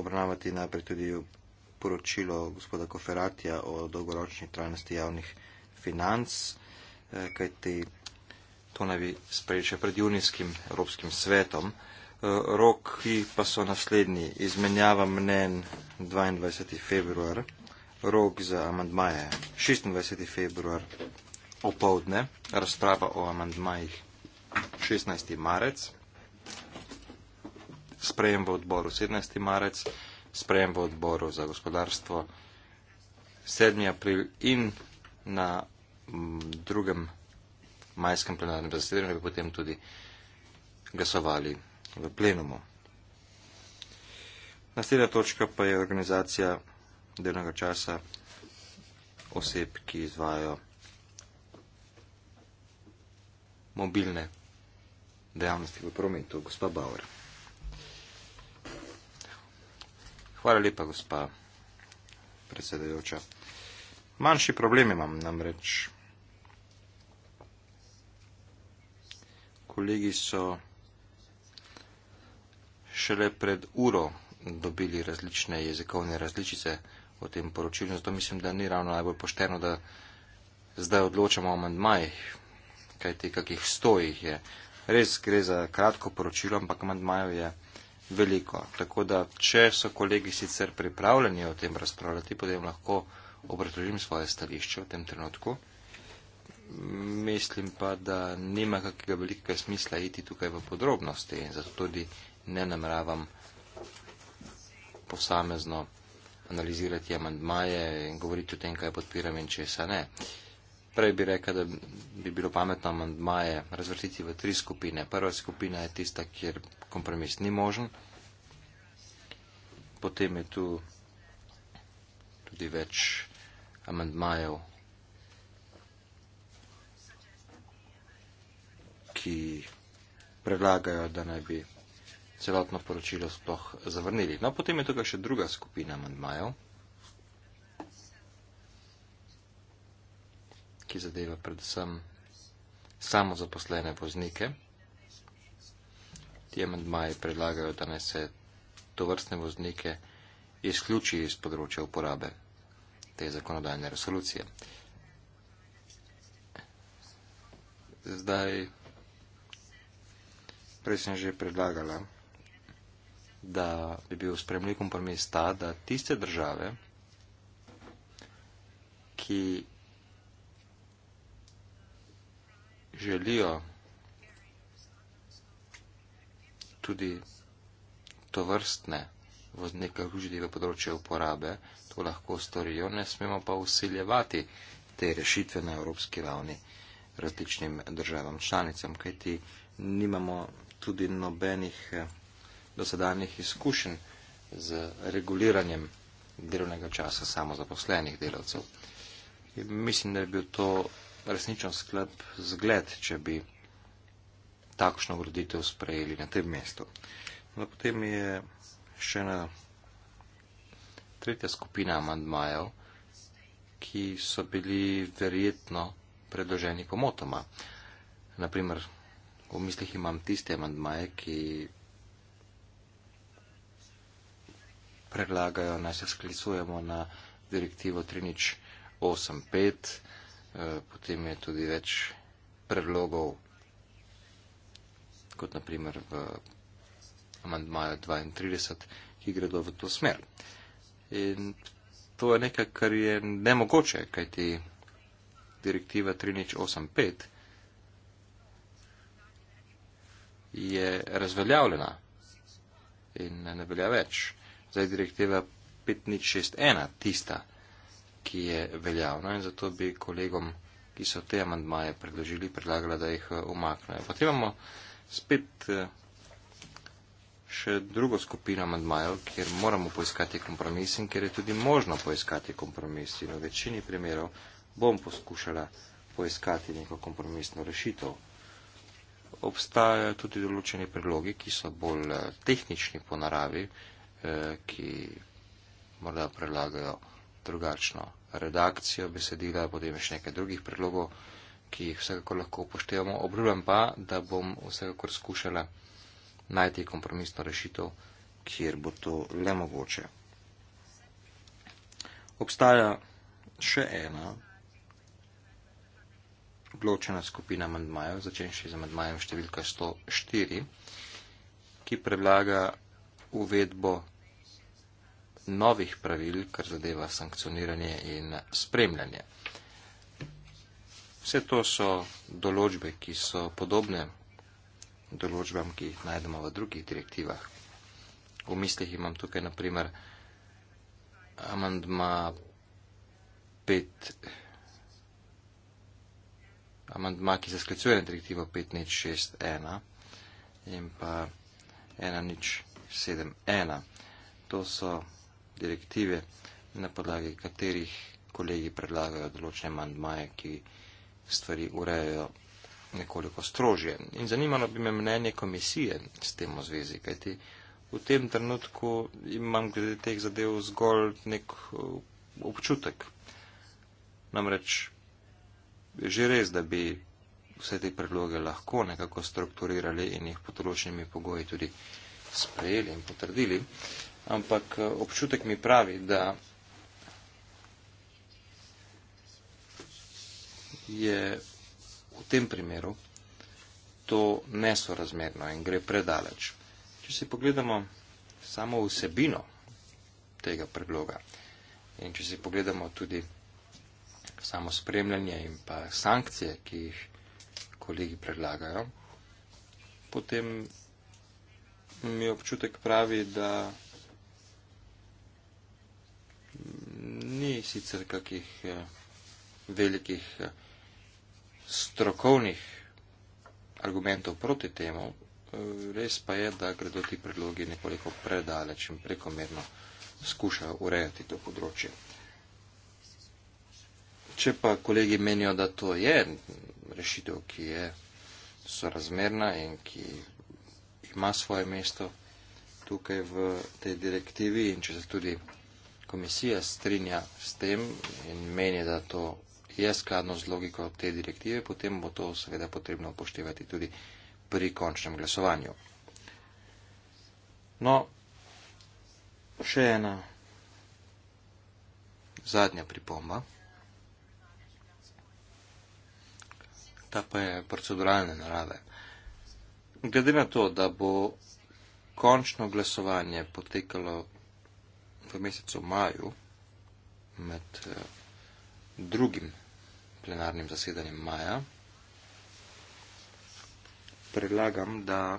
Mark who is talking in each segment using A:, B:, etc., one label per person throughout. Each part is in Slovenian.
A: obravnavati najprej tudi poročilo gospoda Koferatija o dolgoročni trajnosti javnih financ, eh, kajti to naj bi sprejeli še pred junijskim Evropskim svetom. Eh, roki pa so naslednji. Izmenjava mnen 22. februar, rok za amandmaje 26. februar opovdne, razprava o amandmajih 16. marec sprejem v odboru 17. marec, sprejem v odboru za gospodarstvo 7. april in na drugem majskem plenarnem zasedanju bi potem tudi glasovali v plenumu. Naslednja točka pa je organizacija delnega časa oseb, ki izvajo mobilne dejavnosti v prometu. Gospa Bauer. Hvala lepa, gospa predsedajoča. Manjši problem imam namreč. Kolegi so šele pred uro dobili različne jezikovne različice o tem poročilu, zato mislim, da ni ravno najbolj pošteno, da zdaj odločamo o amandmajih, kajti kakih sto jih je. Res gre za kratko poročilo, ampak amandmajev je veliko. Tako da, če so kolegi sicer pripravljeni o tem razpravljati, potem lahko obratožim svoje stališče v tem trenutku. Mislim pa, da nima kakega velikega smisla iti tukaj v podrobnosti in zato tudi ne namravam posamezno analizirati amandmaje in govoriti o tem, kaj podpiram in česa ne. Uh, Prej bi rekel, da bi bilo pametno amandmaje razvrstiti v tri skupine. Prva skupina je tista, kjer kompromis ni možen. Potem je tu tudi več amandmajev, ki predlagajo, da naj bi celotno poročilo sploh zavrnili. No, potem je tukaj še druga skupina amandmajev. ki zadeva predvsem samozaposlene voznike. Ti amendmaji predlagajo, da naj se tovrstne voznike izključi iz področja uporabe te zakonodajne resolucije. Zdaj, prej sem že predlagala, da bi bil spremljiv kompromis ta, da tiste države, ki želijo tudi to vrstne voznike vžitega področja uporabe, to lahko storijo, ne smemo pa usiljevati te rešitve na evropski ravni različnim državam članicam, kajti nimamo tudi nobenih eh, dosedanjih izkušenj z reguliranjem delovnega časa samozaposlenih delavcev. In mislim, da je bil to resničen sklep zgled, če bi takšno ureditev sprejeli na tem mestu. No, potem je še ena tretja skupina amandmajev, ki so bili verjetno predloženi pomotoma. Naprimer, v mislih imam tiste amandmaje, ki predlagajo, naj se sklicujemo na direktivo 3.8.5 Eh, potem je tudi več predlogov, kot naprimer v amandmaju 32, ki gredo v to smer. In to je nekaj, kar je nemogoče, kajti direktiva 3.8.5 je razveljavljena in ne velja več. Zdaj direktiva 5.6.1 tista ki je veljavna in zato bi kolegom, ki so te amandmaje predložili, predlagala, da jih eh, umaknejo. Potem imamo spet eh, še drugo skupino amandmajev, kjer moramo poiskati kompromis in kjer je tudi možno poiskati kompromis. In v večini primerov bom poskušala poiskati neko kompromisno rešitev. Obstajajo tudi določeni predlogi, ki so bolj eh, tehnični po naravi, ki morda predlagajo drugačno redakcijo besedila, potem še nekaj drugih predlogov, ki jih vsekakor lahko upoštevamo. Obljubljam pa, da bom vsekakor skušala najti kompromisno rešitev, kjer bo to le mogoče. Obstaja še ena odločena skupina amandmajev, začenši z amandmajem številka 104, ki predlaga uvedbo novih pravil, kar zadeva sankcioniranje in spremljanje. Vse to so določbe, ki so podobne določbam, ki jih najdemo v drugih direktivah. V mislih imam tukaj naprimer amandma 5. Amandma, ki se sklicuje na direktivo 5061 in pa 1071. To so direktive, na podlagi katerih kolegi predlagajo določene mandmaje, ki stvari urejajo nekoliko strožje. In zanimalo bi me mnenje komisije s tem v zvezi, kajti v tem trenutku imam glede teh zadev zgolj nek uh, občutek. Namreč že res, da bi vse te predloge lahko nekako strukturirali in jih potrošnimi pogoji tudi sprejeli in potrdili, ampak eh, občutek mi pravi, da je v tem primeru to nesorazmerno in gre predaleč. Če si pogledamo samo vsebino tega predloga in če si pogledamo tudi samo spremljanje in pa sankcije, ki jih kolegi predlagajo, potem mi občutek pravi, da ni sicer kakih eh, velikih eh, strokovnih argumentov proti temu, eh, res pa je, da gredo ti predlogi nekoliko predaleč in prekomerno skušajo urejati to področje. Če pa kolegi menijo, da to je rešitev, ki je sorazmerna in ki ima svoje mesto tukaj v tej direktivi in če se tudi komisija strinja s tem in meni, da to je skladno z logiko te direktive, potem bo to seveda potrebno upoštevati tudi pri končnem glasovanju. No, še ena zadnja pripomba. Ta pa je proceduralne narave. Glede na to, da bo končno glasovanje potekalo v mesecu maju med eh, drugim plenarnim zasedanjem maja, predlagam, da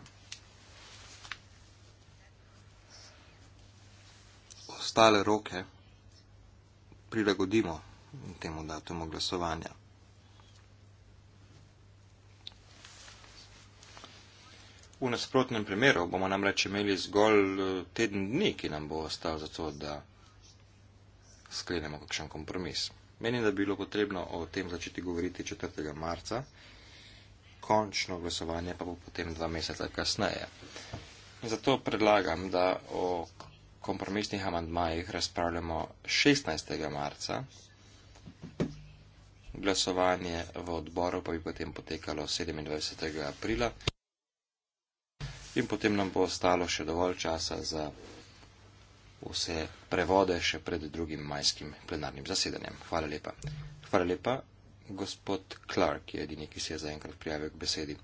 A: ostale roke prilagodimo temu datumu glasovanja. V nasprotnem primeru bomo namreč imeli zgolj eh, teden dni, ki nam bo ostal za to, da sklenemo kakšen kompromis. Menim, da bi bilo potrebno o tem začeti govoriti 4. marca, končno glasovanje pa bo potem dva meseca kasneje. Zato predlagam, da o kompromisnih amandmajih razpravljamo 16. marca. Glasovanje v odboru pa bi potem potekalo 27. aprila in potem nam bo ostalo še dovolj časa za vse prevode še pred drugim majskim plenarnim zasedanjem. Hvala lepa. Hvala lepa, gospod Clark je edini, ki se je zaenkrat prijavil k besedi.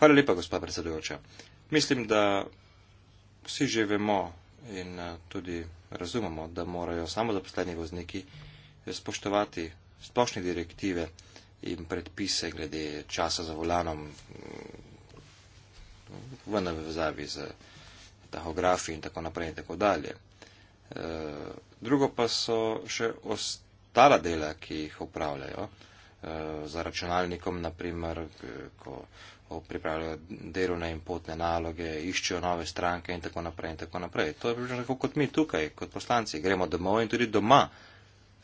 A: Hvala lepa, gospod predsedujoča. Mislim, da vsi že vemo in eh, tudi razumemo, da morajo samo zaposleni vozniki spoštovati splošne direktive in predpise glede časa za volanom, v navezavi z tahografi in tako naprej in tako dalje. E, drugo pa so še ostala dela, ki jih upravljajo. E, za računalnikom, naprimer, ko pripravljajo delovne in potne naloge, iščejo nove stranke in tako naprej in tako naprej. To je približno tako kot mi tukaj, kot poslanci. Gremo domov in tudi doma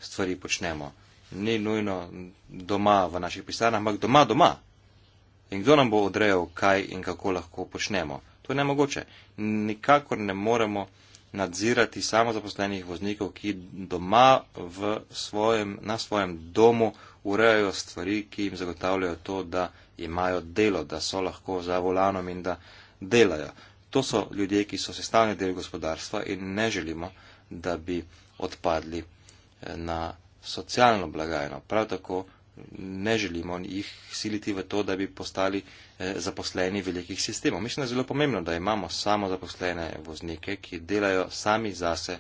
A: stvari počnemo. Ni nujno doma v naših pisarnah, ampak doma, doma. In kdo nam bo odrejal, kaj in kako lahko počnemo? To je nemogoče. Nikakor ne moremo nadzirati samozaposlenih voznikov, ki doma v svojem, na svojem domu urejajo stvari, ki jim zagotavljajo to, da imajo delo, da so lahko za volanom in da delajo. To so ljudje, ki so sestavni del gospodarstva in ne želimo, da bi odpadli eh, na socialno blagajno. Prav tako ne želimo jih siliti v to, da bi postali eh, zaposleni velikih sistemov. Mislim, da je zelo pomembno, da imamo samo zaposlene voznike, ki delajo sami zase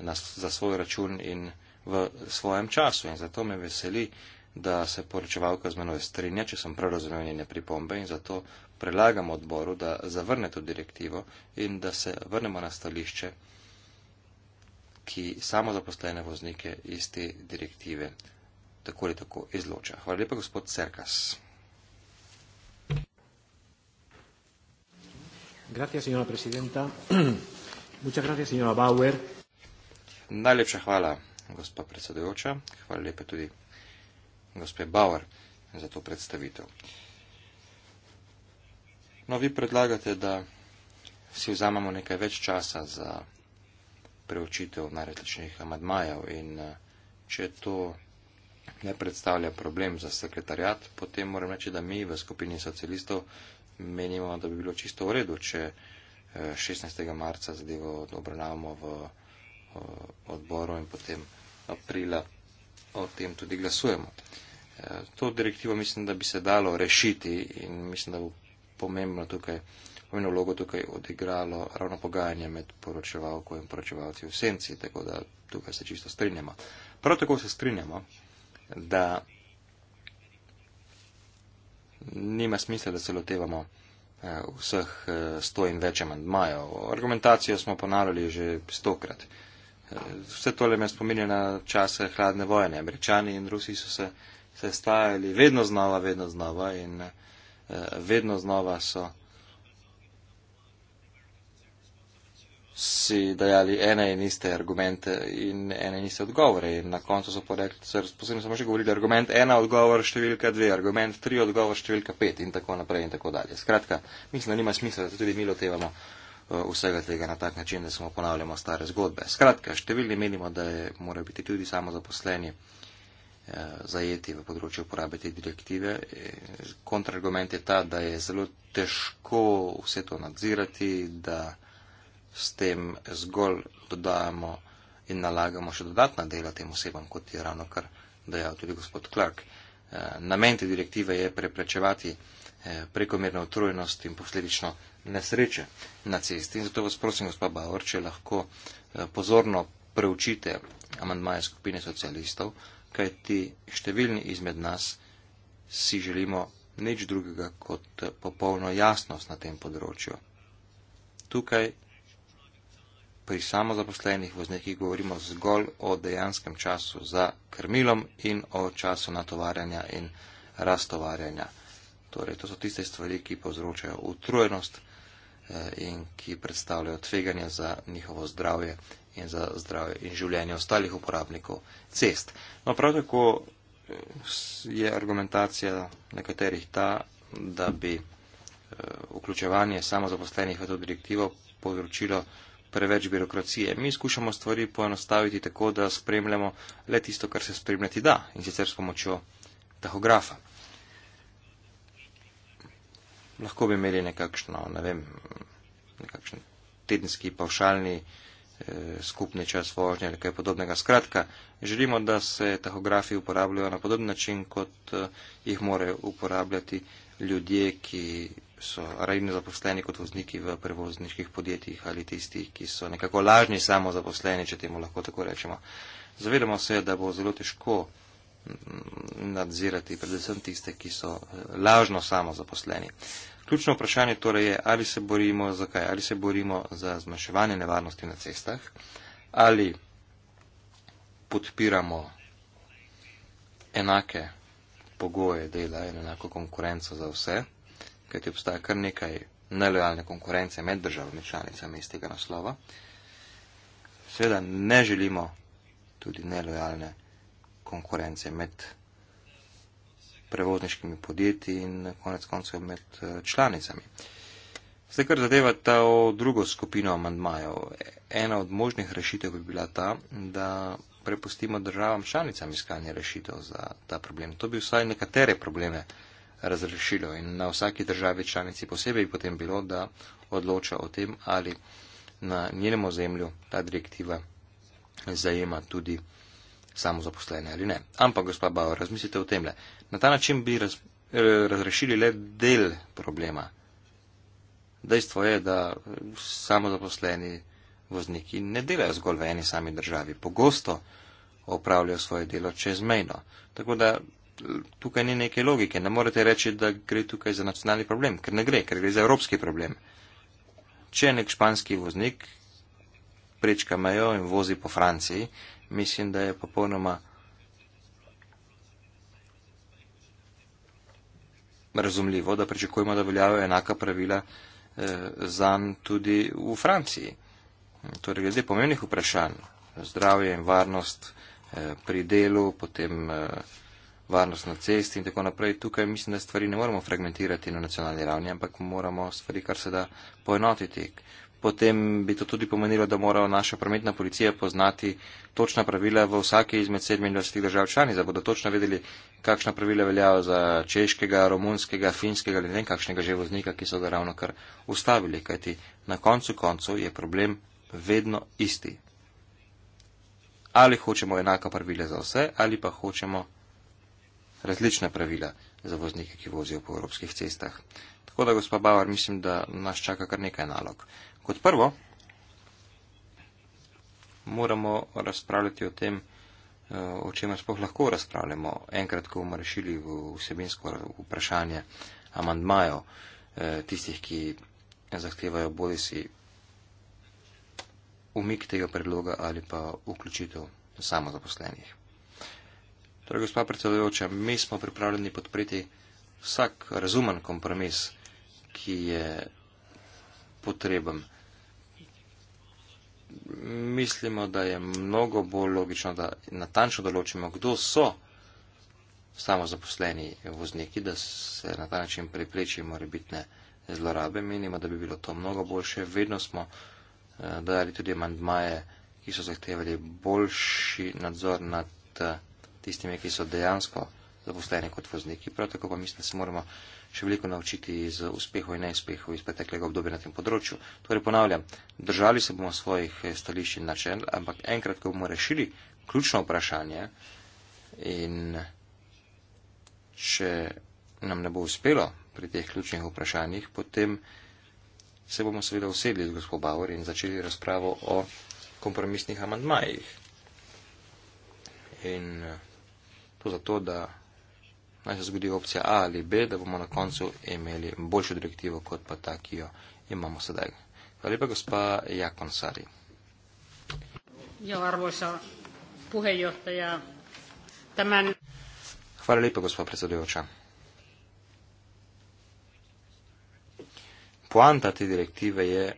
A: na, za svoj račun in v svojem času. In zato me veseli, da se poročevalka z menoj strinja, če sem prav razumel njene pripombe in zato predlagam odboru, da zavrne to direktivo in da se vrnemo na stališče ki samo zaposlene voznike iz te direktive tako ali tako izloča. Hvala lepa, gospod Cerkas. Najlepša hvala, gospod predsedujoča. Hvala lepa tudi gospod Bauer za to predstavitev. No, vi predlagate, da si vzamemo nekaj več časa za preučitev najrazličnih amadmajev in eh, če je to ne predstavlja problem za sekretarjat, potem moram reči, da mi v skupini socialistov menimo, da bi bilo čisto v redu, če 16. Eh, marca zadevo obravnavamo v eh, odboru in potem aprila o tem tudi glasujemo. Eh, to direktivo mislim, da bi se dalo rešiti in mislim, da bo pomembno tukaj, pomembno vlogo tukaj odigralo ravno pogajanje med poročevalko in poročevalci v senci, tako da tukaj se čisto strinjamo. Prav tako se strinjamo, da nima smisla, da se lotevamo eh, vseh eh, sto in več amandmajev. Argumentacijo smo ponarali že stokrat. Eh, vse tole me spominja na čase hladne vojne. Američani in Rusi so se, se stajali vedno znova, vedno znova in vedno znova so. si dajali ene in iste argumente in ene in iste odgovore. In na koncu so porekli, se razposledno samo še govorili, argument ena, odgovor številka dve, argument tri, odgovor številka pet in tako naprej in tako dalje. Skratka, mislim, da nima smisla, da tudi mi lotevamo eh, vsega tega na tak način, da samo ponavljamo stare zgodbe. Skratka, številni menimo, da je, morajo biti tudi samo zaposleni eh, zajeti v področju uporabe te direktive. Eh, Kontrargument je ta, da je zelo težko vse to nadzirati, da s tem zgolj dodajamo in nalagamo še dodatna dela tem osebam, kot je ravno kar dejal tudi gospod Clark. Eh, namen te direktive je preprečevati eh, prekomerno utrujenost in posledično nesreče na cesti. In zato vas prosim, gospod Bauer, če lahko eh, pozorno preučite amandmaje skupine socialistov, kajti številni izmed nas si želimo nič drugega kot popolno jasnost na tem področju. Tukaj pri samozaposlenih voznikih govorimo zgolj o dejanskem času za krmilom in o času natovarjanja in rastovarjanja. Torej, to so tiste stvari, ki povzročajo utrujenost eh, in ki predstavljajo tveganje za njihovo zdravje in za zdravje in življenje ostalih uporabnikov cest. No, prav tako eh, je argumentacija nekaterih ta, da bi eh, vključevanje samozaposlenih v to direktivo povzročilo preveč birokracije. Mi skušamo stvari poenostaviti tako, da spremljamo le tisto, kar se spremljati da in sicer s pomočjo tahografa. Lahko bi imeli nekakšno, ne vem, nekakšen tedenski pavšalni eh, skupni čas vožnje ali kaj podobnega. Skratka, želimo, da se tahografi uporabljajo na podoben način, kot eh, jih morajo uporabljati ljudje, ki so redni zaposleni kot vozniki v prevozniških podjetjih ali tistih, ki so nekako lažni samozaposleni, če temu lahko tako rečemo. Zavedamo se, da bo zelo težko mm, nadzirati predvsem tiste, ki so eh, lažno samozaposleni. Ključno vprašanje torej je, ali se borimo za kaj, ali se borimo za zmanjševanje nevarnosti na cestah, ali podpiramo enake pogoje dela in enako konkurenco za vse kajti obstaja kar nekaj nelojalne konkurence med državami članicami iz tega naslova. Seveda ne želimo tudi nelojalne konkurence med prevozniškimi podjetji in konec koncev med eh, članicami. Zdaj, kar zadeva ta drugo skupino amandmajev, ena od možnih rešitev bi bila ta, da prepustimo državam članicam iskanje rešitev za ta problem. To bi vsaj nekatere probleme razrešilo. In na vsaki državi članici posebej bi potem bilo, da odloča o tem, ali na njenem ozemlju ta direktiva zajema tudi samo zaposlene ali ne. Ampak, gospa Bauer, razmislite o tem le. Na ta način bi raz, eh, razrešili le del problema. Dejstvo je, da samo zaposleni vozniki ne delajo zgolj v eni sami državi. Pogosto opravljajo svoje delo čezmejno. Tako da tukaj ni neke logike. Ne morete reči, da gre tukaj za nacionalni problem, ker ne gre, ker gre za evropski problem. Če nek španski voznik prečka mejo in vozi po Franciji, mislim, da je popolnoma razumljivo, da pričakujemo, da veljajo enaka pravila eh, zan tudi v Franciji. Torej, glede pomembnih vprašanj, zdravje in varnost eh, pri delu, potem. Eh, varnost na cesti in tako naprej. Tukaj mislim, da stvari ne moramo fragmentirati na nacionalni ravni, ampak moramo stvari kar se da poenotiti. Potem bi to tudi pomenilo, da mora naša prometna policija poznati točna pravila v vsake izmed 27 držav članic, da bodo točno vedeli, kakšna pravila veljajo za češkega, romunskega, finskega ali ne kakšnega že voznika, ki so ga ravno kar ustavili. Kajti na koncu koncu je problem vedno isti. Ali hočemo enaka pravila za vse, ali pa hočemo različna pravila za voznike, ki vozijo po evropskih cestah. Tako da, gospa Bauer, mislim, da nas čaka kar nekaj nalog. Kot prvo, moramo razpravljati o tem, eh, o čemer sploh lahko razpravljamo, enkrat, ko bomo rešili vsebinsko vprašanje amandmajev eh, tistih, ki zahtevajo bodi si umik tega predloga ali pa vključitev samozaposlenih. Torej, gospa predsedujoča, mi smo pripravljeni podpreti vsak razumen kompromis, ki je potreben. Mislimo, da je mnogo bolj logično, da natančno določimo, kdo so samo zaposleni vozniki, da se na ta način prepreči morebitne zlorabe. Menimo, da bi bilo to mnogo boljše. Vedno smo eh, dajali tudi mandmaje, ki so zahtevali boljši nadzor nad. Eh, tistimi, ki so dejansko zaposleni kot vozniki. Prav tako pa mislim, da se moramo še veliko naučiti iz uspehov in neuspehov iz preteklega obdobja na tem področju. Torej ponavljam, držali se bomo svojih eh, stališč in načel, ampak enkrat, ko bomo rešili ključno vprašanje in če nam ne bo uspelo pri teh ključnih vprašanjih, potem se bomo seveda usedli z gospod Bauer in začeli razpravo o kompromisnih amandmajih. In eh, To zato, da naj se zgodi opcija A ali B, da bomo na koncu imeli boljšo direktivo, kot pa ta, ki jo imamo sedaj. Hvala lepa, gospa Jakon Sari. Ja, Hvala lepa, gospa predsedujoča. Poanta te direktive je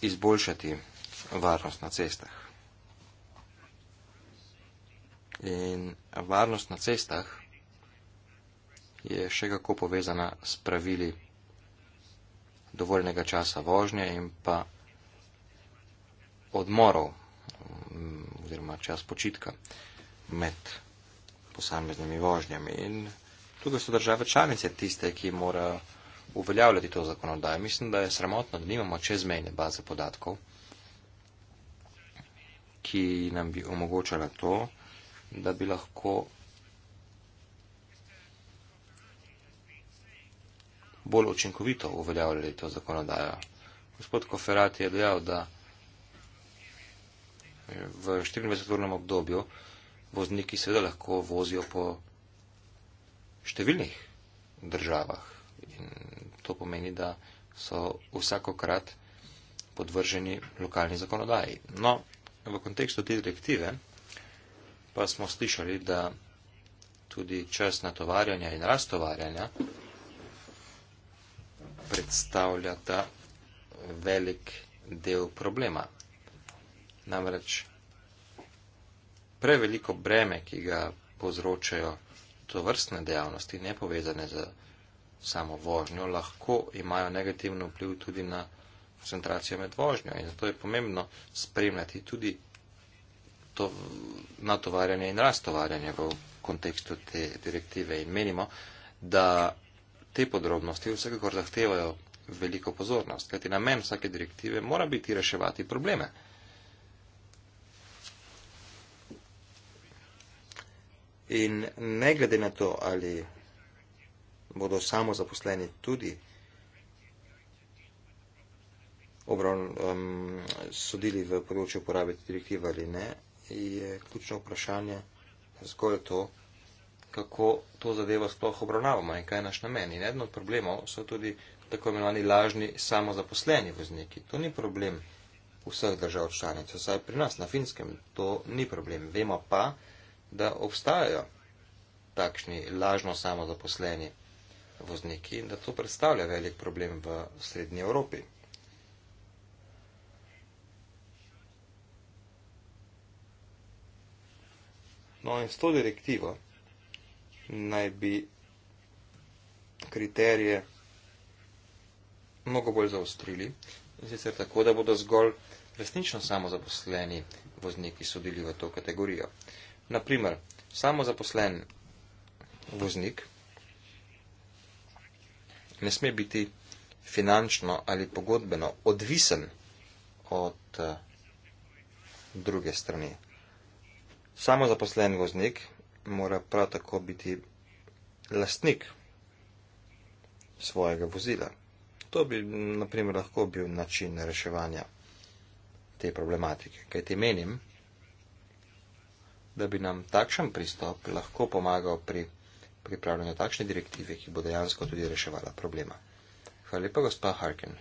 A: izboljšati varnost na cestah. In varnost na cestah je še kako povezana s pravili dovoljnega časa vožnje in pa odmorov mm, oziroma čas počitka med posameznimi vožnjami. In tukaj so države članice tiste, ki mora uveljavljati to zakonodajo. Mislim, da je sramotno, da nimamo čezmejne baze podatkov, ki nam bi omogočala to, da bi lahko bolj učinkovito uveljavljali to zakonodajo. Gospod Koferati je dejal, da v 24-urnem obdobju vozniki seveda lahko vozijo po številnih državah. In to pomeni, da so vsakokrat podvrženi lokalni zakonodaji. No, v kontekstu te direktive pa smo slišali, da tudi čas natovarjanja in raztovarjanja predstavlja ta velik del problema. Namreč preveliko breme, ki ga povzročajo to vrstne dejavnosti, ne povezane z samo vožnjo, lahko imajo negativno vpliv tudi na koncentracijo med vožnjo in zato je pomembno spremljati tudi to natovarjanje in raztovarjanje v kontekstu te direktive in menimo, da te podrobnosti vsekakor zahtevajo veliko pozornost, kajti namen vsake direktive mora biti reševati probleme. In ne glede na to, ali bodo samo zaposleni tudi obravn, um, sodili v področju uporabiti direktive ali ne, je ključno vprašanje zgolj to, kako to zadevo sploh obravnavamo in kaj je naš namen. In eden od problemov so tudi tako imenovani lažni samozaposleni vozniki. To ni problem vseh držav članic, vsaj pri nas na finskem to ni problem. Vemo pa, da obstajajo takšni lažno samozaposleni vozniki in da to predstavlja velik problem v srednji Evropi. No in s to direktivo naj bi kriterije mnogo bolj zaostrili, in sicer tako, da bodo zgolj resnično samozaposleni vozniki sodili v to kategorijo. Naprimer, samozaposlen voznik ne sme biti finančno ali pogodbeno odvisen od eh, druge strani. Samo zaposlen voznik mora prav tako biti lastnik svojega vozila. To bi naprimer lahko bil način reševanja te problematike. Kaj ti menim, da bi nam takšen pristop lahko pomagal pri pripravljanju takšne direktive, ki bo dejansko tudi reševala problema. Hvala lepa, gospa Harkin.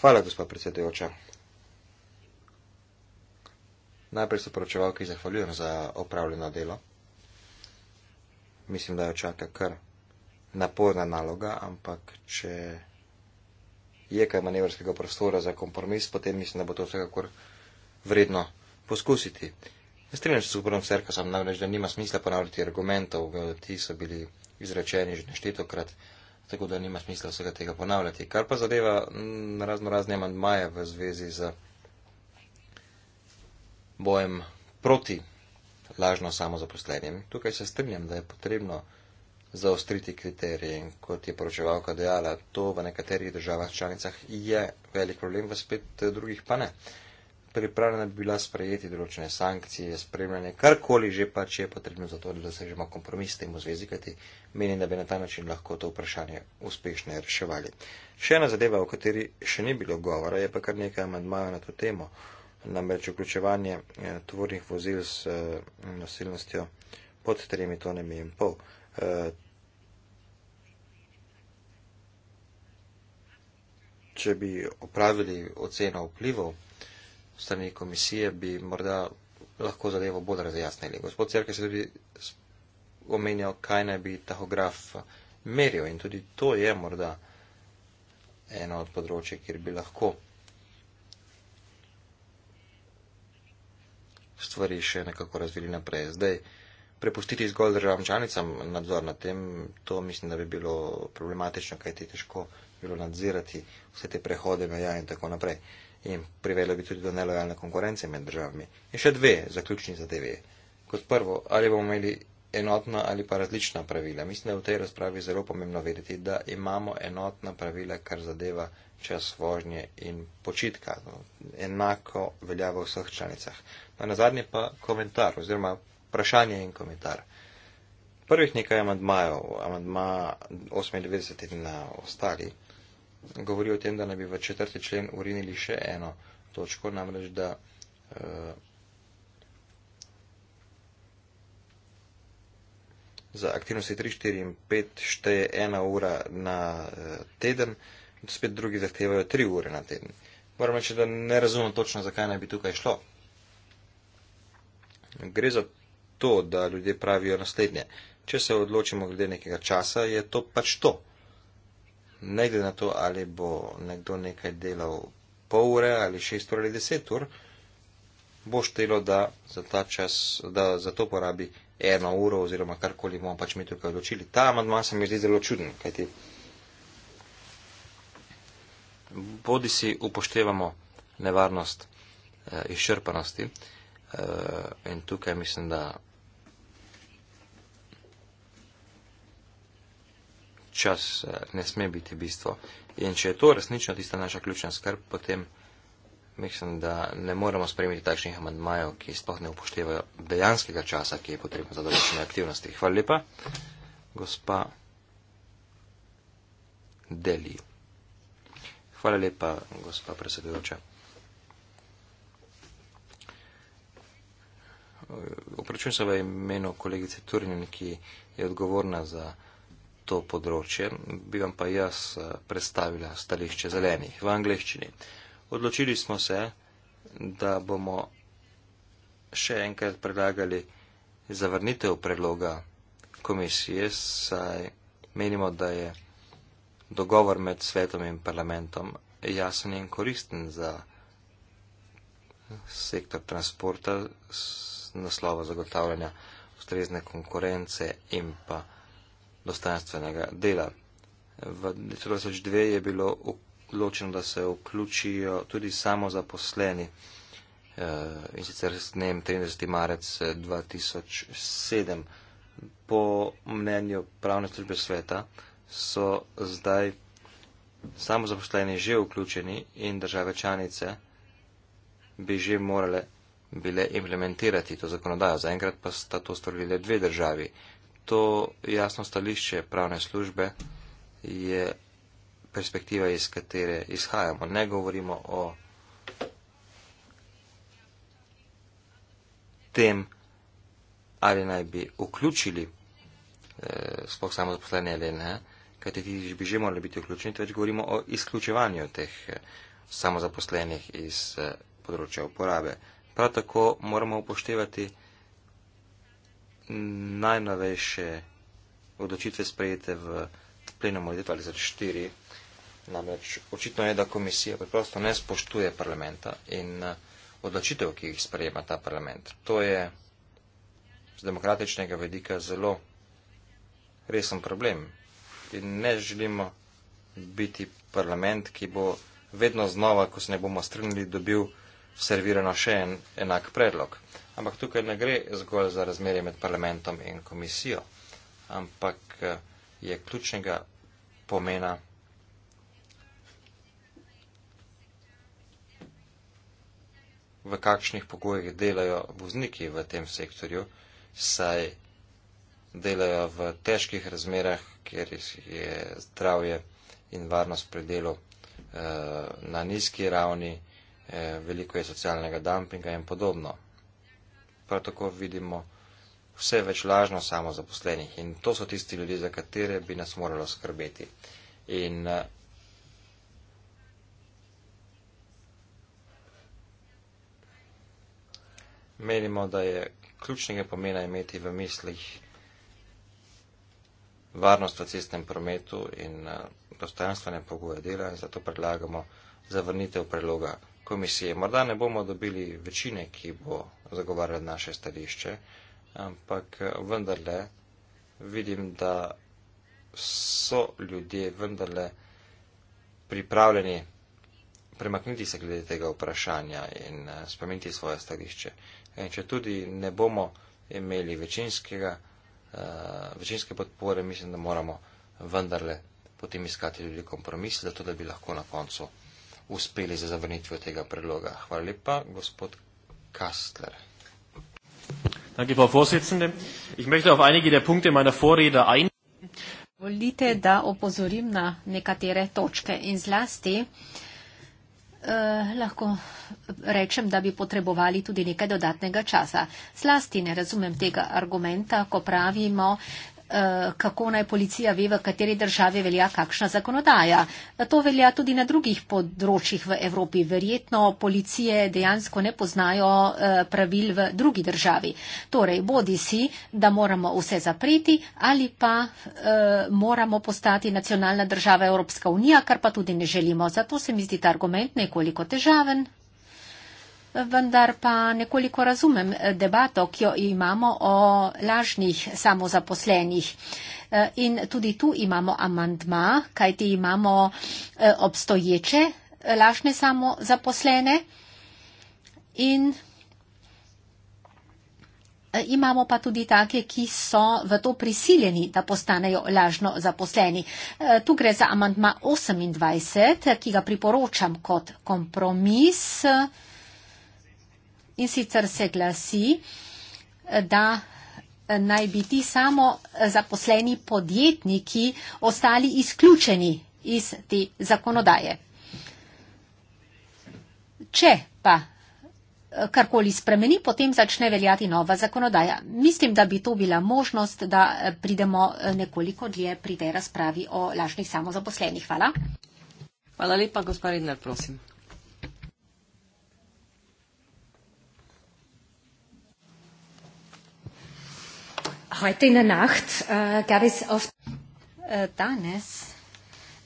A: Hvala, gospa predsedujoča. Najprej se poročevalki zahvaljujem za opravljeno delo. Mislim, da jo čaka kar naporna naloga, ampak če je kaj manevrskega prostora za kompromis, potem mislim, da bo to vsekakor vredno poskusiti. Ne strinjam se s uporom srka, sam namreč, da nima smisla ponavljati argumentov, ti so bili izrečeni že neštetokrat, tako da nima smisla vsega tega ponavljati. Kar pa zadeva mm, razno razne manjmaje v zvezi z. Za bojem proti lažno samozaposlenim. Tukaj se strinjam, da je potrebno zaostriti kriterije in kot je poročevalka dejala, to v nekaterih državah članicah je velik problem, v spet drugih pa ne. Pripravljena bi bila sprejeti določene sankcije, spremljanje, karkoli že pa, če je potrebno za to, da dosežemo kompromis s tem v zvezi, kajti menim, da bi na ta način lahko to vprašanje uspešno reševali. Še ena zadeva, o kateri še ni bilo govora, je pa kar nekaj amandmajev na to temo namreč vključevanje eh, tovornih vozil s eh, nosilnostjo pod 3 tonami in pol. Eh, če bi opravili oceno vplivov strani komisije, bi morda lahko zadevo bolj razjasnili. Gospod Cerke se tudi omenjal, kaj naj bi tahograf meril in tudi to je morda eno od področje, kjer bi lahko stvari še nekako razvili naprej. Zdaj, prepustiti zgolj državam članicam nadzor nad tem, to mislim, da bi bilo problematično, kaj ti težko bilo nadzirati vse te prehode meja in tako naprej. In privedlo bi tudi do nelojalne konkurence med državami. In še dve zaključni zadeve. Kot prvo, ali bomo imeli enotna ali pa različna pravila. Mislim, da je v tej razpravi zelo pomembno vedeti, da imamo enotna pravila, kar zadeva čas vožnje in počitka. Enako velja v vseh članicah. No, na zadnje pa komentar oziroma vprašanje in komentar. Prvih nekaj amandmajev, amandma 98 in na ostali, govori o tem, da ne bi v četrti člen urinili še eno točko, namreč da. Uh, za aktivnosti 3, 4 in 5 šteje ena ura na eh, teden, spet drugi zahtevajo tri ure na teden. Moram reči, da ne razumem točno, zakaj naj bi tukaj šlo. Gre za to, da ljudje pravijo naslednje. Če se odločimo glede nekega časa, je to pač to. Ne glede na to, ali bo nekdo nekaj delal pol ure ali šest ur ali deset ur, bo štelo, da za, čas, da za to porabi eno uro oziroma karkoli bomo pač mi tukaj odločili. Ta amadma se mi zdi zelo čuden, kajti bodi si upoštevamo nevarnost eh, izčrpanosti eh, in tukaj mislim, da čas eh, ne sme biti bistvo. In če je to resnično tista naša ključna skrb, potem mislim, da ne moremo spremiti takšnih amandmajev, ki sploh ne upoštevajo dejanskega časa, ki je potrebno za določene aktivnosti. Hvala lepa, gospa Deli. Hvala lepa, gospa predsedujoča. Opračujem se v imenu kolegice Turnin, ki je odgovorna za to področje. Bi vam pa jaz eh, predstavila stališče zelenih v angleščini odločili smo se, da bomo še enkrat predlagali zavrnitev predloga komisije, saj menimo, da je dogovor med svetom in parlamentom jasen in koristen za sektor transporta z naslova zagotavljanja ustrezne konkurence in pa dostanstvenega dela. V 2002 je bilo odločeno, da se vključijo tudi samozaposleni. Eh, in sicer s dnem 13. marec 2007. Eh, po mnenju pravne službe sveta so zdaj samozaposleni že vključeni in države članice bi že morale bile implementirati to zakonodajo. Zaenkrat pa sta to storili dve državi. To jasno stališče pravne službe je perspektiva, iz katere izhajamo. Ne govorimo o tem, ali naj bi vključili eh, spok samo zaposlene ali ne, kajte ti bi že morali biti vključeni, več govorimo o izključevanju teh eh, samozaposlenih iz eh, področja uporabe. Prav tako moramo upoštevati najnovejše odločitve sprejete v plenumu letu 2004 Namreč očitno je, da komisija preprosto ne spoštuje parlamenta in eh, odločitev, ki jih sprejema ta parlament. To je z demokratičnega vedika zelo resen problem. In ne želimo biti parlament, ki bo vedno znova, ko se ne bomo strinjali, dobil servirano še en enak predlog. Ampak tukaj ne gre zgolj za razmerje med parlamentom in komisijo, ampak eh, je ključnega pomena v kakšnih pogojih delajo vozniki v tem sektorju, saj delajo v težkih razmerah, ker je zdravje in varnost pri delu eh, na nizki ravni, eh, veliko je socialnega dumpinga in podobno. Prav tako vidimo vse več lažno samozaposlenih in to so tisti ljudje, za katere bi nas moralo skrbeti. In eh, menimo, da je ključnega pomena imeti v mislih varnost v cestnem prometu in eh, dostojanstvene pogoje dela in zato predlagamo zavrnitev predloga komisije. Morda ne bomo dobili večine, ki bo zagovarjala naše stališče, ampak eh, vendarle vidim, da so ljudje vendarle pripravljeni premakniti se glede tega vprašanja in eh, spremeniti svoje stališče. In če tudi ne bomo imeli večinskega, eh, večinske podpore, mislim, da moramo vendarle potem iskati tudi kompromis, zato da bi lahko na koncu uspeli za zavrnitvijo tega predloga. Hvala lepa, gospod Kastler.
B: Danke, Frau Vorsitzende. Ich möchte auf einige der Punkte meiner Vorrede eingehen.
C: Volite, da opozorim na nekatere točke in zlasti. Uh, eh, lahko rečem, da bi potrebovali tudi nekaj dodatnega časa. Slasti ne razumem tega argumenta, ko pravimo, Eh, kako naj policija ve, v kateri državi velja kakšna zakonodaja. To velja tudi na drugih področjih v Evropi. Verjetno policije dejansko ne poznajo eh, pravil v drugi državi. Torej, bodi si, da moramo vse zapreti ali pa eh, moramo postati nacionalna država Evropska unija, kar pa tudi ne želimo. Zato se mi zdi ta argument nekoliko težaven vendar pa nekoliko razumem eh, debato, ki jo imamo o lažnih samozaposlenih. Eh, in tudi tu imamo amantma, kajti imamo eh, obstoječe lažne samozaposlene. In Imamo pa tudi take, ki so v to prisiljeni, da postanejo lažno zaposleni. Tu gre za amantma 28, ki ga priporočam kot kompromis in sicer se glasi, da naj bi ti samo zaposleni podjetniki ostali izključeni iz te zakonodaje. Če pa eh, karkoli spremeni, potem začne veljati nova zakonodaja. Mislim, da bi to bila možnost, da eh, pridemo eh, nekoliko dlje pri tej razpravi o lažnih samozaposlenih. Hvala.
B: Hvala
D: lepa, gospod Rednar, prosim.
C: Heute in der Nacht äh, gab es auf äh, danes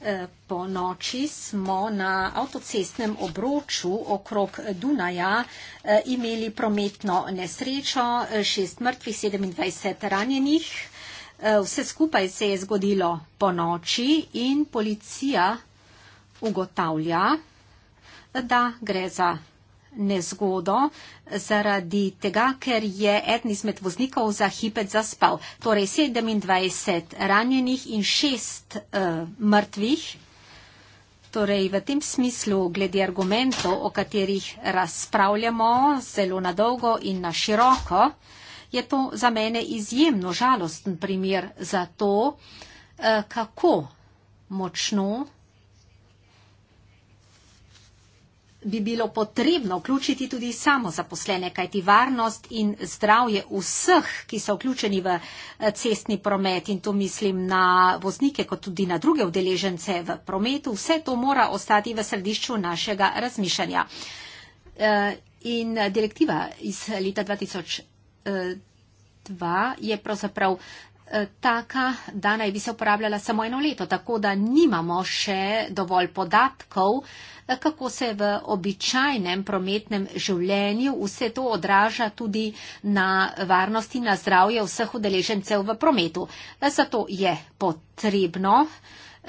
C: äh, po noči smo na avtocestnem obroču okrog Dunaja äh, imeli prometno nesrečo, šest mrtvih, 27 ranjenih. Vse skupaj se je zgodilo po noči in policija ugotavlja, da gre za nezgodo zaradi tega, ker je eden izmed voznikov za hipet zaspal. Torej 27 ranjenih in 6 uh, eh, mrtvih. Torej v tem smislu, glede argumentov, o katerih razpravljamo zelo na dolgo in na široko, je to za mene izjemno žalosten primer za to, uh, kako močno bi bilo potrebno vključiti tudi samo zaposlene, kajti varnost in zdravje vseh, ki so vključeni v eh, cestni promet in to mislim na voznike, kot tudi na druge udeležence v prometu, vse to mora ostati v središču našega razmišljanja. Eh, in direktiva iz leta 2002 eh, je pravzaprav Eh, taka, da naj bi se uporabljala samo eno leto, tako da nimamo še dovolj podatkov, eh, kako se v običajnem prometnem življenju vse to odraža tudi na varnost in na zdravje vseh udeležencev v prometu. Eh, zato je potrebno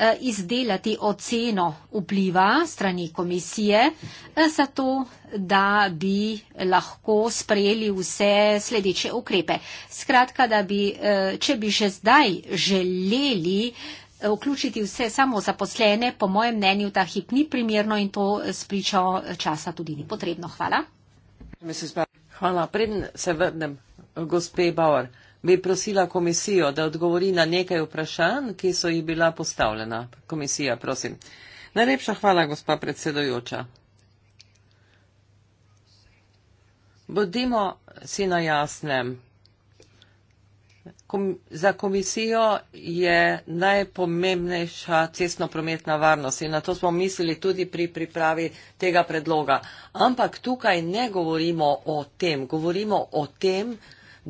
C: Eh, izdelati oceno vpliva strani komisije, eh, zato da bi lahko sprejeli vse sledeče ukrepe. Skratka, da bi, eh, če bi že zdaj želeli vključiti vse samo zaposlene, po mojem mnenju ta hip ni primerno in to spričo časa tudi ni potrebno. Hvala.
D: Hvala, predn se vrnem, gospe Bauer bi prosila komisijo, da odgovori na nekaj vprašanj, ki so jih bila postavljena. Komisija, prosim. Najlepša hvala, gospa predsedojoča. Bodimo si na jasnem. Kom, za komisijo je najpomembnejša cestnoprometna varnost in na to smo mislili tudi pri pripravi tega predloga. Ampak tukaj ne govorimo o tem, govorimo o tem,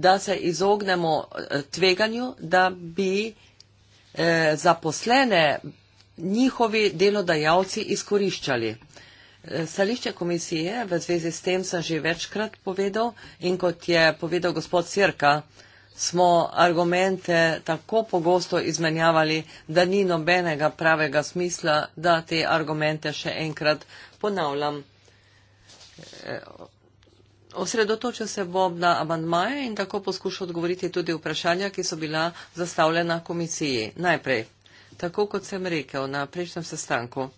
D: da se izognemo eh, tveganju, da bi eh, zaposlene njihovi delodajalci izkoriščali. Eh, stališče komisije v zvezi s tem sem že večkrat povedal in kot je povedal gospod Sirka, smo argumente tako pogosto izmenjavali, da ni nobenega pravega smisla, da te argumente še enkrat ponavljam. Osredotočil se bom na amandmaje in tako poskušal odgovoriti tudi vprašanja, ki so bila zastavljena komisiji. Najprej, tako kot sem rekel na prejšnjem sestanku,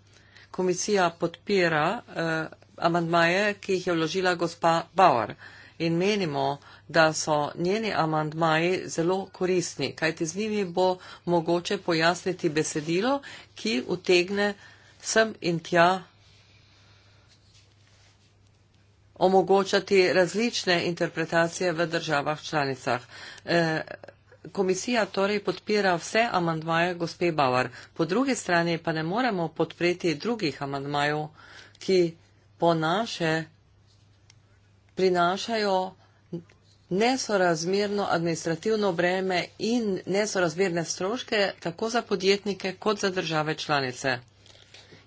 D: komisija podpira eh, amandmaje, ki jih je vložila gospa Bauer in menimo, da so njeni amandmaji zelo koristni, kajti z njimi bo mogoče pojasniti besedilo, ki utegne sem in tja omogočati različne interpretacije v državah članicah. E, komisija torej podpira vse amandmaje gospe Bavar, po drugi strani pa ne moremo podpreti drugih amandmajev, ki po naše prinašajo nesorazmerno administrativno breme in nesorazmerne stroške tako za podjetnike kot za države članice.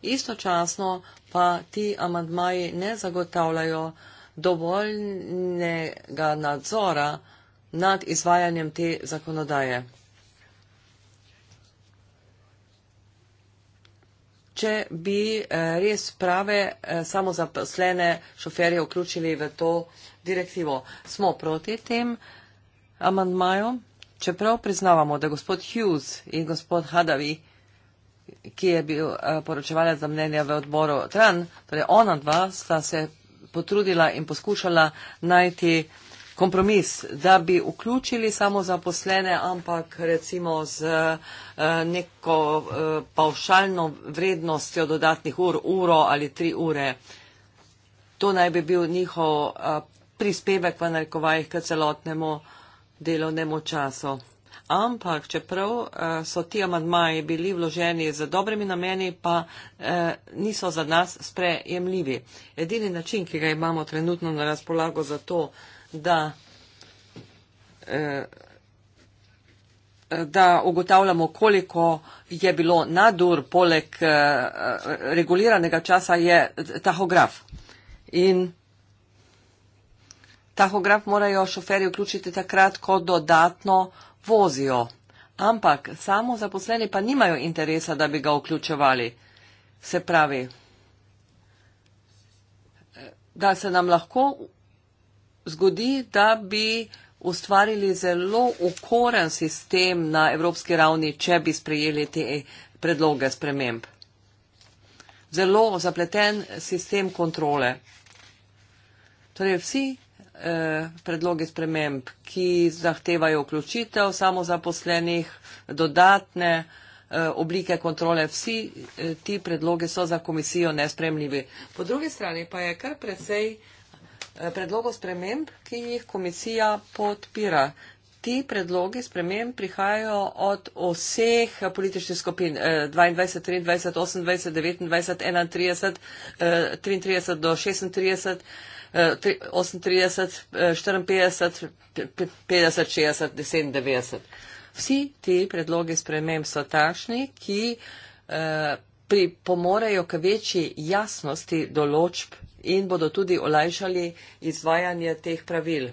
D: Istočasno pa ti amadmaji ne zagotavljajo dovoljnega nadzora nad izvajanjem te zakonodaje. Če bi eh, res prave eh, samozaposlene šoferje vključili v to direktivo, smo proti tem amandmajom, čeprav priznavamo, da gospod Hughes in gospod Hadavi ki je bil eh, poročevalec za mnenja v odboru Tran, torej ona dva sta se potrudila in poskušala najti kompromis, da bi vključili samo zaposlene, ampak recimo z eh, neko eh, pavšalno vrednostjo dodatnih ur, uro ali tri ure. To naj bi bil njihov prispevek v narekovajih k celotnemu delovnemu času ampak čeprav uh, so ti amadmaji bili vloženi z dobrimi nameni, pa uh, niso za nas sprejemljivi. Edini način, ki ga imamo trenutno na razpolago za to, da. Uh, da ugotavljamo, koliko je bilo nadur poleg uh, reguliranega časa, je tahograf. In tahograf morajo šoferi vključiti takrat, ko dodatno vozijo, ampak samo zaposleni pa nimajo interesa, da bi ga vključevali. Se pravi, da se nam lahko zgodi, da bi ustvarili zelo okoren sistem na evropski ravni, če bi sprejeli te predloge sprememb. Zelo zapleten sistem kontrole. Torej, vsi Eh, predloge sprememb, ki zahtevajo vključitev samozaposlenih, dodatne eh, oblike kontrole, vsi eh, ti predloge so za komisijo nespremljivi. Po drugi strani pa je kar precej predlogov sprememb, ki jih komisija podpira. Ti predlogi sprememb prihajajo od vseh političnih skupin 22, 23, 28, 29, 31, 33 do 36. 38, 54, 50, 60, 97. Vsi ti predlogi spremem so tašni, ki eh, pripomorejo k večji jasnosti določb in bodo tudi olajšali izvajanje teh pravil.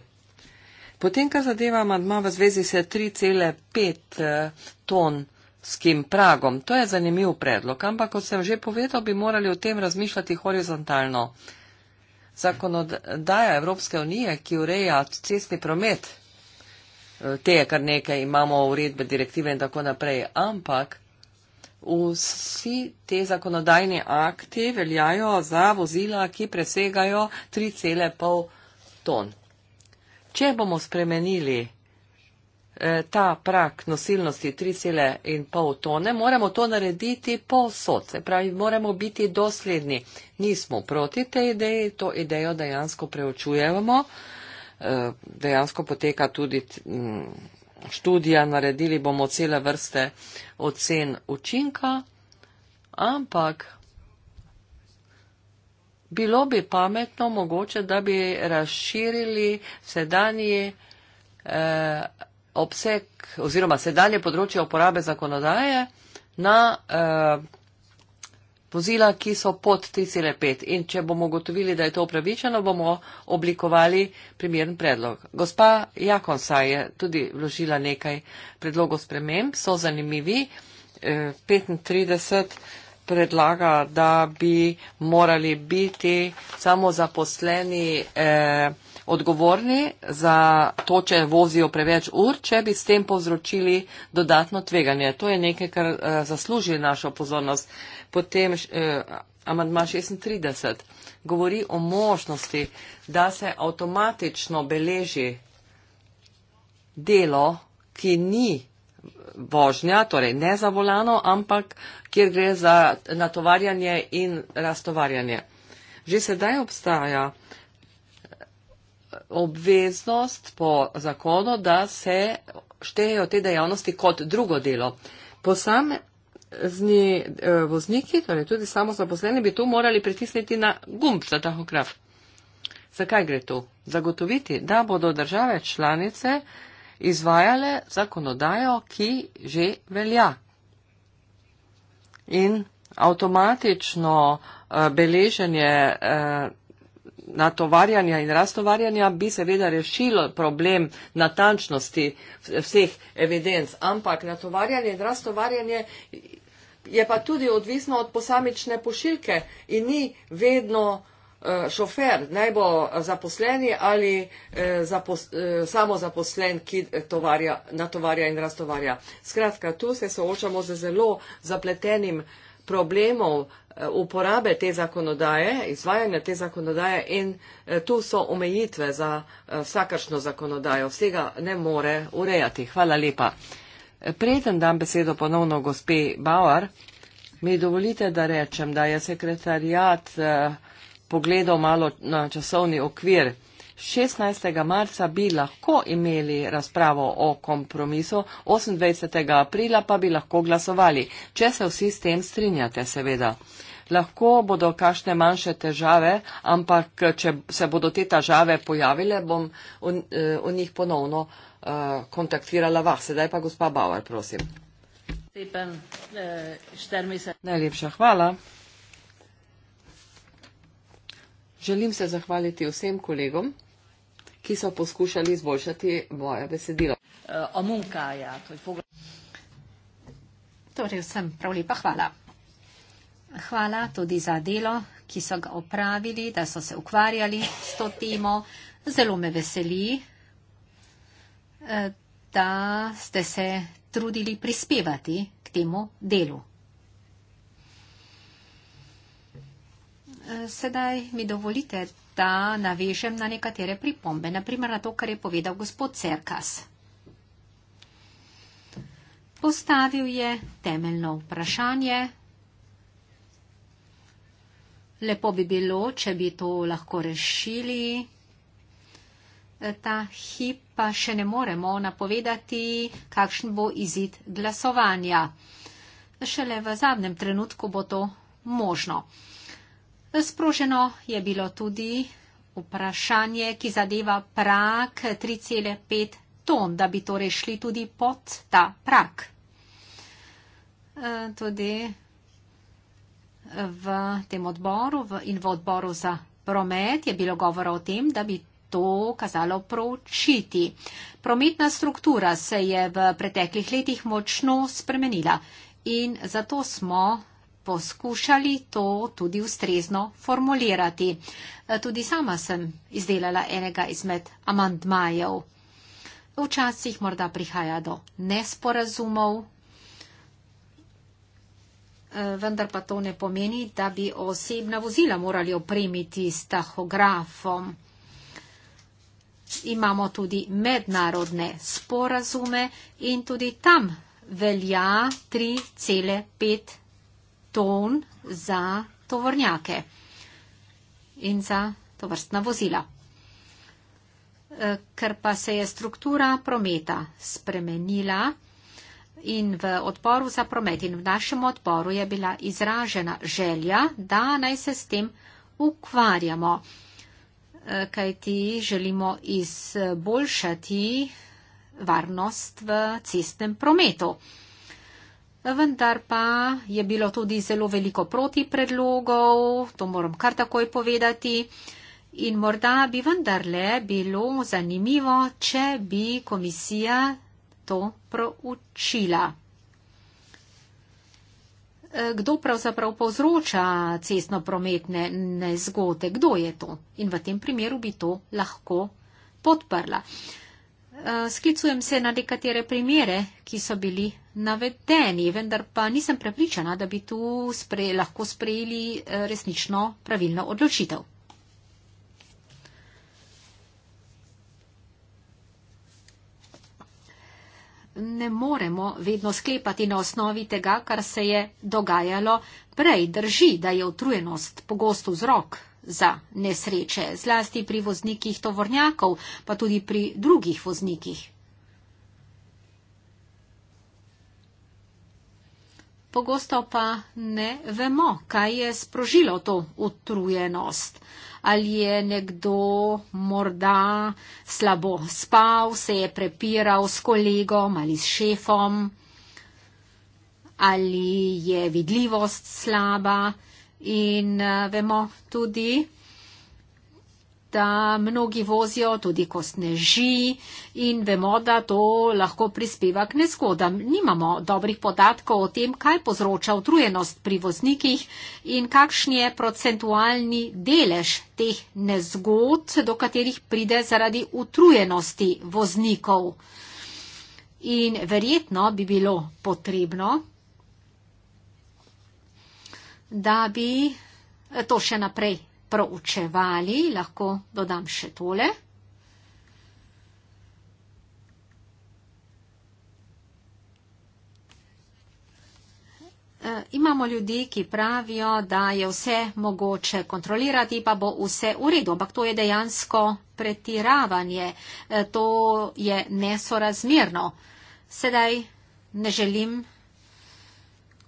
D: Potem, kar zadeva madma v zvezi se 3,5 ton s eh, kim pragom. To je zanimiv predlog, ampak kot sem že povedal, bi morali o tem razmišljati horizontalno. Zakonodaja Evropske unije, ki ureja cestni promet, e, te je kar nekaj, imamo uredbe, direktive in tako naprej, ampak vsi te zakonodajni akti veljajo za vozila, ki presegajo 3,5 ton. Če bomo spremenili ta prak nosilnosti 3,5 tone, moramo to narediti povsod. Se pravi, moramo biti dosledni. Nismo proti tej ideji, to idejo dejansko preučujemo. Eh, dejansko poteka tudi mm, študija, naredili bomo cele vrste ocen učinka, ampak bilo bi pametno mogoče, da bi razširili sedanji eh, obseg oziroma sedanje področje uporabe zakonodaje na eh, vozila, ki so pod 3,5. In če bomo ugotovili, da je to upravičeno, bomo oblikovali primeren predlog. Gospa Jakonsa je tudi vložila nekaj predlogov sprememb, so zanimivi. Eh, 35 predlaga, da bi morali biti samo zaposleni. Eh, odgovorni za to, če vozijo preveč ur, če bi s tem povzročili dodatno tveganje. To je nekaj, kar uh, zasluži našo pozornost. Potem uh, amadma 36 govori o možnosti, da se avtomatično beleži delo, ki ni vožnja, torej ne za volano, ampak kjer gre za natovarjanje in raztovarjanje. Že sedaj obstaja uh, obveznost po zakonu, da se štejejo te dejavnosti kot drugo delo. Posamezni eh, vozniki, torej tudi samozaposleni, bi tu morali pritisniti na gumb za tako krav. Zakaj gre tu? Zagotoviti, da bodo države članice izvajale zakonodajo, ki že velja. In avtomatično eh, beleženje eh, natovarjanja in raztovarjanja bi seveda rešilo problem natančnosti vseh evidenc, ampak natovarjanje in raztovarjanje je pa tudi odvisno od posamične pošiljke in ni vedno eh, šofer, naj bo zaposleni ali eh, zapos, eh, samo zaposlen, ki tovarja, natovarja in raztovarja. Skratka, tu se soočamo z zelo zapletenim problemom Eh, uporabe te zakonodaje, izvajanja te zakonodaje in eh, tu so omejitve za eh, vsakršno zakonodajo. Vsega ne more urejati. Hvala lepa. Preden dam besedo ponovno gospe Bauer, mi dovolite, da rečem, da je sekretarjat pogledal malo na časovni okvir. 16. marca bi lahko imeli razpravo o kompromisu, 28. aprila pa bi lahko glasovali, če se vsi s tem strinjate, seveda lahko bodo kašne manjše težave, ampak če se bodo te težave pojavile, bom v e, njih ponovno uh, kontaktirala vas. Sedaj pa gospa Bauer, prosim.
C: E,
D: Najlepša hvala. Želim se zahvaliti vsem kolegom, ki so poskušali izboljšati moje besedilo. Uh, omunka, ja, to je fogo.
C: Torej, vsem prav lepa hvala. Hvala tudi za delo, ki so ga opravili, da so se ukvarjali s to temo. Zelo me veseli, eh, da ste se trudili prispevati k temu delu. Eh, sedaj mi dovolite, da navežem na nekatere pripombe, naprimer na to, kar je povedal gospod Cerkas. Postavil je temeljno vprašanje, Lepo bi bilo, če bi to lahko rešili. Ta hip pa še ne moremo napovedati, kakšen bo izid glasovanja. Šele v zadnjem trenutku bo to možno. Sproženo je bilo tudi vprašanje, ki zadeva prak 3,5 ton, da bi torej šli tudi pod ta prak. E, tudi v tem odboru v, in v odboru za promet je bilo govora o tem, da bi to kazalo proučiti. Prometna struktura se je v preteklih letih močno spremenila in zato smo poskušali to tudi ustrezno formulirati. Tudi sama sem izdelala enega izmed amandmajev. Včasih morda prihaja do nesporazumov vendar pa to ne pomeni, da bi osebna vozila morali opremiti s tahografom. Imamo tudi mednarodne sporazume in tudi tam velja 3,5 ton za tovornjake in za tovrstna vozila. Eh, ker pa se je struktura prometa spremenila, in v odboru za promet in v našem odboru je bila izražena želja, da naj se s tem ukvarjamo, e, kajti želimo izboljšati varnost v cestnem prometu. Vendar pa je bilo tudi zelo veliko proti predlogov, to moram kar takoj povedati. In morda bi vendarle bilo zanimivo, če bi komisija to proučila. E, kdo pravzaprav povzroča cestno-prometne nezgode? Kdo je to? In v tem primeru bi to lahko podprla. E, sklicujem se na nekatere primere, ki so bili navedeni, vendar pa nisem prepričana, da bi tu spre, lahko sprejeli e, resnično pravilno odločitev. ne moremo vedno sklepati na osnovi tega, kar se je dogajalo prej. Drži, da je utrujenost pogosto vzrok za nesreče, zlasti pri voznikih tovornjakov, pa tudi pri drugih voznikih. Pogosto pa ne vemo, kaj je sprožilo to utrujenost. Uh, ali je nekdo morda slabo spal, se je prepiral s kolegom ali s šefom, ali je vidljivost slaba in eh, vemo tudi, da mnogi vozijo tudi kostneži in vemo, da to lahko prispeva k nezgodam. Nimamo dobrih podatkov o tem, kaj povzroča utrujenost pri voznikih in kakšen je procentualni delež teh nezgod, do katerih pride zaradi utrujenosti voznikov. In verjetno bi bilo potrebno, da bi to še naprej proučevali, lahko dodam še tole. Eh, imamo ljudi, ki pravijo, da je vse mogoče kontrolirati, pa bo vse v redu, ampak to je dejansko pretiravanje, eh, to je nesorazmirno. Sedaj ne želim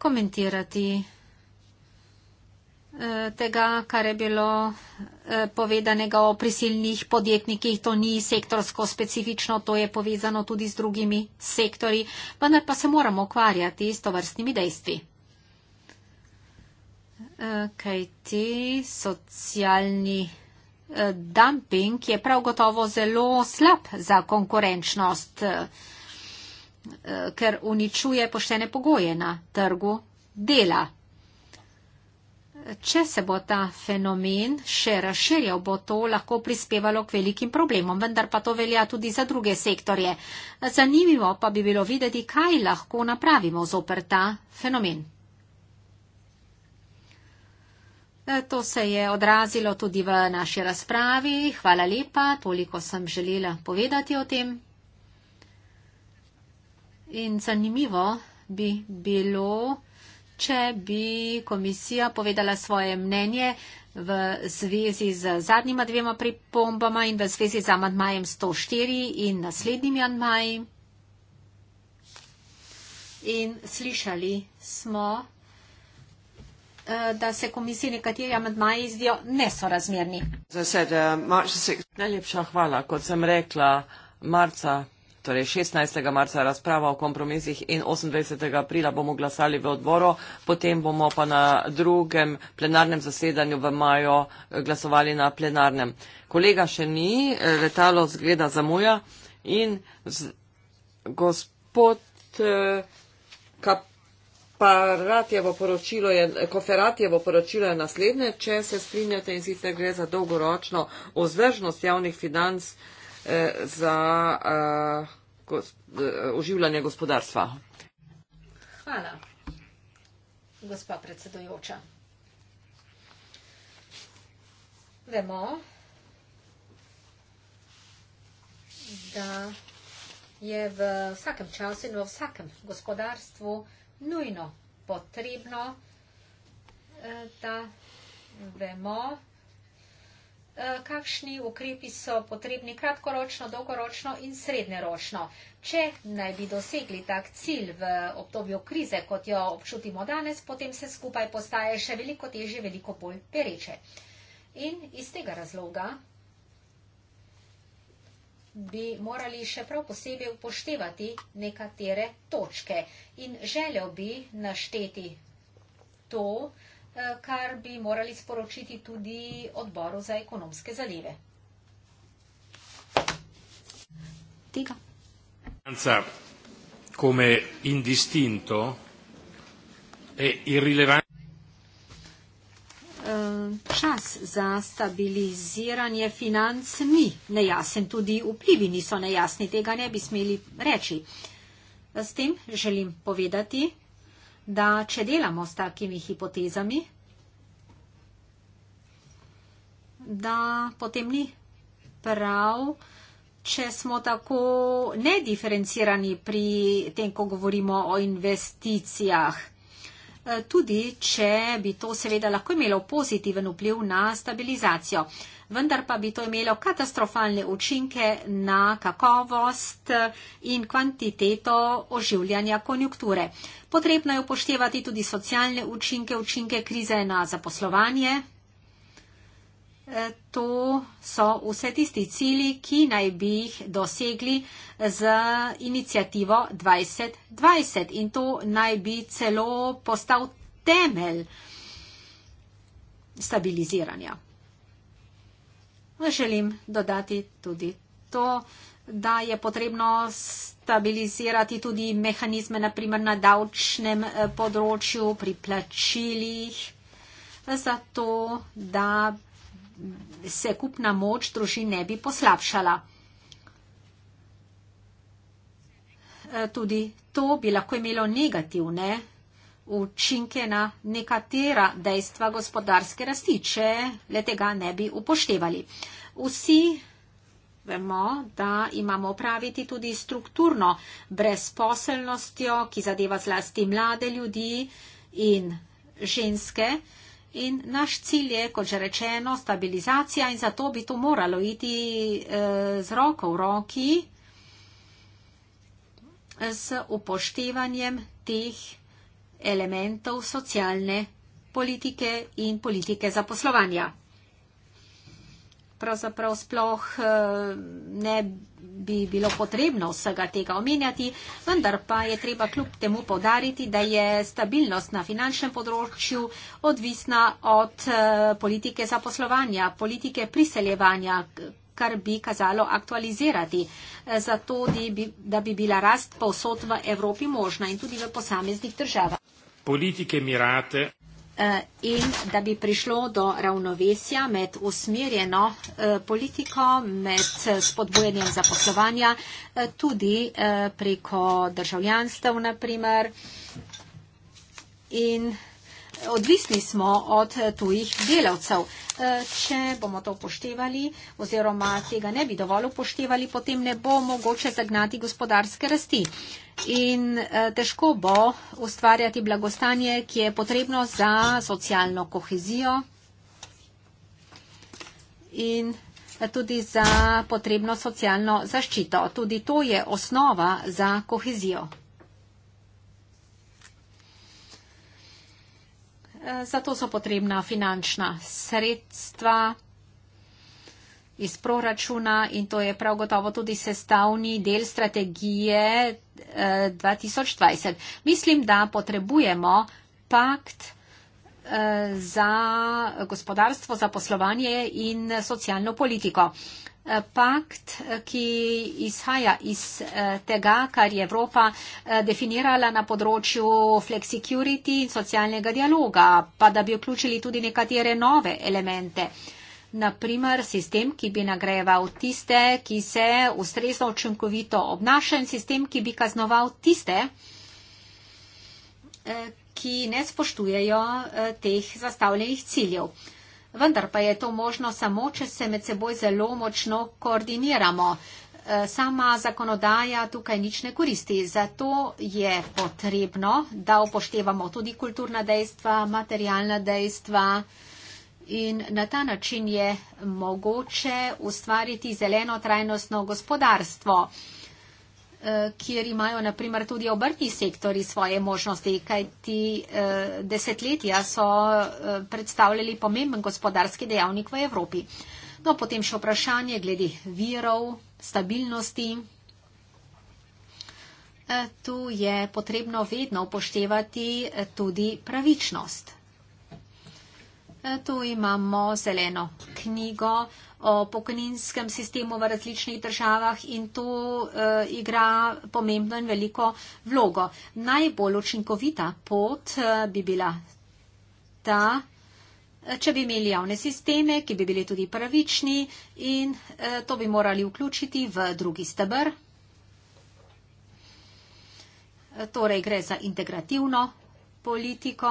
C: komentirati Eh, tega, kar je bilo eh, povedanega o prisilnih podjetnikih. To ni sektorsko specifično, to je povezano tudi z drugimi sektori, vendar pa se moramo ukvarjati s tovrstnimi dejstvi. Eh, Kaj ti socialni dumping je prav gotovo zelo slab za konkurenčnost, ker uničuje poštene pogoje na trgu dela če se bo ta fenomen še razširjal, bo to lahko prispevalo k velikim problemom, vendar pa to velja tudi za druge sektorje. Zanimivo pa bi bilo videti, kaj lahko napravimo zoper ta fenomen. E, to se je odrazilo tudi v naši razpravi. Hvala lepa, toliko sem želela povedati o tem. In zanimivo bi bilo, če bi komisija povedala svoje mnenje v zvezi z zadnjima dvema pripombama in v zvezi z amadmajem 104 in naslednjimi amadmaji. In slišali smo, eh, da se komisiji nekateri amadmaji zdijo nesorazmerni.
D: Uh, Najlepša hvala, kot sem rekla, marca torej 16. marca razprava o kompromisih in 28. aprila bomo glasali v odboru, potem bomo pa na drugem plenarnem zasedanju v maju eh, glasovali na plenarnem. Kolega še ni, eh, letalo zgleda zamuja in gospod eh, Kaparatjevo poročilo je, Koferatjevo poročilo je naslednje, če se strinjate in sicer gre za dolgoročno vzdržnost javnih financ za eh, eh, oživljanje gospodarstva.
C: Hvala, gospa predsedujoča. Vemo, da je v vsakem času in v vsakem gospodarstvu nujno potrebno, eh, da vemo, Eh, kakšni ukrepi so potrebni kratkoročno, dolgoročno in srednjeročno. Če naj bi dosegli tak cilj v obdobju krize, kot jo občutimo danes, potem se skupaj postaje še veliko težje, veliko bolj pereče. In iz tega razloga bi morali še prav posebej upoštevati nekatere točke. In želel bi našteti to, Eh, kar bi morali sporočiti tudi odboru za ekonomske zadeve. Tega.
B: Anca, come indistinto, e irrilevante.
C: Eh, čas za stabiliziranje financ ni nejasen, tudi vplivi niso nejasni, tega ne bi smeli reči. S tem želim povedati, da če delamo s takimi hipotezami, da potem ni prav, če smo tako nediferencirani pri tem, ko govorimo o investicijah. Eh, tudi če bi to seveda lahko imelo pozitiven vpliv na stabilizacijo. Vendar pa bi to imelo katastrofalne učinke na kakovost eh, in kvantiteto oživljanja konjunkture. Potrebno je upoštevati tudi socialne učinke, učinke krize na zaposlovanje, to so vse tisti cili, ki naj bi jih dosegli z inicijativo 2020 in to naj bi celo postal temelj stabiliziranja. Želim dodati tudi to, da je potrebno stabilizirati tudi mehanizme, naprimer na davčnem eh, področju, pri plačilih, zato da se kupna moč družin ne bi poslabšala. E, tudi to bi lahko imelo negativne učinke na nekatera dejstva gospodarske rasti, če le tega ne bi upoštevali. Vsi vemo, da imamo opraviti tudi strukturno brezposelnostjo, ki zadeva zlasti mlade ljudi in ženske. In naš cilj je, kot že rečeno, stabilizacija in zato bi to moralo iti eh, z roko v roki s upoštevanjem teh elementov socialne politike in politike zaposlovanja pravzaprav sploh eh, ne bi bilo potrebno vsega tega omenjati, vendar pa je treba kljub temu povdariti, da je stabilnost na finančnem področju odvisna od eh, politike zaposlovanja, politike priseljevanja kar bi kazalo aktualizirati, eh, zato da bi bila rast povsod v Evropi možna in tudi v posameznih državah.
B: Politike mirate.
C: Eh, in da bi prišlo do ravnovesja med usmerjeno eh, politiko, med eh, spodbojenjem zaposlovanja, tudi preko državljanstev, naprimer, in odvisni smo od eh, tujih delavcev. Eh, če bomo to upoštevali oziroma tega ne bi dovolj upoštevali, potem ne bo mogoče zagnati gospodarske rasti in eh, težko bo ustvarjati blagostanje, ki je potrebno za socialno kohezijo in tudi za potrebno socialno zaščito. Tudi to je osnova za kohezijo. zato so potrebna finančna sredstva iz proračuna in to je prav gotovo tudi sestavni del strategije 2020. Eh, Mislim, da potrebujemo pakt eh, za gospodarstvo, za poslovanje in socialno politiko. Eh, pakt, eh, ki izhaja iz eh, tega, kar je Evropa definirala na področju flexicurity in socialnega dialoga, pa da bi vključili tudi nekatere nove elemente. Naprimer, sistem, ki bi nagrajeval tiste, ki se ustrezno učinkovito obnašajo in sistem, ki bi kaznoval tiste, ki ne spoštujejo teh zastavljenih ciljev vendar pa je to možno samo, če se med seboj zelo močno koordiniramo. E, sama zakonodaja tukaj nič ne koristi, zato je potrebno, da upoštevamo tudi kulturna dejstva, materialna dejstva in na ta način je mogoče ustvariti zeleno trajnostno gospodarstvo. Eh, kjer imajo naprimer tudi obrtni sektori svoje možnosti, kajti eh, desetletja so eh, predstavljali pomemben gospodarski dejavnik v Evropi. No, potem še vprašanje glede virov, stabilnosti. Tu je potrebno vedno upoštevati tudi pravičnost. Tu imamo zeleno knjigo o pokojninskem sistemu v različnih državah in to uh, igra pomembno in veliko vlogo. Najbolj učinkovita pot uh, bi bila ta, eh, če bi imeli javne sisteme, ki bi bili tudi pravični in uh, to bi morali vključiti v drugi stebr. Torej gre za integrativno politiko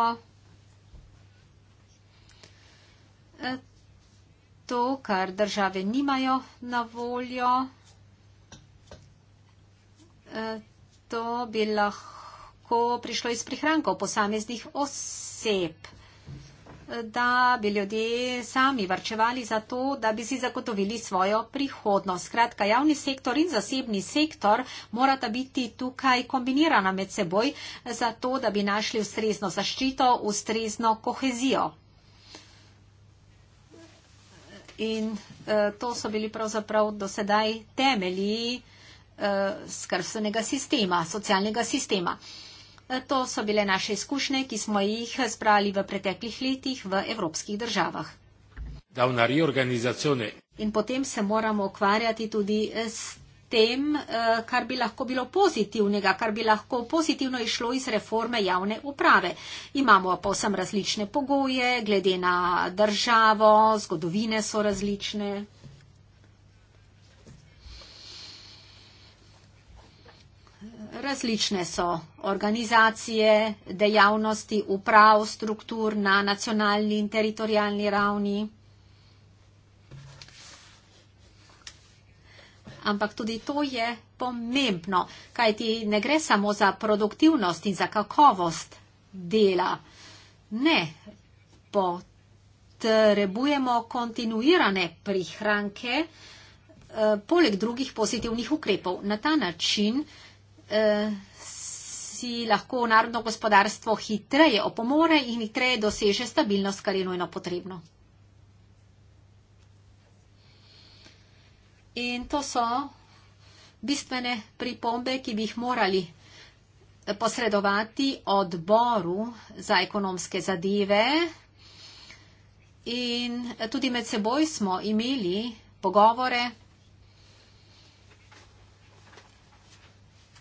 C: to, kar države nimajo na voljo. Eh, to bi lahko prišlo iz prihrankov posameznih oseb, eh, da bi ljudje sami varčevali za to, da bi si zagotovili svojo prihodnost. Skratka, javni sektor in zasebni sektor morata biti tukaj kombinirana med seboj, eh, zato da bi našli ustrezno zaščito, ustrezno kohezijo. In uh, to so bili pravzaprav dosedaj temelji uh, eh, skrbstvenega sistema, socialnega sistema. Eh, to so bile naše izkušnje, ki smo jih spravili v preteklih letih v evropskih državah. In potem se moramo ukvarjati tudi s tem, eh, kar bi lahko bilo pozitivnega, kar bi lahko pozitivno išlo iz reforme javne uprave. Imamo posem različne pogoje, glede na državo, zgodovine so različne. Različne so organizacije, dejavnosti, uprav, struktur na nacionalni in teritorijalni ravni. ampak tudi to je pomembno, kaj ti ne gre samo za produktivnost in za kakovost dela. Ne, potrebujemo kontinuirane prihranke eh, poleg drugih pozitivnih ukrepov. Na ta način eh, si lahko narodno gospodarstvo hitreje opomore in hitreje doseže stabilnost, kar je nujno potrebno. In to so bistvene pripombe, ki bi jih morali posredovati odboru za ekonomske zadeve. In tudi med seboj smo imeli pogovore.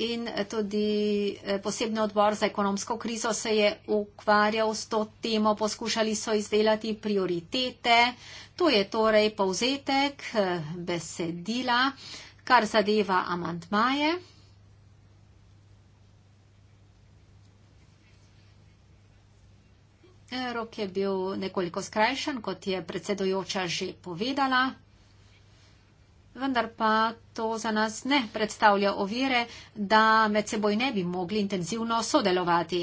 C: in eh, tudi eh, posebni odbor za ekonomsko krizo se je ukvarjal s to temo, poskušali so izdelati prioritete. To je torej povzetek eh, besedila, kar zadeva amantmaje. Rok je bil nekoliko skrajšan, kot je predsedojoča že povedala vendar pa to za nas ne predstavlja ovire, da med seboj ne bi mogli intenzivno sodelovati.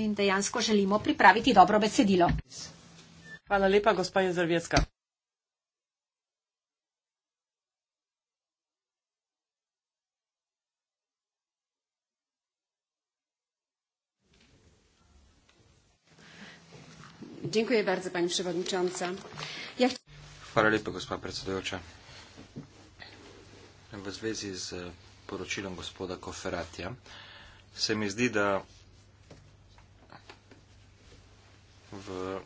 C: In dejansko želimo pripraviti dobro besedilo.
D: Hvala lepa, gospa Jezervjetska.
C: Dziękuję bardzo, pani przewodnicząca. Ja chcę...
A: Hvala lepa, gospa predsedujoča. V zvezi z eh, poročilom gospoda Koferatija se mi zdi, da v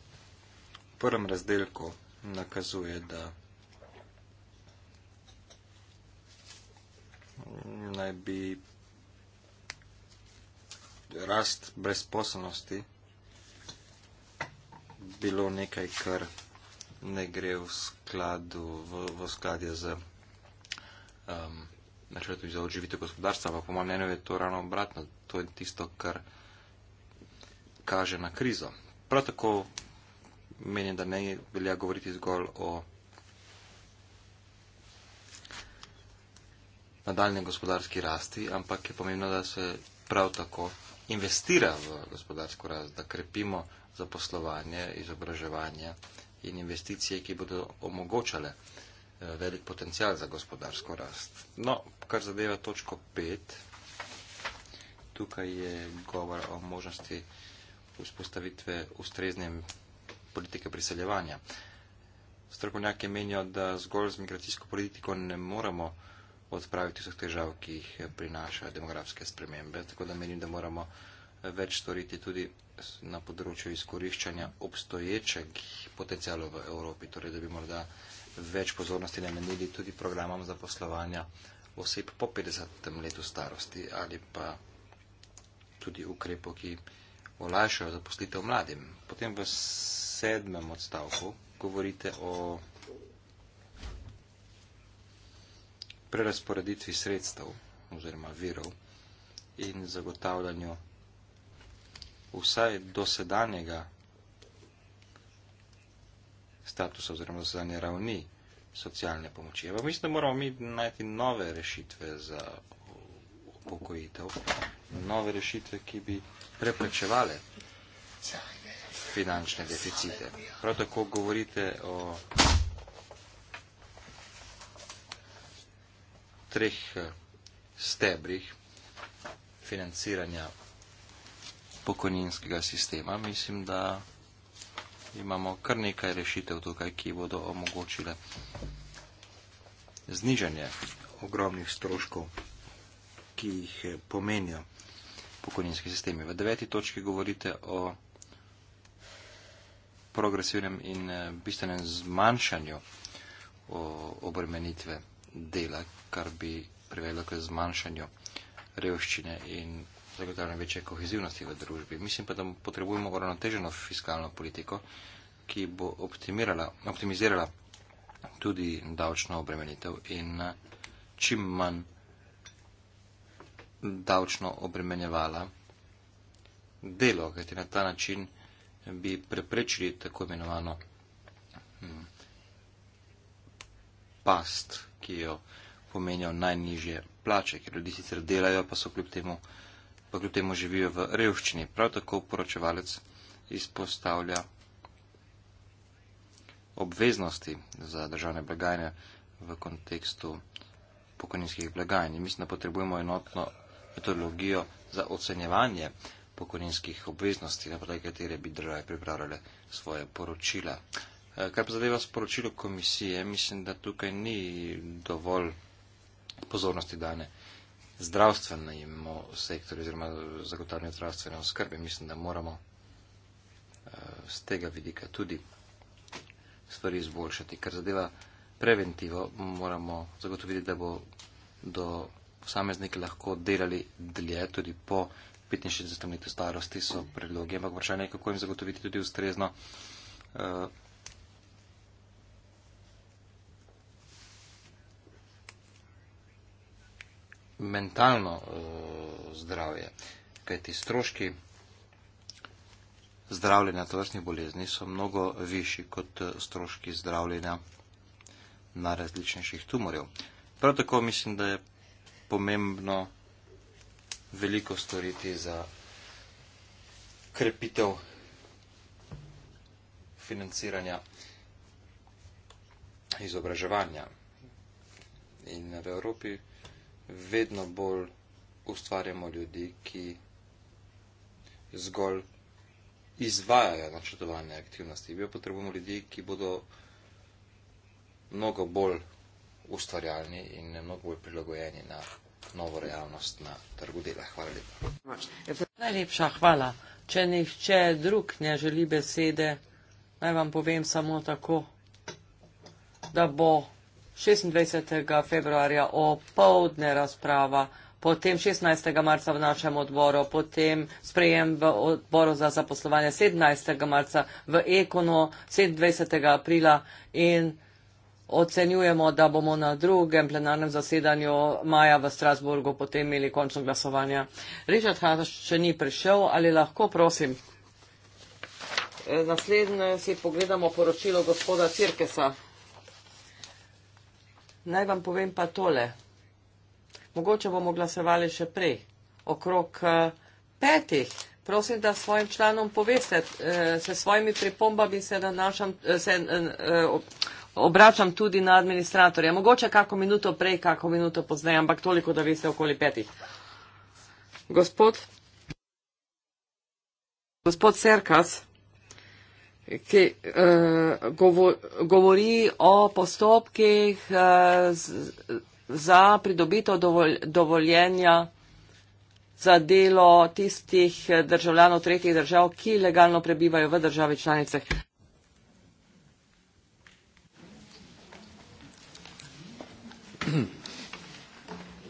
A: prvem razdelku nakazuje, da naj bi rast brezposobnosti bilo nekaj, kar ne gre v skladu, v, v skladje z um, načrtom za odživitev gospodarstva, ampak po mojem mnenju je to ravno obratno. To je tisto, kar kaže na krizo. Prav tako menim, da ne velja govoriti zgolj o nadaljne gospodarski rasti, ampak je pomembno, da se prav tako investira v gospodarsko rast, da krepimo zaposlovanje, izobraževanje in investicije, ki bodo omogočale eh, velik potencial za gospodarsko rast. No, kar zadeva točko 5, tukaj je govor o možnosti vzpostavitve ustrezne politike priseljevanja. Strokovnjaki menijo, da zgolj z migracijsko politiko ne moremo odpraviti vseh težav, ki jih prinašajo demografske spremembe, tako da menim, da moramo več storiti tudi na področju izkoriščanja obstoječeg potencijalov v Evropi, torej da bi morda več pozornosti namenili tudi programom za poslovanja oseb po 50. letu starosti ali pa tudi ukrepov, ki olajšajo zaposlitev mladim. Potem v sedmem odstavku govorite o prerasporeditvi sredstev oziroma virov in zagotavljanju vsaj do sedanjega statusa oziroma do sedanje ravni socialne pomoči. Ampak mislim, da moramo mi najti nove rešitve za upokojitev, nove rešitve, ki bi preprečevale finančne deficite. Prav tako govorite o treh stebrih financiranja pokojninskega sistema. Mislim, da imamo kar nekaj rešitev tukaj, ki bodo omogočile znižanje ogromnih stroškov, ki jih eh, pomenijo pokojninski sistemi. V deveti točki govorite o progresivnem in eh, bistvenem zmanjšanju obremenitve dela, kar bi privedlo k zmanjšanju revščine in zagotavljanje večje kohezivnosti v družbi. Mislim pa, da potrebujemo uravnoteženo fiskalno politiko, ki bo optimizirala tudi davčno obremenitev in eh, čim manj davčno obremenjevala delo, kajti na ta način bi preprečili tako imenovano hm, past, ki jo pomenijo najnižje plače, ker ljudi sicer delajo, pa so kljub temu pa kljub temu živijo v revščini. Prav tako poročevalec izpostavlja obveznosti za državne blagajne v kontekstu pokojninskih blagajn. Mislim, da potrebujemo enotno metodologijo za ocenjevanje pokojninskih obveznosti, na podlagi katere bi države pripravljale svoje poročila. Eh, kar pa zadeva sporočilo komisije, mislim, da tukaj ni dovolj pozornosti dane uh, zdravstvenemu sektorju oziroma zagotavljanju zdravstvene oskrbe. Mislim, da moramo z eh, tega vidika tudi stvari izboljšati. Kar zadeva preventivo, moramo zagotoviti, da bo do posameznike lahko delali dlje, tudi po 65 letu starosti so predlogi, ampak vprašanje je, kako jim zagotoviti tudi ustrezno eh, mentalno uh, zdravje, kajti stroški zdravljenja tovrstnih bolezni so mnogo višji kot eh, stroški zdravljenja na različnejših tumorjev. Prav tako mislim, da je pomembno veliko storiti za krepitev financiranja izobraževanja. In v Evropi vedno bolj ustvarjamo ljudi, ki zgolj izvajajo načrtovane aktivnosti. Mi potrebujemo ljudi, ki bodo mnogo bolj ustvarjalni in mnogo bolj prilagojeni na novo realnost na trgu dela. Hvala
B: lepa.
D: Najlepša hvala. Če nihče drug ne želi besede, naj vam povem samo tako, da bo. 26. februarja o povdne razprava, potem 16. marca v našem odboru, potem sprejem v odboru za zaposlovanje 17. marca v Ekono 27. aprila in ocenjujemo, da bomo na drugem plenarnem zasedanju maja v Strasburgu potem imeli končno glasovanje. Richard Hatoš še ni prišel, ali lahko prosim. E, naslednje si pogledamo poročilo gospoda Cirkesa. Naj vam povem pa tole. Mogoče bomo glasovali še prej. Okrog eh, petih. Prosim, da svojim članom poveste, eh, se svojimi pripombami se, nanašam, eh, se obračam tudi na administratorja. Mogoče kako minuto prej, kako minuto pozneje, ampak toliko, da veste okoli petih. Gospod, gospod Serkas ki uh, eh, govo, govori o postopkih uh, z, za pridobitev dovol, dovoljenja za delo tistih državljanov tretjih držav, ki legalno prebivajo v državi članicah.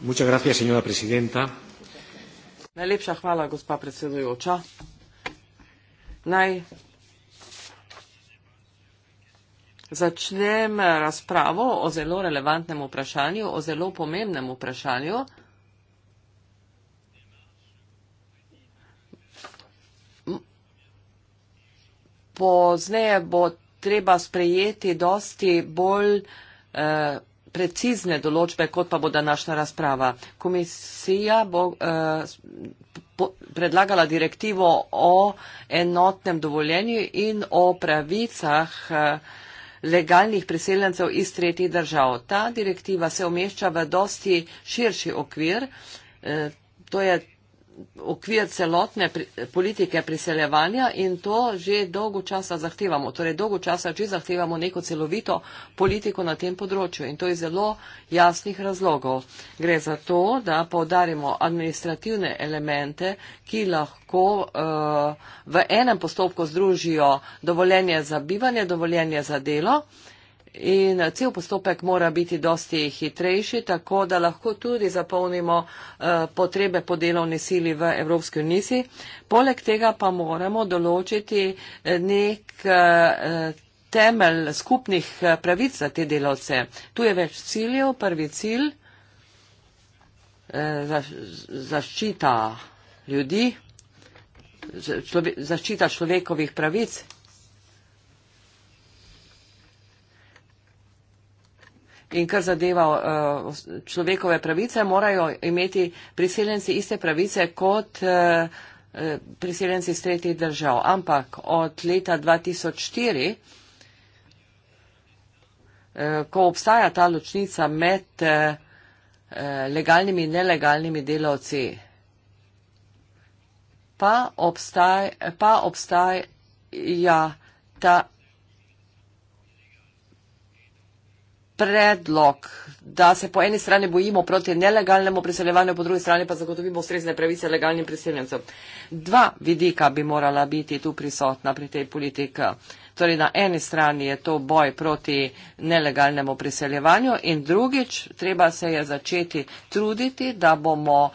B: Muchas gracias, señora presidenta.
D: Najlepša hvala, gospa predsedujoča. Naj začnem razpravo o zelo relevantnem vprašanju, o zelo pomembnem vprašanju. Pozneje bo treba sprejeti dosti bolj eh, precizne določbe, kot pa bo današnja razprava. Komisija bo eh, predlagala direktivo o enotnem dovoljenju in o pravicah vsega, eh, legalnih priseljencev iz tretjih držav. Ta direktiva se omešča v dosti širši okvir, eh, to je okvir celotne politike priseljevanja in to že dolgo časa zahtevamo. Torej, dolgo časa že zahtevamo neko celovito politiko na tem področju in to iz zelo jasnih razlogov. Gre za to, da povdarimo administrativne elemente, ki lahko uh, v enem postopku združijo dovoljenje za bivanje, dovoljenje za delo. Uh, In cel postopek mora biti dosti hitrejši, tako da lahko tudi zapolnimo eh, potrebe po delovni sili v Evropski uniji. Poleg tega pa moramo določiti eh, nek eh, temelj skupnih pravic za te delavce. Tu je več ciljev. Prvi cilj zaščita ljudi, zaščita človekovih pravic in kar zadeva uh, človekove pravice, morajo imeti priseljenci iste pravice kot uh, uh, priseljenci iz tretjih držav. Ampak od leta 2004, uh, ko obstaja ta ločnica med uh, legalnimi in nelegalnimi delavci, pa obstaja. Pa obstaja ta predlog, da se po eni strani bojimo proti nelegalnemu priseljevanju, po drugi strani pa zagotovimo ustrezne pravice legalnim priseljencem. Dva vidika bi morala biti tu prisotna pri tej politiki. Torej, na eni strani je to boj proti nelegalnemu priseljevanju in drugič, treba se je začeti truditi, da bomo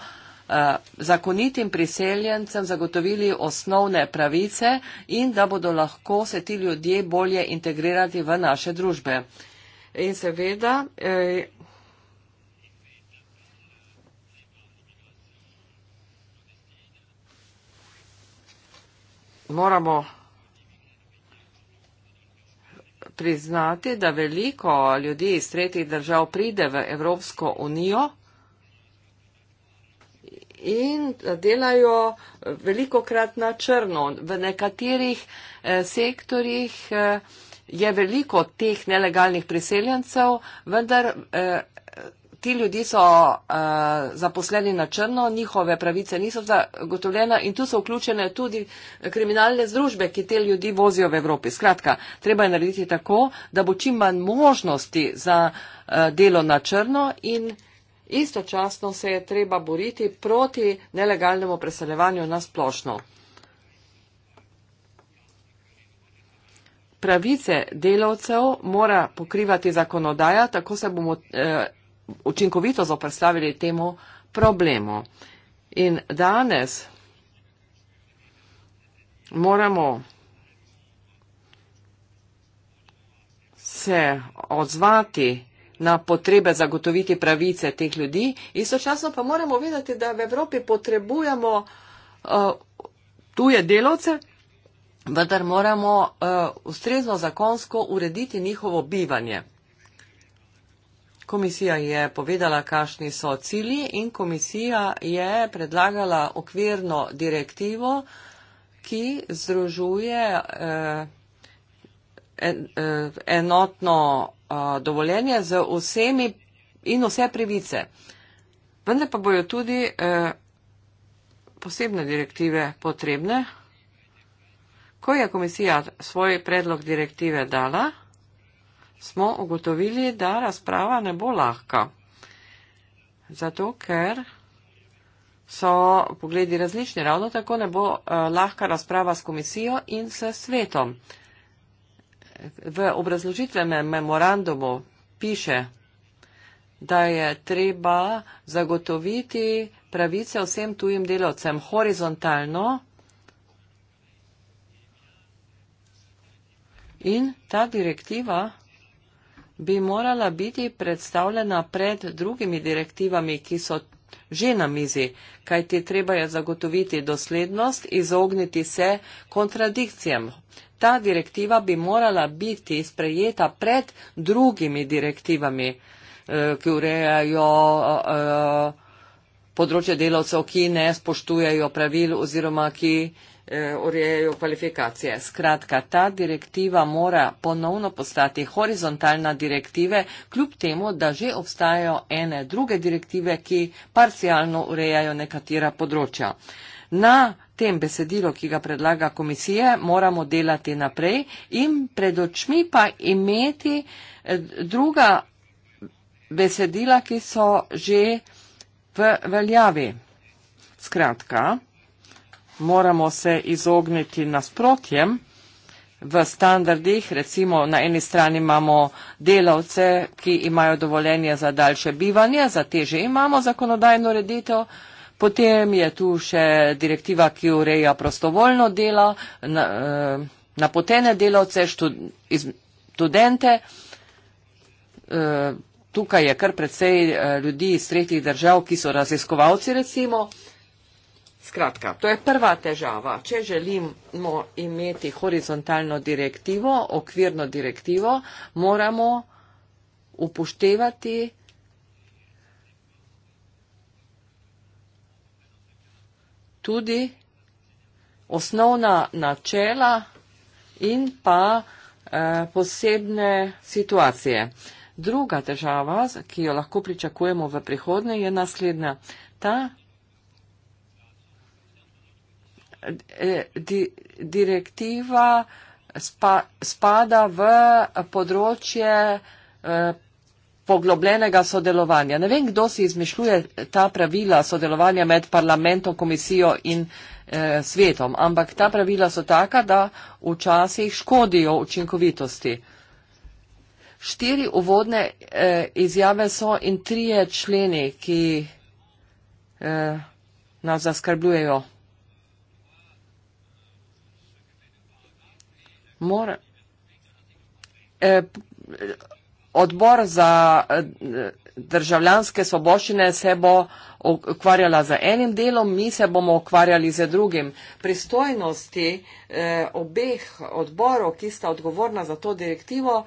D: eh, zakonitim priseljencem zagotovili osnovne pravice in da bodo lahko se ti ljudje bolje integrirati v naše družbe. In seveda, eh, moramo priznati, da veliko ljudi iz tretjih držav pride v Evropsko unijo in delajo veliko krat na črno v nekaterih eh, sektorjih. Eh, je veliko teh nelegalnih priseljencev, vendar eh, ti ljudje so eh, zaposleni na črno, njihove pravice niso zagotovljene in tu so vključene tudi kriminalne združbe, ki te ljudi vozijo v Evropi. Skratka, treba je narediti tako, da bo čim manj možnosti za eh, delo na črno in istočasno se je treba boriti proti nelegalnemu preseljevanju na splošno. pravice delavcev mora pokrivati zakonodaja, tako se bomo eh, učinkovito zoprstavili temu problemu. In danes moramo se odzvati na potrebe zagotoviti pravice teh ljudi, istočasno pa moramo vedeti, da v Evropi potrebujemo uh, tuje delovce, vendar moramo uh, ustrezno zakonsko urediti njihovo bivanje. Komisija je povedala, kakšni so cilji in komisija je predlagala okvirno direktivo, ki združuje eh, eh enotno eh, dovoljenje z vsemi in vse privice. Vendar pa bojo tudi eh, posebne direktive potrebne, Ko je komisija svoj predlog direktive dala, smo ugotovili, da razprava ne bo lahka. Zato, ker so pogledi različni, ravno tako ne bo uh, lahka razprava s komisijo in s svetom. V obrazložitvenem memorandumu piše, da je treba zagotoviti pravice vsem tujim delavcem horizontalno In ta direktiva bi morala biti predstavljena pred drugimi direktivami, ki so že na mizi, kajti treba je zagotoviti doslednost, izogniti se kontradikcijam. Ta direktiva bi morala biti sprejeta pred drugimi direktivami, eh, ki urejajo eh, eh, področje delavcev, ki ne spoštujejo pravil oziroma ki Eh, urejejo kvalifikacije. Skratka, ta direktiva mora ponovno postati horizontalna direktive, kljub temu, da že obstajajo ene druge direktive, ki parcialno urejajo nekatera področja. Na tem besedilo, ki ga predlaga komisije, moramo delati naprej in pred očmi pa imeti eh, druga besedila, ki so že v veljavi. Skratka, moramo se izogniti nasprotjem v standardih. Recimo, na eni strani imamo delavce, ki imajo dovoljenje za daljše bivanje, za teže imamo zakonodajno ureditev. Potem je tu še direktiva, ki ureja prostovoljno delo, eh, napotene delavce, študente. Eh, tukaj je kar precej eh, ljudi iz tretjih držav, ki so raziskovalci recimo. Skratka, to je prva težava. Če želimo imeti horizontalno direktivo, okvirno direktivo, moramo upoštevati tudi osnovna načela in pa eh, posebne situacije. Druga težava, ki jo lahko pričakujemo v prihodnje, je naslednja. Ta di, direktiva spa, spada v področje eh, poglobljenega sodelovanja. Ne vem, kdo si izmišljuje ta pravila sodelovanja med parlamentom, komisijo in eh, svetom, ampak ta pravila so taka, da včasih škodijo učinkovitosti. Štiri uvodne eh, izjave so in trije členi, ki eh, nas zaskrbljujejo. mora. Eh, odbor za eh, državljanske svoboščine se bo ukvarjala z enim delom, mi se bomo ukvarjali z drugim. Pristojnosti eh, obeh odborov, ki sta odgovorna za to direktivo,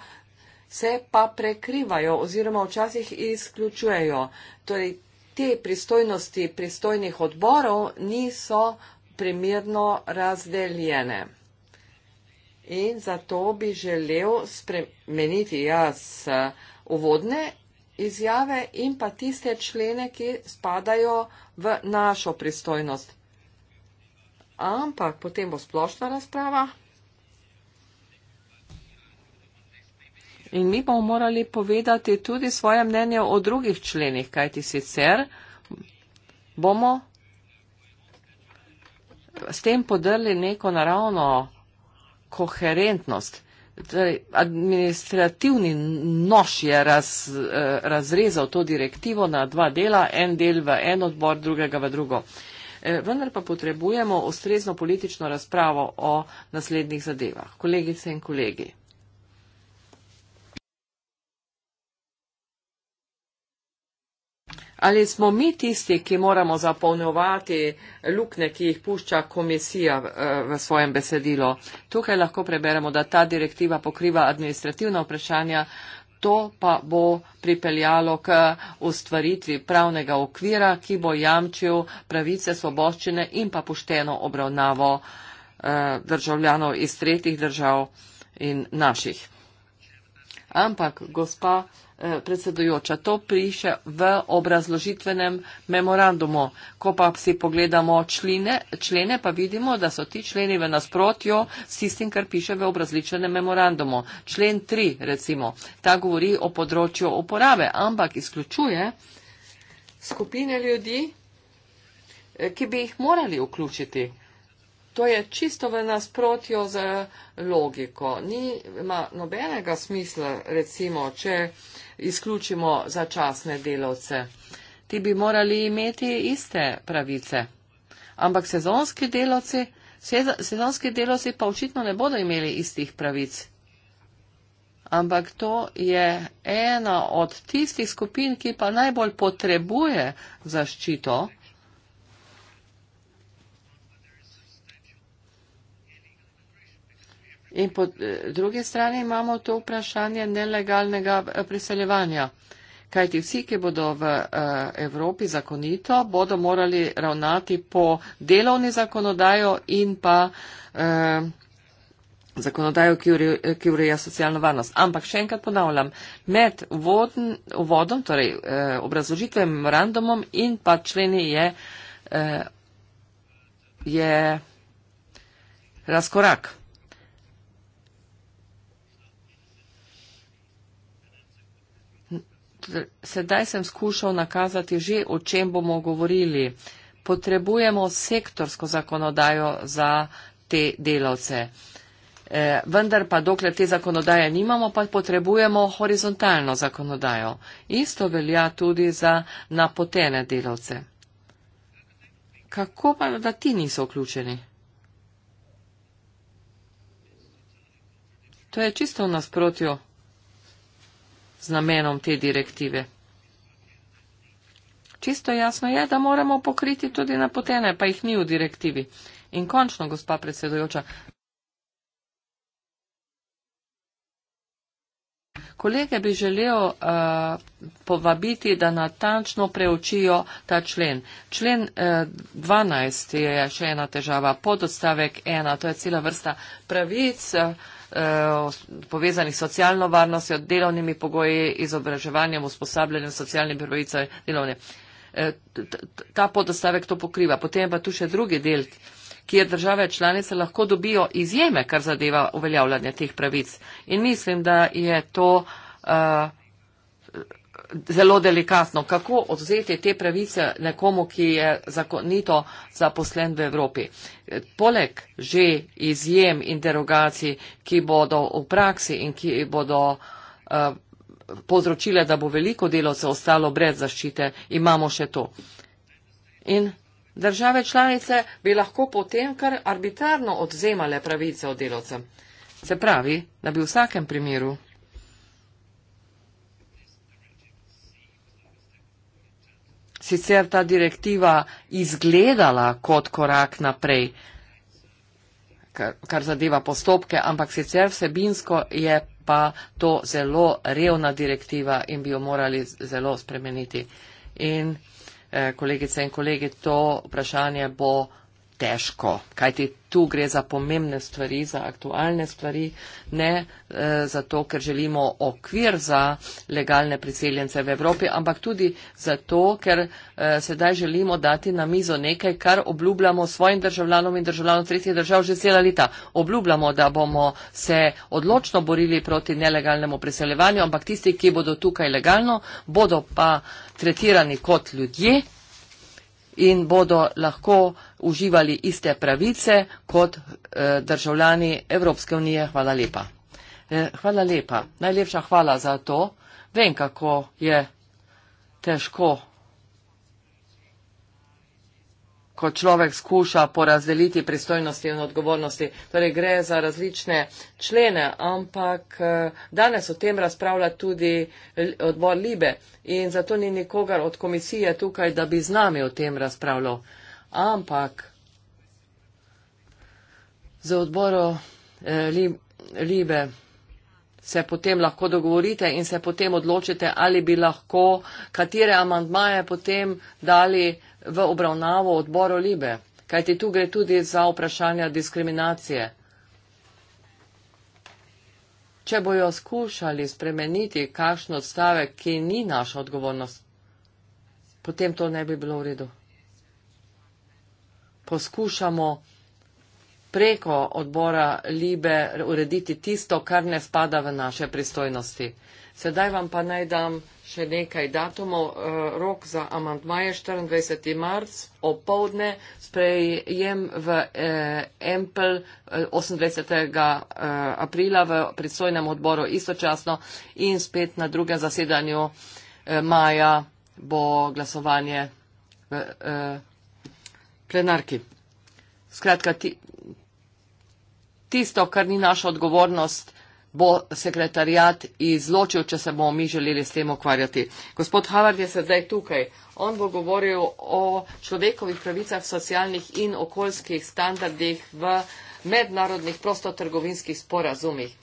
D: se pa prekrivajo oziroma včasih izključujejo. Torej, te pristojnosti pristojnih odborov niso primerno razdeljene in zato bi želel spremeniti jaz eh, uvodne izjave in pa tiste člene, ki spadajo v našo pristojnost. Ampak potem bo splošna razprava. In mi bomo morali povedati tudi svoje mnenje o drugih členih, kajti sicer bomo s tem podrli neko naravno koherentnost. Torej, administrativni nož je raz, eh, razrezal to direktivo na dva dela, en del v en odbor, drugega v drugo. Eh, vendar pa potrebujemo ustrezno politično razpravo o naslednjih zadevah. Kolegice in kolegi. ali smo mi tisti, ki moramo zapolnjevati lukne, ki jih pušča komisija eh, v svojem besedilu. Tukaj lahko preberemo, da ta direktiva pokriva administrativna vprašanja, to pa bo pripeljalo k ustvaritvi pravnega okvira, ki bo jamčil pravice svoboščine in pa pošteno obravnavo eh, državljanov iz tretjih držav in naših. Ampak, gospa, Eh, predsedujoča. To piše v obrazložitvenem memorandumu. Ko pa si pogledamo čline, člene, pa vidimo, da so ti členi v nasprotju s tistim, kar piše v obrazličenem memorandumu. Člen 3, recimo, ta govori o področju uporabe, ampak izključuje skupine ljudi, eh, ki bi jih morali vključiti To je čisto v nasprotju z logiko. Ni nobenega smisla, recimo, če izključimo začasne delovce. Ti bi morali imeti iste pravice. Ampak sezonski delovci, sezonski delovci pa očitno ne bodo imeli istih pravic. Ampak to je ena od tistih skupin, ki pa najbolj potrebuje zaščito. In po eh, druge strani imamo to vprašanje nelegalnega eh, priseljevanja. Kajti vsi, ki bodo v eh, Evropi zakonito, bodo morali ravnati po delovni zakonodajo in pa zakonodajo, ki ureja socialno varnost. Ampak še enkrat ponavljam, med vodom, torej obrazložitvem, memorandumom in pa členi je, je razkorak. sedaj sem skušal nakazati že, o čem bomo govorili. Potrebujemo sektorsko zakonodajo za te delavce. E, vendar pa dokler te zakonodaje nimamo, pa potrebujemo horizontalno zakonodajo. Isto velja tudi za napotene delavce. Kako pa, da ti niso vključeni? To je čisto v nasprotju z namenom te direktive. Čisto jasno je, da moramo pokriti tudi napotene, pa jih ni v direktivi. In končno, gospa predsedojoča, Kolege bi želel uh, povabiti, da natančno preučijo ta člen. Člen uh, eh, 12 je še ena težava, podostavek 1, to je cela vrsta pravic eh, povezanih s socialno varnostjo, delovnimi pogoji, izobraževanjem, usposabljanjem, socialnim pravicami, delovne. Ta podostavek to pokriva. Potem pa tu še drugi del, kjer države članice lahko dobijo izjeme, kar zadeva uveljavljanje teh pravic. In mislim, da je to uh, zelo delikatno, kako odzeti te pravice nekomu, ki je zakonito zaposlen v Evropi. Eh, poleg že izjem in derogacij, ki bodo v praksi in ki bodo. Uh, povzročile, da bo veliko delovcev ostalo brez zaščite, imamo še to. In Države članice bi lahko potem kar arbitrarno odzemale pravice od delovcev. Se pravi, da bi v vsakem primeru. Sicer ta direktiva izgledala kot korak naprej, kar, kar zadeva postopke, ampak sicer vsebinsko je pa to zelo revna direktiva in bi jo morali zelo spremeniti. In Eh, kolegice in kolegi, to vprašanje bo težko, kajti tu gre za pomembne stvari, za aktualne stvari, ne e, zato, ker želimo okvir za legalne priseljence v Evropi, ampak tudi zato, ker e, sedaj želimo dati na mizo nekaj, kar obljubljamo svojim državljanom in državljanom tretjih držav že cela leta. Obljubljamo, da bomo se odločno borili proti nelegalnemu priseljevanju, ampak tisti, ki bodo tukaj legalno, bodo pa tretirani kot ljudje in bodo lahko uživali iste pravice kot eh, državljani Evropske unije. Hvala lepa. Eh, hvala lepa. Najlepša hvala za to. Vem, kako je težko ko človek skuša porazdeliti pristojnosti in odgovornosti. Torej gre za različne člene, ampak eh, danes o tem razpravlja tudi eh, odbor Libe in zato ni nikogar od komisije tukaj, da bi z nami o tem razpravljal. Ampak za odboro eh, Libe se potem lahko dogovorite in se potem odločite, ali bi lahko, katere amandmaje potem dali v obravnavo odboru Libe, kajti tu gre tudi za vprašanja diskriminacije. Če bojo skušali spremeniti kakšen odstavek, ki ni naša odgovornost, potem to ne bi bilo v redu. Poskušamo preko odbora Libe urediti tisto, kar ne spada v naše pristojnosti. Sedaj vam pa naj dam še nekaj datumov. Eh, rok za amantma je 24. marc, opovdne, sprejem v eh, Empel 28. Eh, aprila v predstojnem odboru istočasno in spet na drugem zasedanju maja bo glasovanje v plenarki. Skratka, tisto, kar ni naša odgovornost, bo sekretarjat izločil, če se bomo mi želeli s tem ukvarjati. Gospod Havard je sedaj tukaj. On bo govoril o človekovih pravicah, socialnih in okoljskih standardih v mednarodnih prostotrgovinskih sporazumih.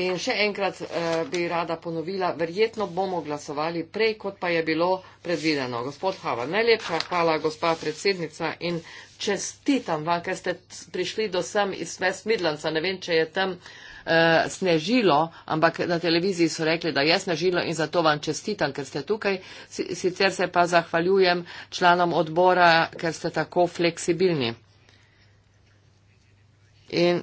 D: In še enkrat eh, bi rada ponovila, verjetno bomo glasovali prej, kot pa je bilo predvideno. Gospod Hava, najlepša hvala, gospa predsednica, in čestitam vam, ker ste prišli do sem iz Smedlanca. Ne vem, če je tam uh, snežilo, ampak na televiziji so rekli, da je snežilo in zato vam čestitam, ker ste tukaj. Sicer se pa zahvaljujem članom odbora, ker ste tako fleksibilni. In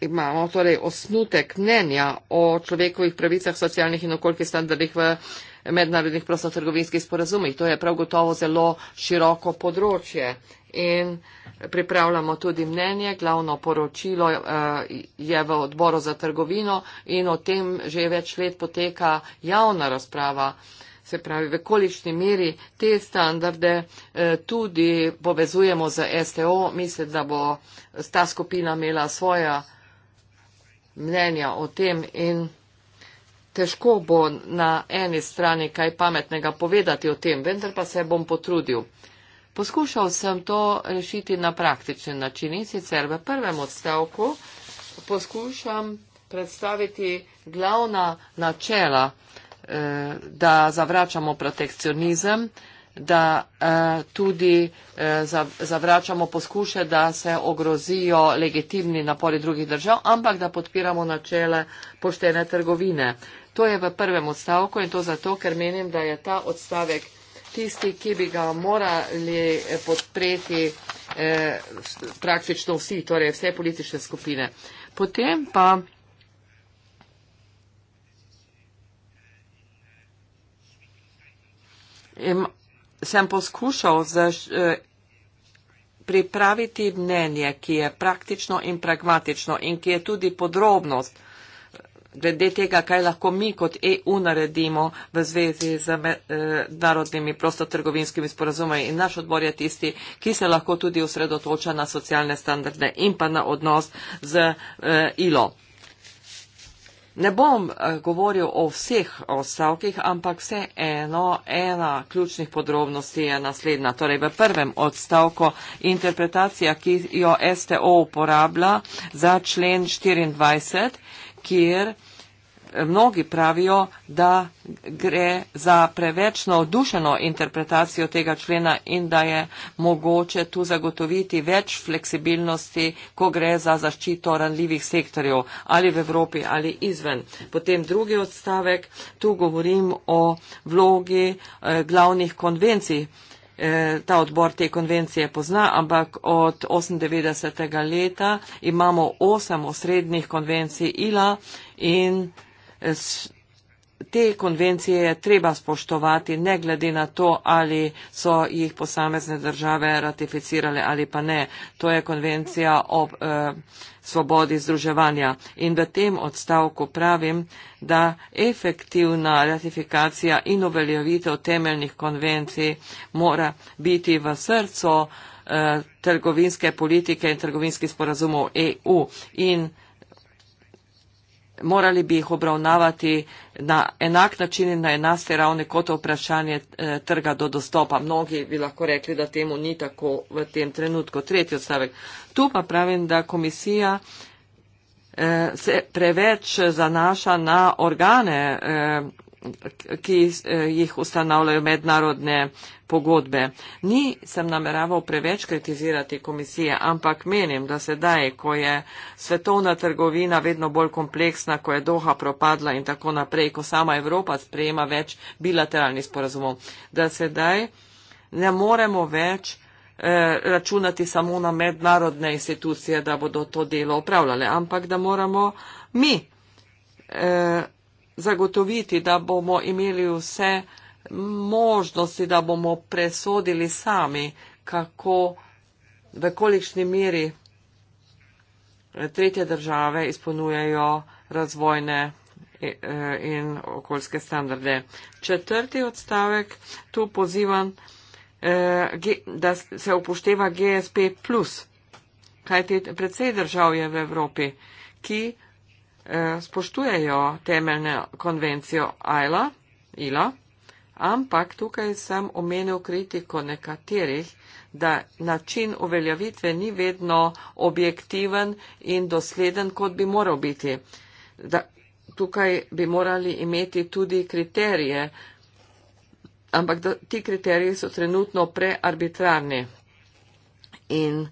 D: imamo torej osnutek mnenja o človekovih pravicah, socialnih in okoljskih standardih v. Uh, mednarodnih prostotrgovinskih sporazumih. To je prav gotovo zelo široko področje. In pripravljamo tudi mnenje, glavno poročilo eh, je v odboru za trgovino in o tem že več let poteka javna razprava. Se pravi, v kolišni meri te standarde eh, tudi povezujemo z STO. Mislim, da bo ta skupina imela svoja mnenja o tem in težko bo na eni strani kaj pametnega povedati o tem, vendar pa se bom potrudil. Poskušal sem to rešiti na praktičen način in sicer v prvem odstavku poskušam predstaviti glavna načela, eh, da zavračamo protekcionizem, da eh, tudi eh, zavračamo poskuše, da se ogrozijo legitimni napori drugih držav, ampak da podpiramo načele poštene trgovine. To je v prvem odstavku in to zato, ker menim, da je ta odstavek tisti, ki bi ga morali podpreti eh, praktično vsi, torej vse politične skupine. Potem pa. In sem poskušal zaš, eh, pripraviti mnenje, ki je praktično in pragmatično in ki je tudi podrobnost eh, glede tega, kaj lahko mi kot EU naredimo v zvezi z mednarodnimi eh, prostotrgovinskimi sporazumami. In naš odbor je tisti, ki se lahko tudi usredotoča na socialne standarde in pa na odnos z eh, ILO. Ne bom eh, govoril o vseh odstavkih, ampak vse eno, ena ključnih podrobnosti je naslednja. Torej, v prvem odstavku interpretacija, ki jo STO uporablja za člen 24 kjer mnogi pravijo, da gre za preveč navdušeno interpretacijo tega člena in da je mogoče tu zagotoviti več fleksibilnosti, ko gre za zaščito ranljivih sektorjev ali v Evropi ali izven. Potem drugi odstavek, tu govorim o vlogi eh, glavnih konvencij. Eh, Eh, ta odbor te konvencije pozna, ampak od 98. leta imamo osem osrednjih konvencij ILA in eh, te konvencije je treba spoštovati, ne glede na to, ali so jih posamezne države ratificirale ali pa ne. To je konvencija o. Eh, svobodi združevanja. In v tem odstavku pravim, da efektivna ratifikacija in uveljavitev temeljnih konvencij mora biti v srcu eh, trgovinske politike in trgovinskih sporazumov EU. In morali bi jih obravnavati na enak način in na enaste ravni kot vprašanje eh, trga do dostopa. Mnogi bi lahko rekli, da temu ni tako v tem trenutku. Tretji odstavek. Tu pa pravim, da komisija eh, se preveč zanaša na organe eh, ki eh, jih ustanavljajo mednarodne pogodbe. Ni sem nameraval preveč kritizirati komisije, ampak menim, da sedaj, ko je svetovna trgovina vedno bolj kompleksna, ko je Doha propadla in tako naprej, ko sama Evropa sprejema več bilateralnih sporazumov, da sedaj ne moremo več eh, računati samo na mednarodne institucije, da bodo to delo upravljale, ampak da moramo mi eh, zagotoviti, da bomo imeli vse možnosti, da bomo presodili sami, kako, v kolikšni meri tretje države izpolnjujejo razvojne e, e, in okoljske standarde. Četrti odstavek, tu pozivam, e, da se upošteva GSP, kajti predvsej držav je v Evropi, ki Eh, spoštujejo temeljne konvencijo AILA, ILA, ampak tukaj sem omenil kritiko nekaterih, da način uveljavitve ni vedno objektiven in dosleden, kot bi moral biti. Da tukaj bi morali imeti tudi kriterije, ampak da, ti kriteriji so trenutno prearbitrarni. In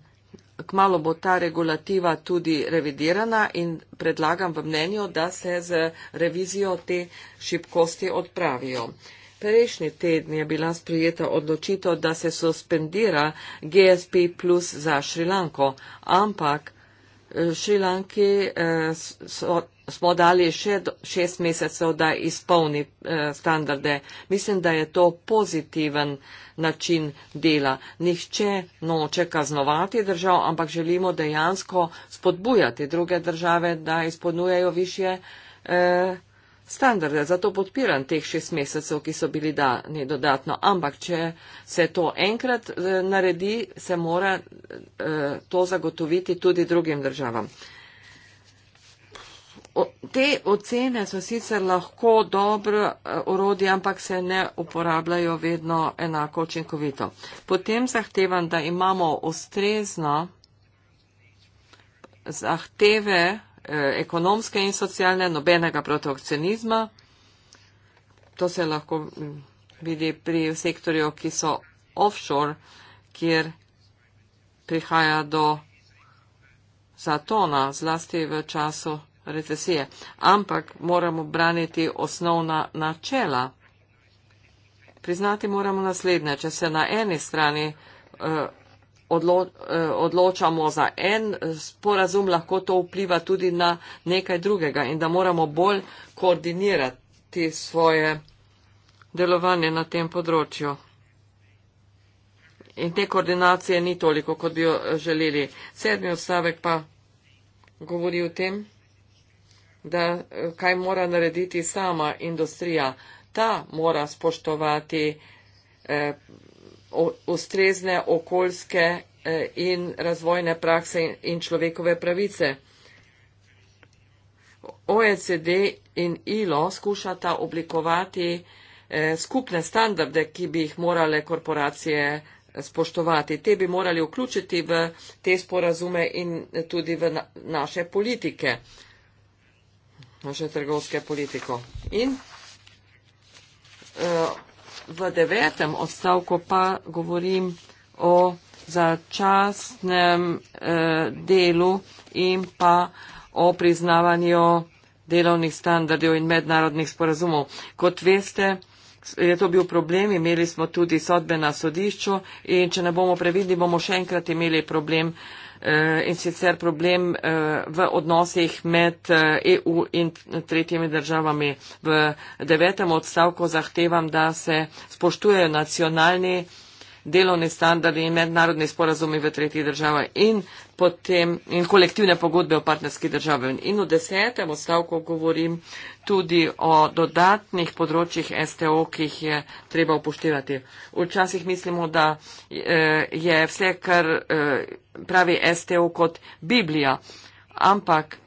D: kmalo bo ta regulativa tudi revidirana in predlagam v mnenju, da se z revizijo te šibkosti odpravijo. Prejšnji teden je bila sprijeta odločitev, da se suspendira GSP plus za Šrilanko, ampak eh, Šrilanki eh, so smo dali še šest mesecev, da izpolni eh, standarde. Mislim, da je to pozitiven način dela. Nihče noče kaznovati držav, ampak želimo dejansko spodbujati druge države, da izpolnjujejo više eh, standarde. Zato podpiram teh šest mesecev, ki so bili dani dodatno. Ampak, če se to enkrat eh, naredi, se mora to zagotoviti tudi drugim državam te ocene so sicer lahko dobro eh, orodje, ampak se ne uporabljajo vedno enako učinkovito. Potem zahtevam, da imamo ustrezno zahteve eh, ekonomske in socialne, nobenega protokcionizma. To se lahko mm, vidi pri sektorju, ki so offshore, kjer prihaja do zatona, zlasti v času recesije, ampak moramo braniti osnovna načela. Priznati moramo naslednje, če se na eni strani eh, eh, odločamo za en eh, sporazum, lahko to vpliva tudi na nekaj drugega in da moramo bolj koordinirati svoje delovanje na tem področju. In te koordinacije ni toliko, kot bi jo želeli. Sedmi odstavek pa govori o tem da eh, kaj mora narediti sama industrija. Ta mora spoštovati eh, ustrezne okoljske eh, in razvojne prakse in, in človekove pravice. OECD in ILO skušata oblikovati eh, skupne standarde, ki bi jih morale korporacije spoštovati. Te bi morali vključiti v te sporazume in tudi v na, naše politike. Eh, naše trgovske politiko. In eh, v devetem odstavku pa govorim o začasnem eh, delu in pa o priznavanju delovnih standardov in mednarodnih sporazumov. Kot veste, je to bil problem, imeli smo tudi sodbe na sodišču in če ne bomo previdni, bomo še enkrat imeli problem uh, Eh, in sicer problem eh, v odnosih med EU eh, e in tretjimi državami. V devetem odstavku zahtevam, da se spoštujejo nacionalni delovni standardi in mednarodni sporazumi v tretji državi in, potem, in kolektivne pogodbe v partnerski državi. In v desetem odstavku govorim, tudi o dodatnih področjih STO, ki jih je treba upoštevati. Včasih mislimo, da eh, je vse, kar eh, pravi STO kot Biblija, ampak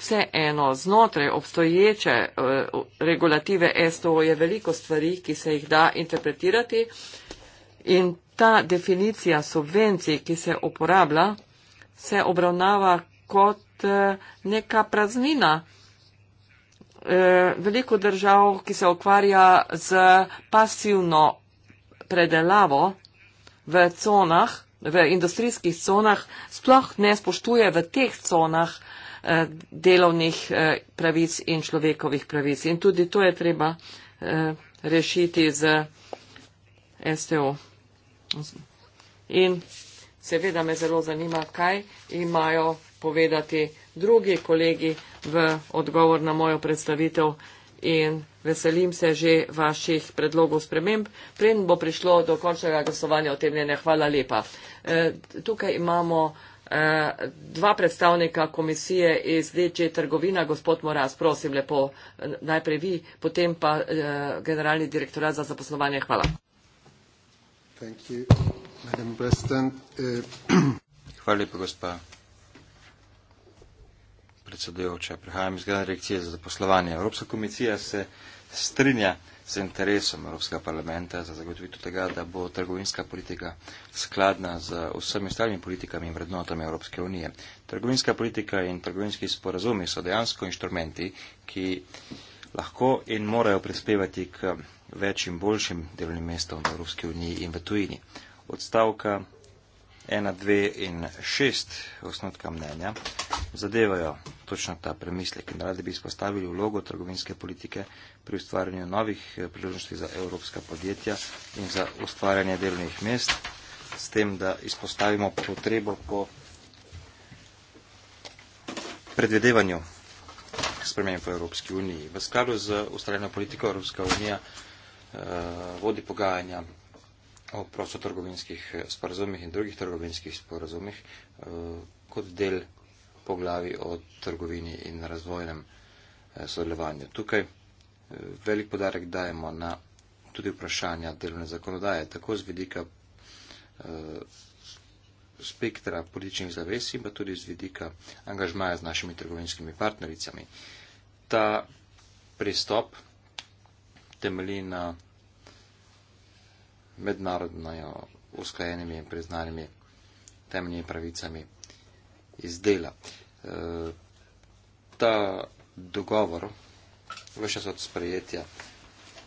D: vseeno znotraj obstoječe eh, regulative STO je veliko stvari, ki se jih da interpretirati in ta definicija subvencij, ki se uporablja, se obravnava kot neka praznina. Eh, veliko držav, ki se ukvarja z pasivno predelavo v conah, v industrijskih conah, sploh ne spoštuje v teh conah eh, delovnih eh, pravic in človekovih pravic. In tudi to je treba rešiti z STO. In seveda me zelo zanima, kaj imajo povedati drugi kolegi v odgovor na mojo predstavitev in veselim se že vaših predlogov sprememb, preden bo prišlo do končnega glasovanja o tem mnenju. Hvala lepa. E, tukaj imamo e, dva predstavnika komisije iz DČ trgovina, gospod Moraz, prosim lepo, najprej vi, potem pa e, generalni direktorat za zaposlovanje. Hvala.
A: E, Hvala lepa, gospa predsedujoča. Prihajam iz Gran Direkcije za zaposlovanje. Evropska komisija se strinja z interesom Evropskega parlamenta za zagotovitev tega, da bo trgovinska politika skladna z vsemi ostalimi politikami in vrednotami Evropske unije. Trgovinska politika in trgovinski sporazumi so dejansko inštrumenti, ki lahko in morajo prispevati k več in boljšim delovnim mestom v Evropski uniji in v tujini. Odstavka 1, 2 in 6 osnotka mnenja zadevajo točno ta premislek in radi bi izpostavili vlogo trgovinske politike pri ustvarjanju novih eh, priložnosti za evropska podjetja in za ustvarjanje delovnih mest, s tem, da izpostavimo potrebo po predvedevanju sprememb v Evropski uniji. V skladu z ustvarjeno politiko Evropska unija eh, vodi pogajanja o prostotrgovinskih eh, sporazumih in drugih trgovinskih sporazumih eh, kot del poglavi o trgovini in razvojnem eh, sodelovanju. Tukaj eh, velik podarek dajemo na tudi vprašanja delovne zakonodaje, tako z vidika eh, spektra političnih zaves in pa tudi z vidika angažmaja z našimi trgovinskimi partnericami. Ta pristop temelji na mednarodno usklajenimi in priznanimi temeljnimi pravicami izdela. E, ta dogovor v času od sprejetja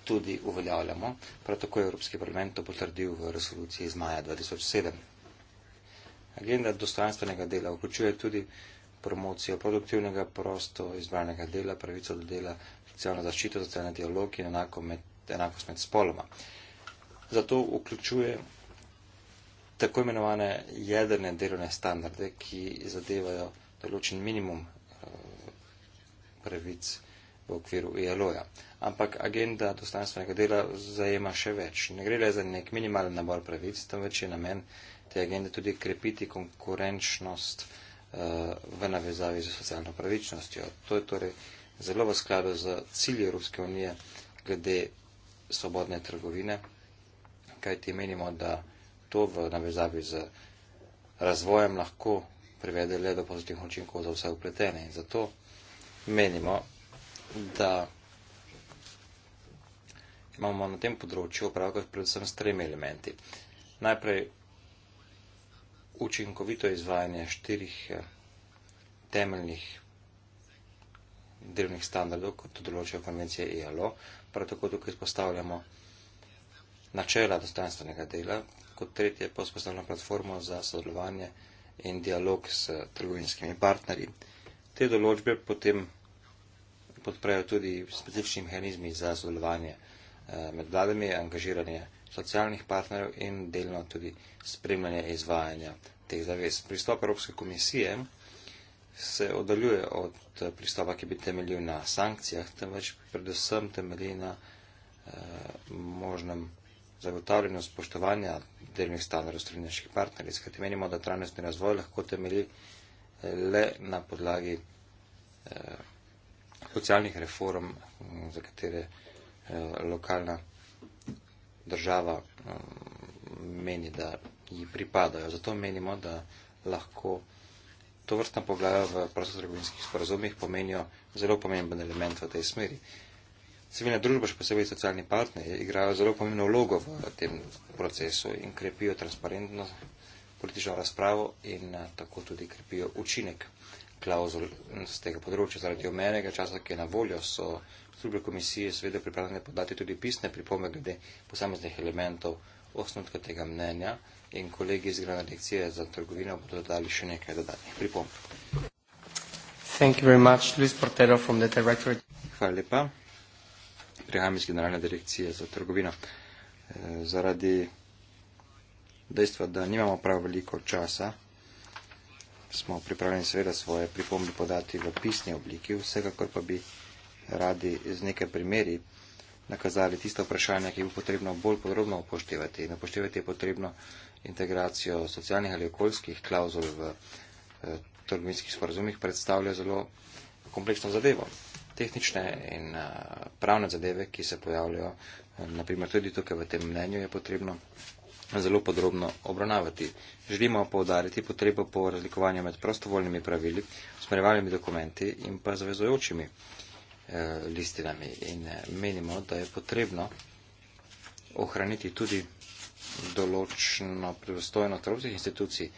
A: tudi uveljavljamo. Prav tako je Evropski parlament to potrdil v resoluciji iz maja 2007. Agenda dostojanstvenega dela vključuje tudi promocijo produktivnega prosto izbranega dela, pravico do dela, socialno zaščito, socialne dialog in enako med, enakost med spoloma. Zato vključuje tako imenovane jedrne delovne standarde, ki zadevajo določen minimum eh, pravic v okviru ILO-ja. E Ampak agenda dostanstvenega dela zajema še več. Ne gre le za nek minimalen nabor pravic, temveč je namen te agende tudi krepiti konkurenčnost eh, v navezavi z socialno pravičnostjo. To je torej zelo v skladu z cilji Evropske unije glede svobodne trgovine, kajti menimo, da to v navezavi z razvojem lahko privede le do pozitivnih učinkov za vse upletene. In zato menimo, da imamo na tem področju opravka predvsem s tremi elementi. Najprej učinkovito izvajanje štirih eh, temeljnih delovnih standardov, kot to določajo konvencije ILO. E Prav tako tukaj izpostavljamo načela dostojanstvenega dela, kot tretje pa vzpostavljena platforma za sodelovanje in dialog s trgovinskimi partnerji. Te določbe potem podprejo tudi specifični mehanizmi za sodelovanje eh, med vladami, angažiranje socialnih partnerjev in delno tudi spremljanje izvajanja teh zavez. Pristop Evropske komisije se oddaljuje od eh, pristopa, ki bi temeljil na sankcijah, temveč predvsem temelji na eh, možnem zagotavljanju spoštovanja delnih standardov strinjaških partneric, kajti menimo, da trajnostni razvoj lahko temelji eh, le na podlagi eh, socialnih reform, mm, za katere eh, lokalna država eh, meni, da ji pripadajo. Zato menimo, da lahko to vrstna poglavja v prostotrgovinskih sporazumih pomenijo zelo pomemben element v tej smeri. Eh, civilna družba, še posebej socialni partneri, igrajo zelo pomembno vlogo v tem procesu in krepijo transparentno politično razpravo in eh, tako tudi krepijo učinek klauzul z tega področja. Zaradi omenega časa, ki je na voljo, so službe komisije seveda pripravljene podati tudi pisne pripombe glede posameznih elementov osnutka tega mnenja in kolegi iz Grana Dekcije za trgovino bodo dodali še nekaj dodatnih pripomb. Thank you very much, Luis Portero from the directorate. Hvala lepa prihajam iz generalne direkcije za trgovino. E, zaradi dejstva, da nimamo prav veliko časa, smo pripravljeni seveda svoje pripombe podati v pisni obliki, vsekakor pa bi radi z nekaj primeri nakazali tisto vprašanje, ki bo potrebno bolj podrobno upoštevati. In upoštevati je potrebno integracijo socialnih ali okoljskih klauzul v eh, trgovinskih sporazumih predstavlja zelo kompleksno zadevo tehnične in eh, pravne zadeve, ki se pojavljajo, eh, naprimer tudi tukaj v tem mnenju, je potrebno zelo podrobno obravnavati. Želimo povdariti potrebo po razlikovanju med prostovoljnimi pravili, usmerjevalnimi dokumenti in pa zavezojočimi eh, listinami. In menimo, da je potrebno ohraniti tudi določeno pristojno trgovskih institucij,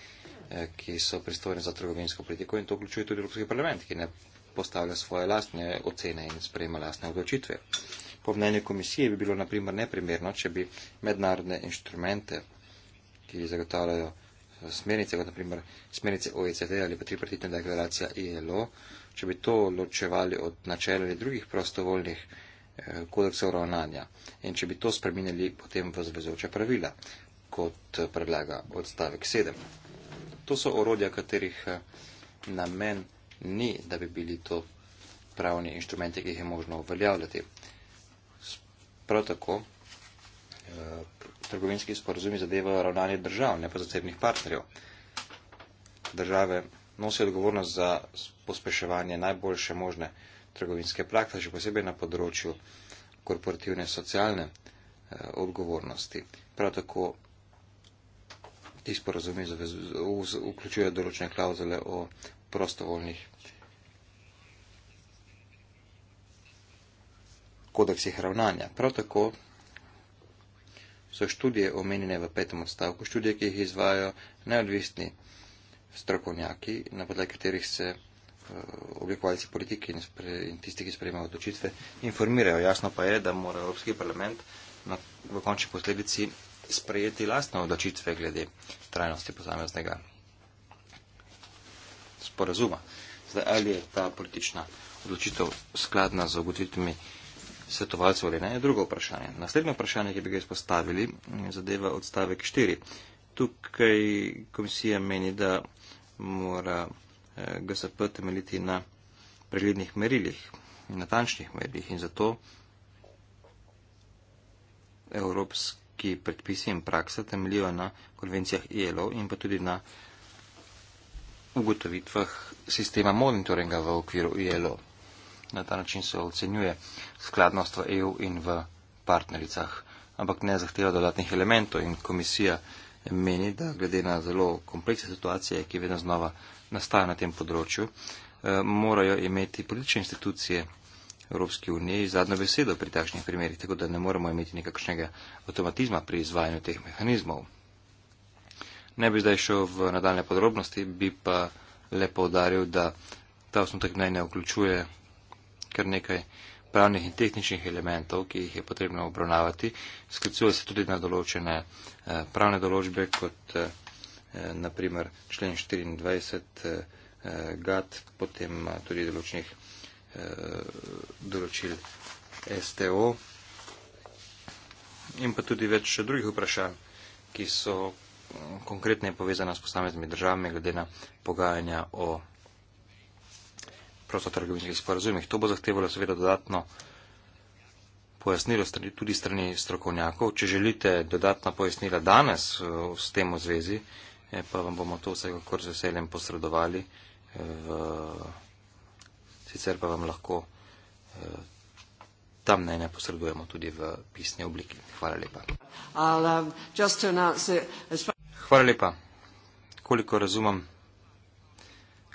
A: ki so pristojne za trgovinsko politiko in to vključuje tudi Evropski parlament, ki ne postavlja svoje lastne ocene in sprejema lastne odločitve. Po mnenju komisije bi bilo naprimer neprimerno, če bi mednarodne inštrumente, ki zagotavljajo smernice, kot naprimer smernice OECD ali pa tripartitna deklaracija ILO, e če bi to ločevali od načel ali drugih prostovoljnih eh, kodeksov ravnanja in če bi to spremenili potem v zvezoča pravila, kot eh, predlaga odstavek 7. To so orodja, katerih eh, namen ni, da bi bili to pravni inštrumenti, ki jih je možno uveljavljati. Prav tako eh, trgovinski sporozumi zadevajo ravnanje držav, ne pa zasebnih partnerjev. Države nosijo odgovornost za pospeševanje najboljše možne trgovinske prakse, še posebej na področju korporativne socialne eh, odgovornosti. Prav tako ti sporozumi vključujejo določene klauzule o простоволних. Кодексих равнания. Протоко со студии, уменене в петом отставку, студии, ки их изваю, неодвистни строконяки, на подлеге которых се обликовальци политики и интистики спремаат очитве, информирао јасно па е да мора Европски парламент на, во конче последици спријети ластно одочитве гледе трајности посамезнега sporazuma. Zdaj, ali je ta politična odločitev skladna z ugotovitvami svetovalcev ali ne, je drugo vprašanje. Naslednje vprašanje, ki bi ga izpostavili, zadeva odstavek 4. Tukaj komisija meni, da mora eh, GSP temeljiti na preglednih merilih in natančnih merilih in zato evropski predpisi in praksa temeljijo na konvencijah ILO e in pa tudi na ugotovitvah sistema monitoringa v okviru ILO. Na ta način se ocenjuje skladnost v EU in v partnericah, ampak ne zahteva dodatnih elementov in komisija meni, da glede na zelo kompleksne situacije, ki vedno znova nastajajo na tem področju, eh, morajo imeti politične institucije Evropske unije zadnjo besedo pri takšnih primerih, tako da ne moremo imeti nekakšnega avtomatizma pri izvajanju teh mehanizmov. Ne bi zdaj šel v nadaljne podrobnosti, bi pa le povdaril, da ta osnutek mnenja vključuje kar nekaj pravnih in tehničnih elementov, ki jih je potrebno obravnavati. Sklicuje se tudi na določene eh, pravne določbe, kot eh, eh naprimer člen 24 eh, eh GAT, potem eh, tudi določenih eh, določil STO in pa tudi več drugih vprašanj, ki so konkretno je povezana s posameznimi državami, glede na pogajanja o prostotrgovinskih sporazumih. To bo zahtevalo seveda dodatno pojasnilo tudi strani strokovnjakov. Če želite dodatna pojasnila danes eh, s tem v zvezi, eh, pa vam bomo to vsekakor z veseljem posredovali. Eh, v, sicer pa vam lahko tam mnenja posredujemo tudi v pisni obliki. Hvala lepa. Hvala lepa. Koliko razumem,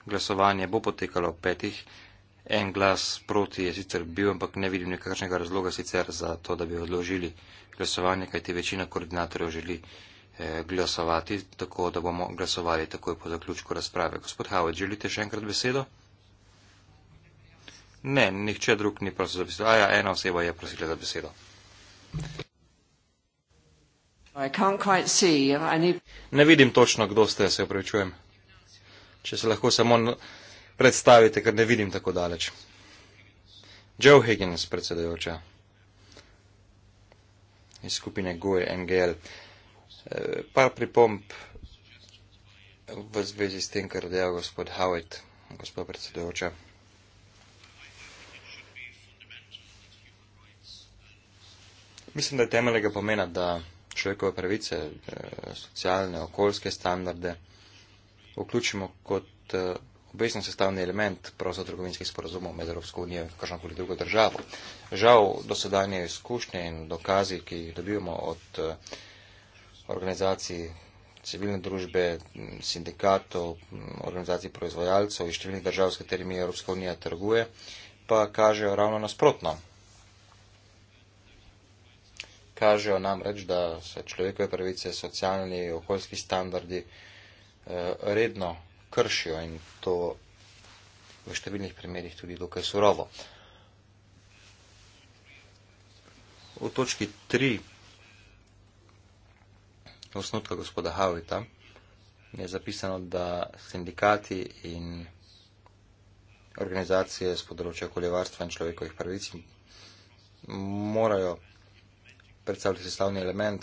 A: glasovanje bo potekalo ob petih. En glas proti je sicer bil, ampak ne vidim nekakšnega razloga sicer za to, da bi odložili glasovanje, kajti večina koordinatorjev želi eh, glasovati, tako da bomo glasovali takoj po zaključku razprave. Gospod Havet, želite še enkrat besedo? Ne, nihče drug ni prosil za besedo. Aja, ena oseba je prosila za besedo. Ne vidim točno, kdo ste, se opravičujem. Če se lahko samo predstavite, ker ne vidim tako daleč. Joe Higgins, predsedajoča iz skupine GUE NGL. Eh, par pripomp v zvezi s tem, kar dejal gospod Howitt, gospod predsedajoča. Mislim, da je temeljega pomena, da človekove pravice, eh, socialne, okoljske standarde vključimo kot eh, obvezno sestavni element pravzaprav trgovinskih sporozumov med Evropsko unijo in kakšno koli drugo državo. Žal, dosedanje izkušnje in dokazi, ki jih dobivamo od eh, organizacij civilne družbe, sindikatov, mm, organizacij proizvajalcev iz številnih držav, s katerimi Evropska unija trguje, pa kažejo ravno nasprotno kažejo namreč, da se človekove pravice, socialni, okoljski standardi eh, redno kršijo in to v številnih primerjih tudi dokaj surovo. V točki 3 osnutka gospoda Havita je zapisano, da sindikati in organizacije z področja okoljevarstva in človekovih pravic morajo predstavlja sestavni element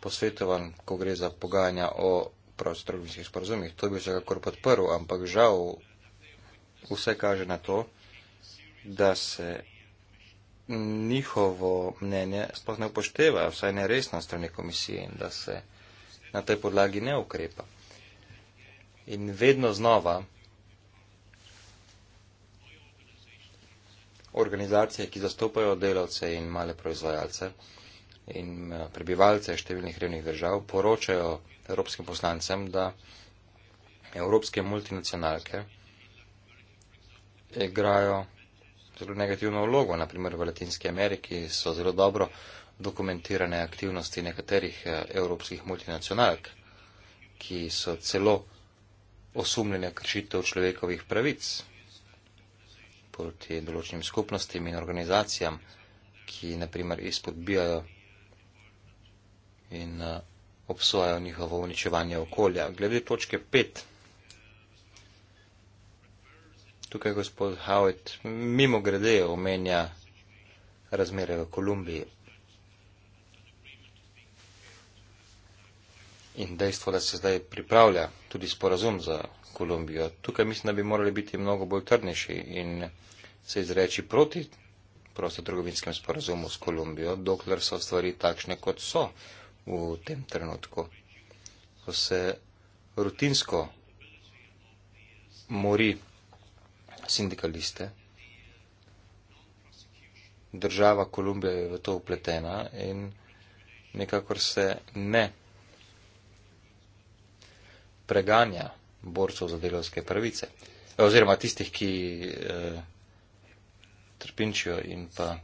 A: posvetovan, ko gre za pogajanja o prostorovinskih sporozumih. To bi se kakor podprl, ampak žal vse kaže na to, da se njihovo mnenje sploh ne upošteva, vsaj ne res na strani komisije in da se na tej podlagi ne ukrepa. In vedno znova organizacije, ki zastopajo delavce in male proizvajalce, in eh, prebivalce številnih revnih držav poročajo evropskim poslancem, da evropske multinacionalke igrajo zelo negativno vlogo. Naprimer, v Latinski Ameriki so zelo dobro dokumentirane aktivnosti nekaterih eh, evropskih multinacionalk, ki so celo osumljene kršitev človekovih pravic proti določenim skupnostim in organizacijam, ki naprimer izpodbijajo in eh, obsojajo njihovo uničevanje okolja. Glede točke 5. Tukaj gospod Howitt mimo grede omenja razmere v Kolumbiji. In dejstvo, da se zdaj pripravlja tudi sporazum za Kolumbijo. Tukaj mislim, da bi morali biti mnogo bolj trdnejši in se izreči proti prostotrgovinskem sporazumu s Kolumbijo, dokler so stvari takšne, kot so v tem trenutku, ko se rutinsko mori sindikaliste. Država Kolumbija je v to upletena in nekakor se ne preganja borcev za delovske pravice, oziroma tistih, ki eh, trpinčijo in pa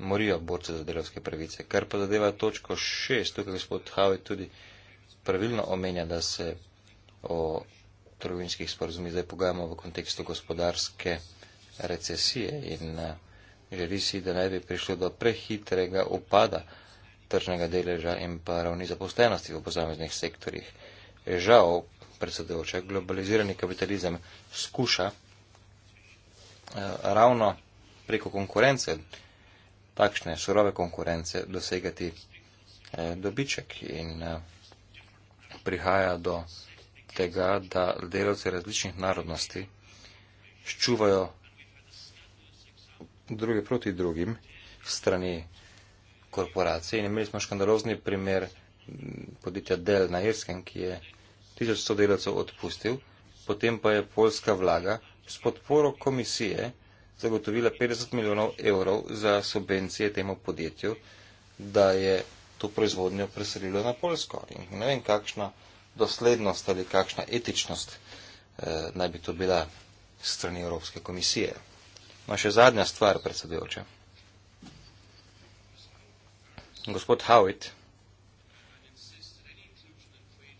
A: morijo borce za delovske pravice. Kar pa zadeva točko šest, tukaj gospod Havi tudi pravilno omenja, da se o trgovinskih sporozumih zdaj pogajamo v kontekstu gospodarske recesije in eh, želi si, da naj bi prišlo do prehitrega upada tržnega deleža in pa ravni zaposlenosti v posameznih sektorjih. Žal, predsedujoča, globalizirani kapitalizem skuša eh, ravno preko konkurence takšne surove konkurence dosegati eh, dobiček in eh, prihaja do tega, da delavci različnih narodnosti ščuvajo druge proti drugim strani korporacije. In imeli smo škandalozni primer podjetja Dell na Irskem, ki je 1100 delavcev odpustil, potem pa je polska vlaga s podporo komisije zagotovila 50 milijonov evrov za subvencije temu podjetju, da je to proizvodnjo preselilo na Polsko. In ne vem, kakšna doslednost ali kakšna etičnost eh, naj bi to bila strani Evropske komisije. No, še zadnja stvar, predsedujoča. Gospod Howitt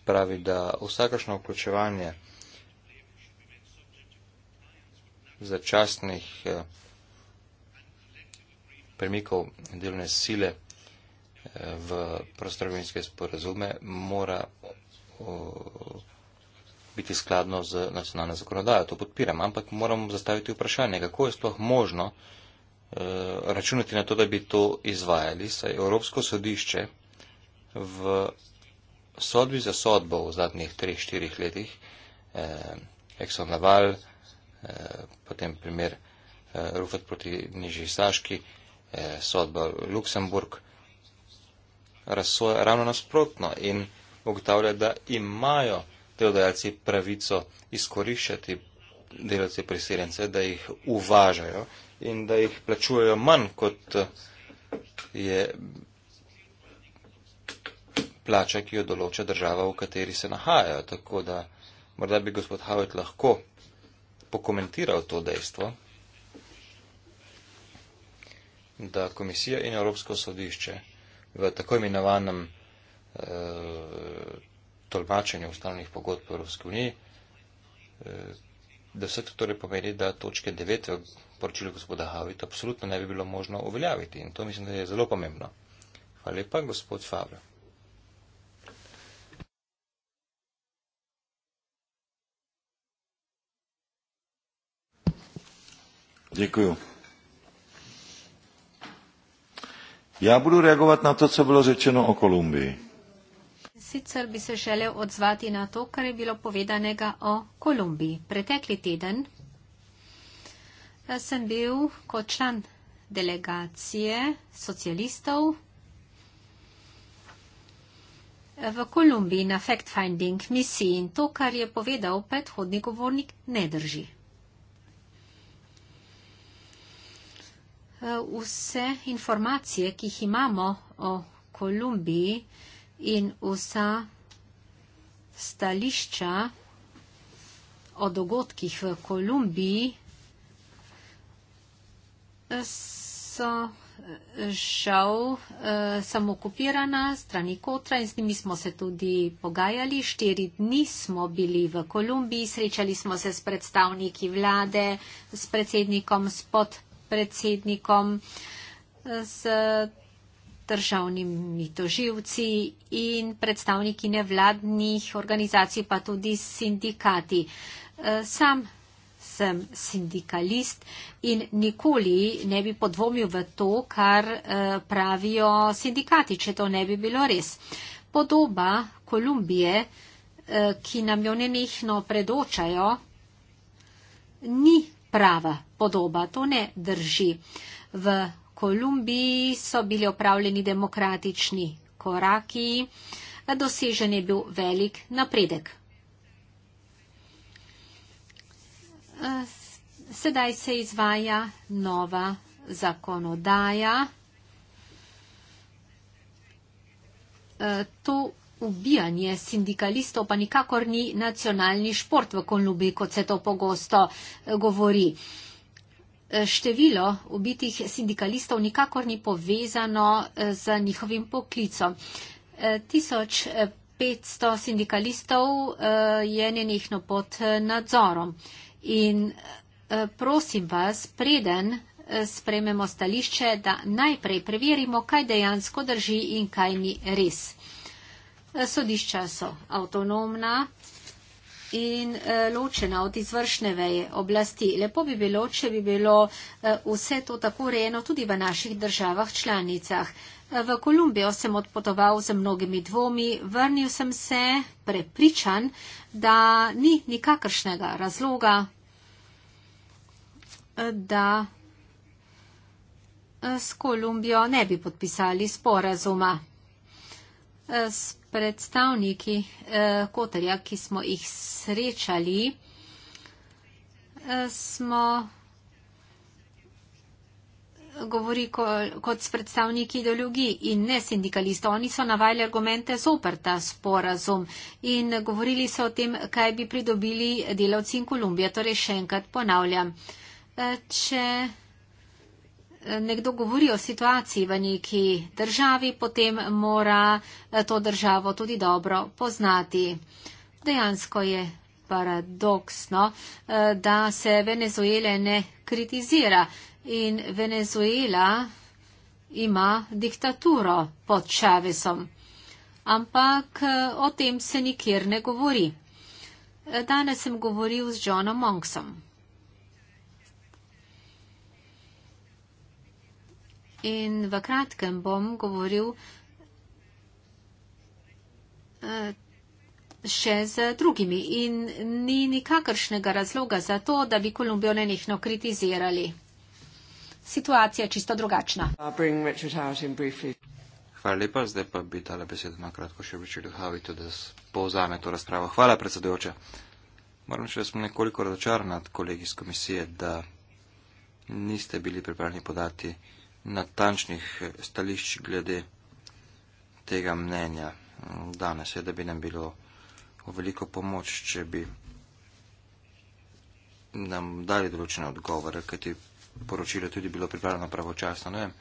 A: pravi, da vsakašno vključevanje začasnih eh, premikov delovne sile eh, v prostorovinske sporazume mora biti skladno z nacionalno zakonodajo. To podpiram, ampak moramo zastaviti vprašanje, kako je sploh možno eh, računati na to, da bi to izvajali, saj Evropsko sodišče v sodbi za sodbo v zadnjih 3-4 letih, eh, Exxon Naval, eh, Eh, potem primer eh, Rufat proti Niži Saški, eh, sodba Luksemburg, razsoja ravno nasprotno in ugotavlja, da imajo delodajalci pravico izkoriščati delavce priseljence, da jih uvažajo in da jih plačujejo manj, kot je plača, ki jo določa država, v kateri se nahajajo. Tako da morda bi gospod Havet lahko pokomentiral to dejstvo, da komisija in Evropsko sodišče v tako imenovanem eh, tolmačenju ustavnih pogodb Evropske unije, eh, da vse to torej pomeni, da točke 9 v poročilu gospoda Havita absolutno ne bi bilo možno uveljaviti. In to mislim, da je zelo pomembno. Hvala lepa, gospod Fabro. Děkuju. Já budu reagovat na to, co bylo řečeno o Kolumbii.
C: Sicer bi se želel odzvati na to, kar je bilo povedanega o Kolumbiji. Pretekli teden eh, sem bil kot član delegacije socialistov eh, v Kolumbiji na fact-finding misiji in to, kar je povedal predhodni govornik, ne drži. vse informacije, ki jih imamo o Kolumbiji in vsa stališča o dogodkih v Kolumbiji, so žal samokupirana strani Kotra in s njimi smo se tudi pogajali. Štiri dni smo bili v Kolumbiji, srečali smo se s predstavniki vlade, s predsednikom, s podpredsednikom predsednikom, z državnimi toživci in predstavniki nevladnih organizacij, pa tudi s sindikati. E, sam sem sindikalist in nikoli ne bi podvomil v to, kar e, pravijo sindikati, če to ne bi bilo res. Podoba Kolumbije, e, ki nam jo nenehno predočajo, ni prava podoba. To ne drži. V Kolumbiji so bili opravljeni demokratični koraki, dosežen je bil velik napredek. Sedaj se izvaja nova zakonodaja. To ubijanje sindikalistov pa nikakor ni nacionalni šport v Kolumbiji, kot se to pogosto eh, govori. Eh, število ubitih sindikalistov nikakor ni povezano eh, z njihovim poklicom. 1500 sindikalistov je nenehno pod nadzorom. In prosim vas, preden sprememo stališče, da najprej preverimo, kaj dejansko drži in kaj ni res. Eh, sodišča so avtonomna in eh, ločena od izvršne veje oblasti. Lepo bi bilo, če bi bilo eh, vse to tako urejeno tudi v naših državah članicah. V Kolumbijo sem odpotoval z mnogimi dvomi, vrnil sem se prepričan, da ni nikakršnega razloga, da s Kolumbijo ne bi podpisali sporazuma predstavniki eh, Kotarja, ki smo jih srečali, eh, smo govori ko, kot s predstavniki ideologij in ne sindikalistov. Oni so navajali argumente zoper ta sporazum in govorili so o tem, kaj bi pridobili delavci in Kolumbija. Torej, še enkrat ponavljam, eh, če nekdo govori o situaciji v neki državi, potem mora eh, to državo tudi dobro poznati. Dejansko je paradoksno, eh, da se Venezuele ne kritizira in Venezuela ima diktaturo pod Čavesom. Ampak eh, o tem se nikjer ne govori. Danes sem govoril z Johnom Monksom. In v kratkem bom govoril eh, še z drugimi. In ni nikakršnega razloga za to, da bi Kolumbijo nenehno kritizirali. Situacija je čisto drugačna.
A: Hvala lepa, zdaj pa bi dala besedo na kratko še večer Havitu, da povzame to razpravo. Hvala, predsedujoča. Moram še, da smo nekoliko razočarani nad kolegi iz komisije, da niste bili pripravljeni podati natančnih stališč glede tega mnenja danes, je, da bi nam bilo veliko pomoč, če bi nam dali določene odgovore, kajti poročilo tudi bilo pripravljeno pravočasno. Ne vem,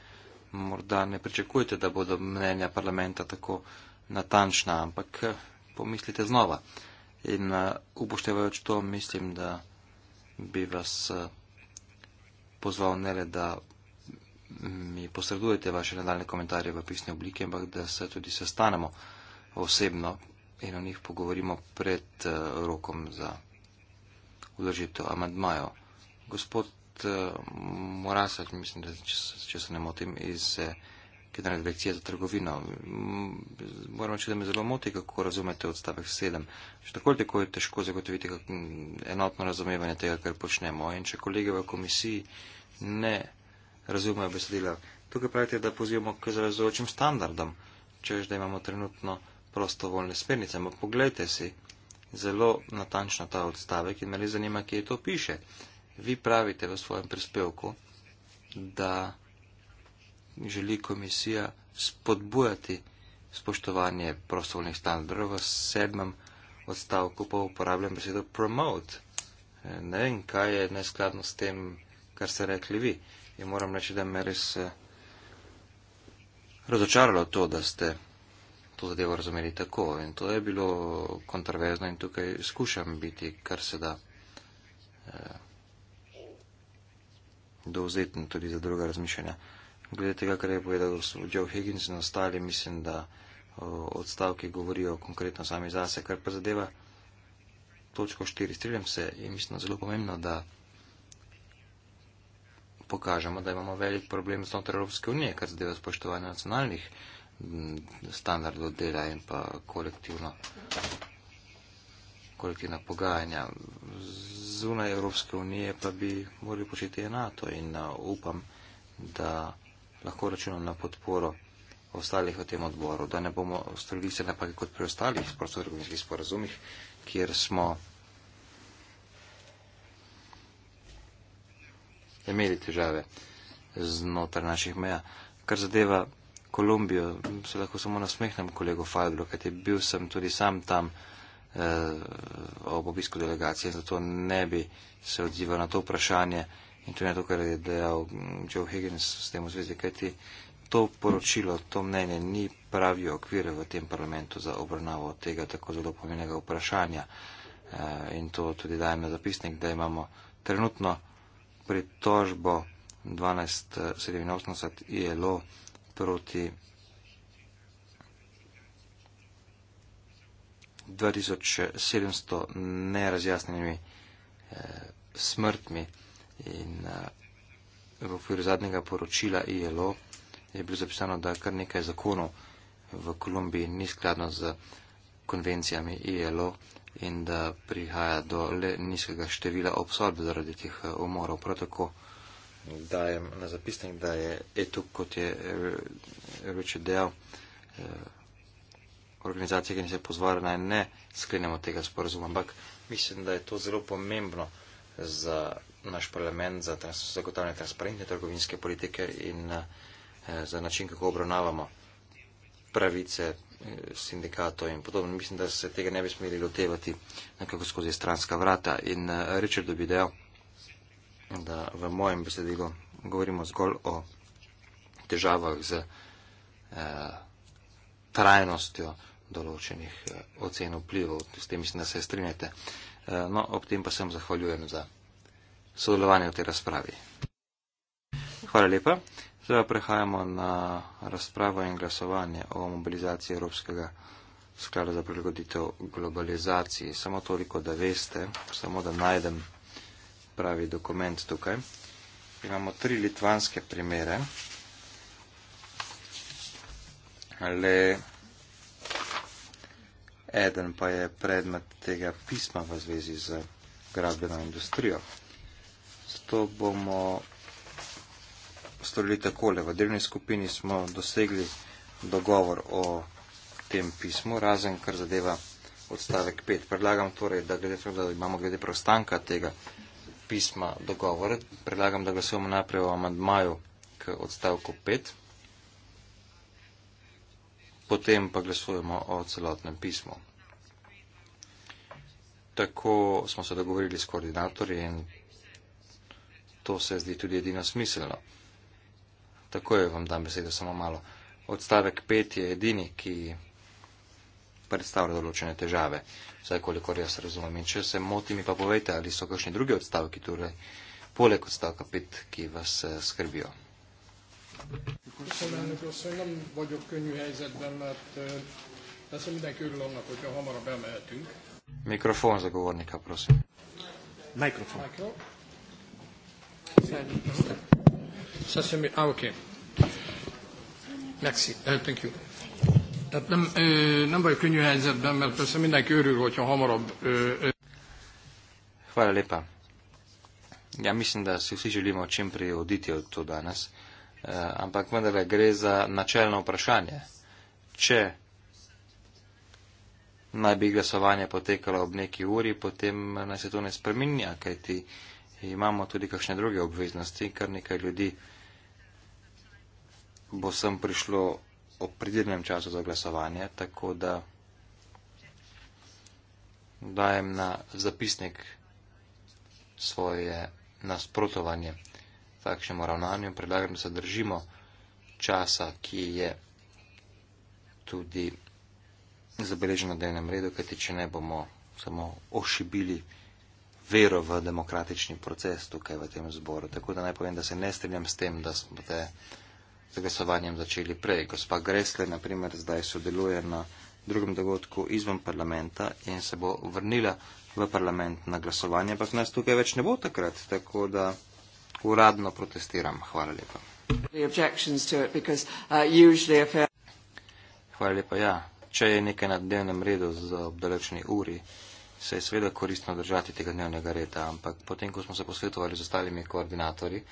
A: morda ne pričakujete, da bodo mnenja parlamenta tako natančna, ampak eh, pomislite znova. In eh, upoštevajoč to, mislim, da bi vas eh, pozval ne le, da mi posredujete vaše nadaljne komentarje v pisni obliki, ampak da se tudi sestanemo osebno in o njih pogovorimo pred uh, rokom za vložitev amadmajo. Gospod uh, eh, Morasa, mislim, da če, če se ne motim, iz uh, eh, Kedrne direkcije za trgovino, moram reči, da me zelo moti, kako razumete odstavek 7. Še tako ali tako je težko zagotoviti enotno razumevanje tega, kar počnemo. In če kolege v komisiji ne razumejo besedila. Tukaj pravite, da pozivamo k zavezujočim standardom, čež da imamo trenutno prostovoljne smernice. Ampak poglejte si zelo natančno ta odstavek in me res zanima, kje to piše. Vi pravite v svojem prispevku, da želi komisija spodbujati spoštovanje prostovoljnih standardov v sedmem odstavku pa uporabljam besedo promote. Ne vem, kaj je neskladno s tem, kar ste rekli vi. Uh, je moram reči, da me res eh, razočaralo to, da ste to zadevo razumeli tako. In to je bilo kontroverzno in tukaj skušam biti kar se da eh, dovzeten tudi za druga razmišljanja. Glede tega, kar je povedal Joe Higgins in ostali, mislim, da odstavki govorijo konkretno sami zase, kar pa zadeva točko 4. Strelim se in mislim, da je zelo pomembno, da pokažemo, da imamo velik problem znotraj Evropske unije, kar zadeva spoštovanje nacionalnih standardov dela in pa kolektivno, kolektivna pogajanja. Zunaj Evropske unije pa bi morali početi enako in upam, da lahko računam na podporo ostalih v tem odboru, da ne bomo ustrojili se napake kot pri ostalih prostorih, kjer smo. imeli težave znotraj naših meja. Kar zadeva Kolumbijo, se lahko samo nasmehnem kolego Fajblu, kajti bil sem tudi sam tam eh, ob obisku delegacije, zato ne bi se odzival na to vprašanje in tudi na to, kar je dejal Joe Higgins s tem v zvezi, kajti to poročilo, to mnenje ni pravi okvir v tem parlamentu za obravnavo tega tako zelo pomenega vprašanja. Eh, in to tudi dajem na zapisnik, da imamo trenutno pritožbo 1287 ILO proti 2700 nerazjasnenimi eh, smrtmi in eh, v okviru zadnjega poročila ILO je bilo zapisano, da kar nekaj zakonov v Kolumbiji ni skladno z konvencijami ILO in da prihaja do le nizkega števila obsodb zaradi teh eh, umorov. Prav tako dajem na zapisnik, da je etuk, kot je eh, reče dejal, eh, organizacije, ki se je pozvala, naj ne sklenemo tega sporazuma, ampak mislim, da je to zelo pomembno za naš parlament, za trans zagotavljanje transparentne trgovinske politike in eh, za način, kako obravnavamo pravice sindikatov in podobno. Mislim, da se tega ne bi smeli lotevati nekako skozi stranska vrata. In eh, Richardu bi dejal, da v mojem besedilu govorimo zgolj o težavah z eh, trajnostjo določenih eh, ocen vplivov. S tem mislim, da se strinjate. Eh, no, ob tem pa sem zahvaljujem za sodelovanje v tej razpravi. Hvala lepa. Seveda prehajamo na razpravo in glasovanje o mobilizaciji Evropskega sklada za prilagoditev globalizaciji. Samo toliko, da veste, samo da najdem pravi dokument tukaj. Imamo tri litvanske primere. Le eden pa je predmet tega pisma v zvezi z gradbeno industrijo. Zato bomo storili takole. V delni skupini smo dosegli dogovor o tem pismu, razen kar zadeva odstavek 5. Predlagam torej, da, glede, da imamo glede preostanka tega pisma dogovor. Predlagam, da glasujemo najprej o amandmaju k odstavku 5. Potem pa glasujemo o celotnem pismu. Tako smo se dogovorili s koordinatorji in to se zdi tudi edino smiselno takoj vam dam besedo samo malo. Odstavek 5 je edini, ki predstavlja določene težave, vsaj kolikor jaz razumem. In če se motim, pa povejte, ali so kakšni drugi odstavki torej, poleg odstavka 5, ki vas eh, skrbijo.
B: Köszönöm, köszönöm, vagyok könnyű helyzetben, mert eh, persze mindenki örül annak, hogyha hamarabb elmehetünk.
A: Mikrofon, az a gornika, prosim. Mikrofon.
B: Mikrofon. Ça, c'est mieux. Ah, ok. Merci. Uh, thank you. Tehát nem, nem vagy könnyű helyzetben,
A: mert persze mindenki örül, hogyha hamarabb... Hvala lepa. Ja mislim, da si vsi želimo čim prej oditi od to danes, ampak vendarle gre za načelno vprašanje. Če naj bi glasovanje potekalo ob neki uri, potem naj se to ne spreminja, kajti imamo tudi kakšne druge obveznosti, kar nekaj ljudi bo sem prišlo ob pridirnem času za glasovanje, tako da dajem na zapisnik svoje nasprotovanje takšnemu ravnanju. Predlagam, da se držimo časa, ki je tudi zabeleženo na dnevnem redu, kajti če ne bomo samo ošibili, vero v demokratični proces tukaj v tem zboru. Tako da naj povem, da se ne strinjam s tem, da smo te z glasovanjem začeli prej. Gospa Gresle, naprimer, zdaj sodeluje na drugem dogodku izven parlamenta in se bo vrnila v parlament na glasovanje, ampak nas tukaj več ne bo takrat, tako da uradno protestiram. Hvala lepa.
D: Uh, uh,
A: Hvala lepa, ja. Če je nekaj na dnevnem redu za obdaločni uri se je seveda koristno držati tega dnevnega reda, ampak potem, ko smo se posvetovali z ostalimi koordinatorji,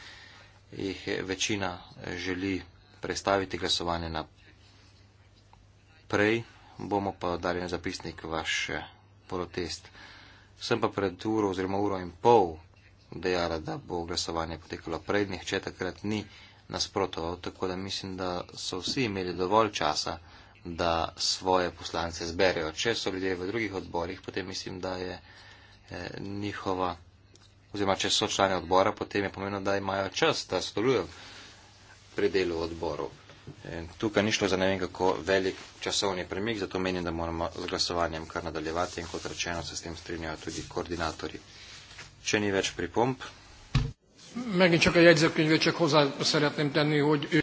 A: jih večina želi predstaviti glasovanje na prej, bomo pa dali na zapisnik vaš eh, protest. Sem pa pred uro oziroma uro in pol dejala, da bo glasovanje potekalo prej, nihče takrat ni nasprotoval, tako da mislim, da so vsi imeli dovolj časa, da svoje poslance zberejo. Če so ljudje v drugih odborih, potem mislim, da je eh, njihova, oziroma če so člani odbora, potem je pomeno, da imajo čas, da sodelujo pri delu odborov. Tukaj ni šlo za ne vem kako velik časovni premik, zato menim, da moramo z glasovanjem kar nadaljevati in kot rečeno se s tem strinjajo tudi koordinatori. Če ni več pripomp.
B: Megint csak a jegyzőkönyvét csak hozzá szeretném tenni, hogy.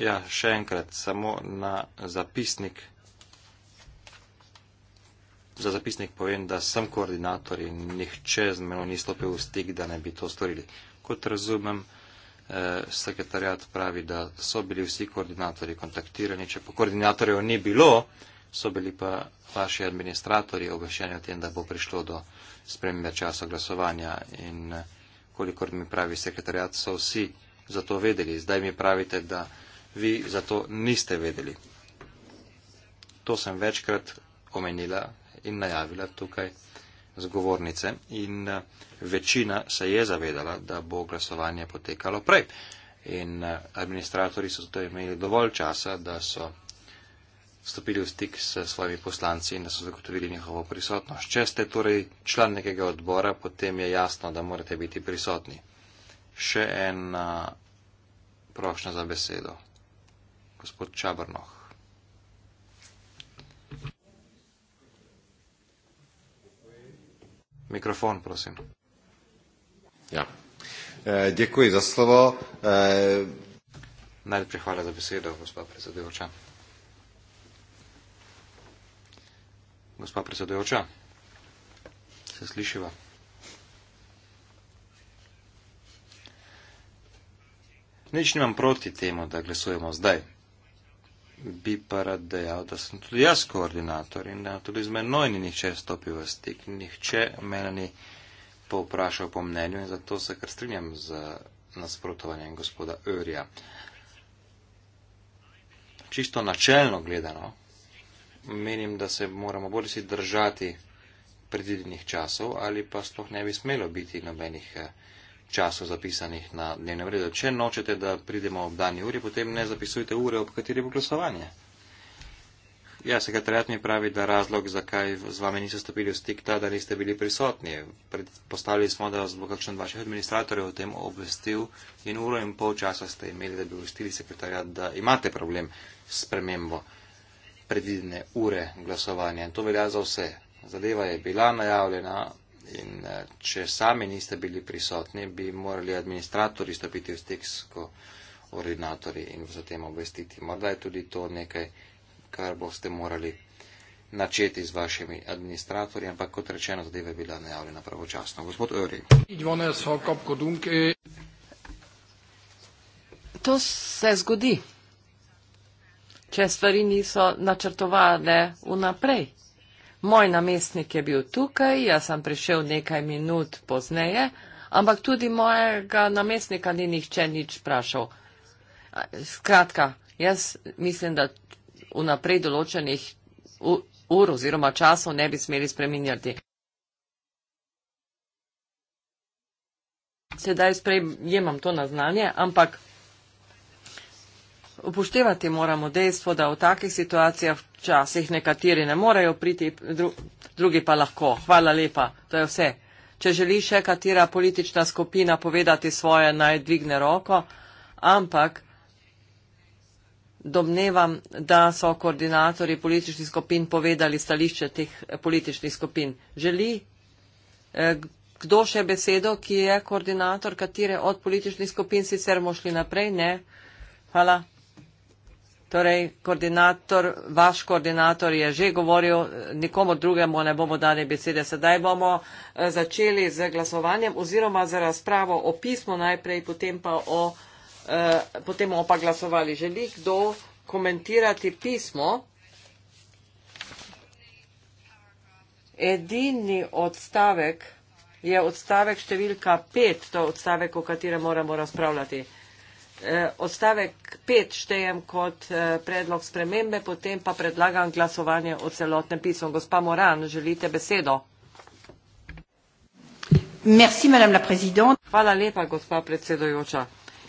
A: Ja, še enkrat, samo na zapisnik. Za zapisnik povem, da sem koordinator in nihče z menom ni stopil v stik, da ne bi to storili. Kot razumem, eh, sekretarjat pravi, da so bili vsi koordinatorji kontaktirani. Če pa koordinatorjev ni bilo, so bili pa vaši administratorji obveščeni o tem, da bo prišlo do spremembe časa glasovanja. In eh, kolikor mi pravi sekretarjat, so vsi za to vedeli. Zdaj mi pravite, da vi za to niste vedeli. To sem večkrat omenila in najavila tukaj z govornice in eh, večina se je zavedala, da bo glasovanje potekalo prej. In eh, administratori so zato imeli dovolj časa, da so stopili v stik s svojimi poslanci in da so zagotovili njihovo prisotnost. Če ste torej član nekega odbora, potem je jasno, da morate biti prisotni. Še ena prošnja za besedo gospod Čabrnoh. Mikrofon, prosim. Ja. E, děkuji za slovo. E... Najprej hvala za besedo, gospod predsedujoča. Gospod predsedujoča, se slišiva? Nič nimam proti temu, da glasujemo zdaj, bi pa rad dejal, da sem tudi jaz koordinator in da tudi z menoj ni nihče stopil v stik, nihče mene ni povprašal po mnenju in zato se kar strinjam z nasprotovanjem gospoda Örja. Čisto načelno gledano, menim, da se moramo bolj si držati predvidenih časov ali pa sploh ne bi smelo biti nobenih. Eh, časov zapisanih na dnevnem redu. Če nočete, da pridemo ob dani uri, potem ne zapisujte ure, ob kateri bo glasovanje. Ja, sekretariat mi pravi, da razlog, zakaj z vami niso stopili v stik, ta, da niste bili prisotni. Predpostavili smo, da vas bo kakšen vaših administratorjev o tem obvestil in uro in pol časa ste imeli, da bi obvestili sekretariat, da imate problem s spremembo predvidene ure glasovanja. In to velja za vse. Zadeva je bila najavljena, In eh, če sami niste bili prisotni, bi morali administratori stopiti v stik s koordinatorji in za tem obvestiti. Morda je tudi to nekaj, kar boste morali načeti z vašimi administratorji, ampak kot rečeno, zadeva je bila najavljena pravočasno. Gospod Öri.
B: To
D: se zgodi, če stvari niso načrtovane vnaprej. Moj namestnik je bil tukaj, jaz sem prišel nekaj minut pozneje, ampak tudi mojega namestnika ni nihče nič vprašal. Skratka, jaz mislim, da vnaprej določenih ur oziroma časov ne bi smeli spreminjati. Sedaj sprejemam to na znanje, ampak upoštevati moramo dejstvo, da v takih situacijah včasih nekateri ne morejo priti, dru, drugi pa lahko. Hvala lepa, to je vse. Če želi še katera politična skupina povedati svoje, naj dvigne roko, ampak domnevam, da so koordinatori političnih skupin povedali stališče teh političnih skupin. Želi eh, kdo še besedo, ki je koordinator katere od političnih skupin, sicer mošli naprej? Ne. Hvala. Torej, koordinator, vaš koordinator je že govoril, nikomu drugemu ne bomo dali besede. Sedaj bomo eh, začeli z glasovanjem oziroma z razpravo o pismu najprej, potem pa o, eh, potem bomo pa glasovali. Želi kdo komentirati pismo? Edini odstavek je odstavek številka 5, to je odstavek, o katerem moramo razpravljati. Eh, odstavek 5 štejem kot eh, predlog spremembe, potem pa predlagam glasovanje o celotnem pismu. Gospa Moran, želite besedo? Merci, Hvala lepa, gospa predsedojoča.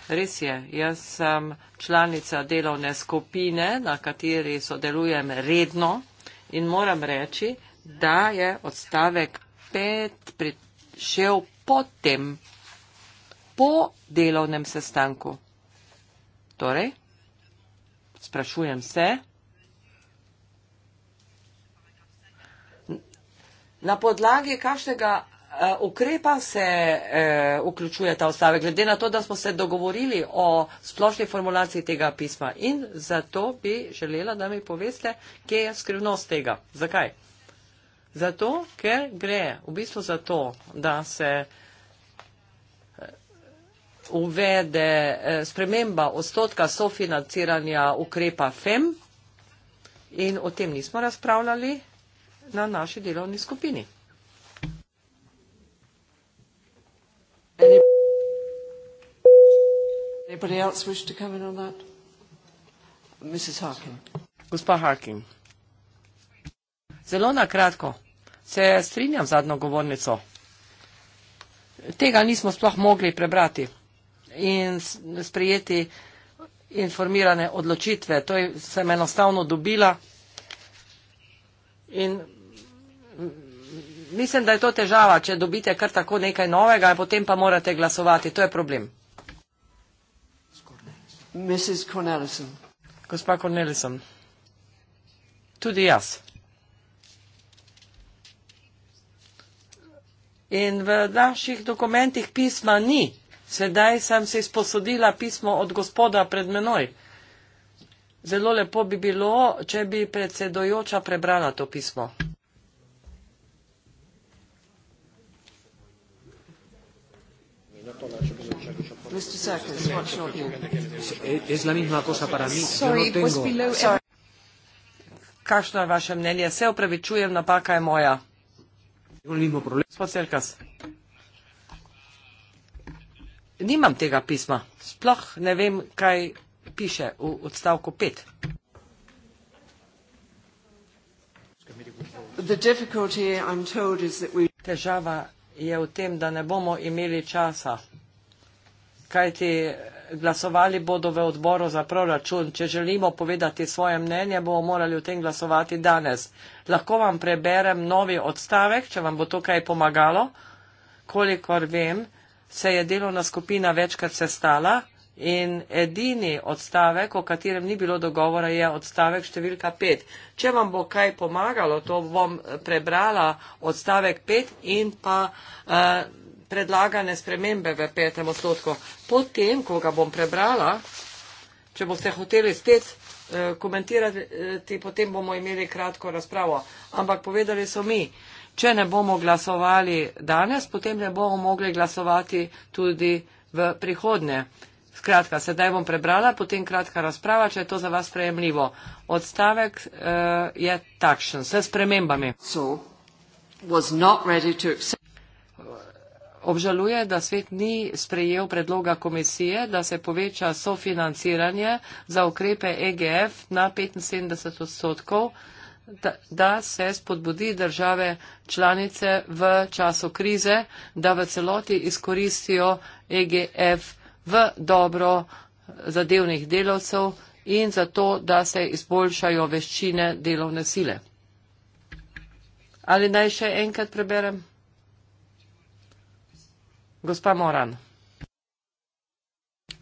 D: Res je, jaz sem članica delovne skupine, na kateri sodelujem redno in moram reči, da je odstavek 5 prišel potem, po delovnem sestanku. Torej, sprašujem se, na podlagi kakšnega eh, ukrepa se eh, vključuje ta ustave, glede na to, da smo se dogovorili o splošni formulaciji tega pisma in zato bi želela, da mi poveste, kje je skrivnost tega. Zakaj? Zato, ker gre v bistvu za to, da se vključuje uvede eh, sprememba odstotka sofinanciranja ukrepa FEM in o tem nismo razpravljali na naši delovni skupini. Anybody else wish to come in on that? Mrs. Harkin. Gospa Harkin. Zelo na kratko. Se strinjam z zadnjo govornico. Tega nismo sploh mogli prebrati in sprejeti informirane odločitve. To sem enostavno dobila in mislim, da je to težava, če dobite kar tako nekaj novega, potem pa morate glasovati. To je problem. Mrs. Cornelison. Gospa Cornelison, tudi jaz. In v naših dokumentih pisma ni. Sedaj sem si sposodila pismo od gospoda pred menoj. Zelo lepo bi bilo, če bi predsedojoča prebrala to pismo. No Kakšno je vaše mnenje? Se upravičujem, napaka je moja. Gospod Cerkas nimam tega pisma. Sploh ne vem, kaj piše v odstavku 5. Težava je v tem, da ne bomo imeli časa, kajti glasovali bodo v odboru za proračun. Če želimo povedati svoje mnenje, bomo morali o tem glasovati danes. Lahko vam preberem novi odstavek, če vam bo to kaj pomagalo, kolikor vem se je delovna skupina večkrat sestala in edini odstavek, o katerem ni bilo dogovora, je odstavek številka 5. Če vam bo kaj pomagalo, to bom prebrala odstavek 5 in pa uh, predlagane spremembe v petem odstotku. Potem, ko ga bom prebrala, če boste hoteli spet eh, komentirati, eh, potem bomo imeli kratko razpravo. Ampak povedali so mi, Če ne bomo glasovali danes, potem ne bomo mogli glasovati tudi v prihodnje. Skratka, sedaj bom prebrala, potem kratka razprava, če je to za vas sprejemljivo. Odstavek uh, je takšen, se spremembami. Obžaluje, da svet ni sprejel predloga komisije, da se poveča sofinanciranje za ukrepe EGF na 75 odstotkov da, da se spodbudi države članice v času krize, da v celoti izkoristijo EGF v dobro zadevnih delavcev in zato, da se izboljšajo veščine delovne sile. Ali naj še enkrat preberem? Gospa Moran.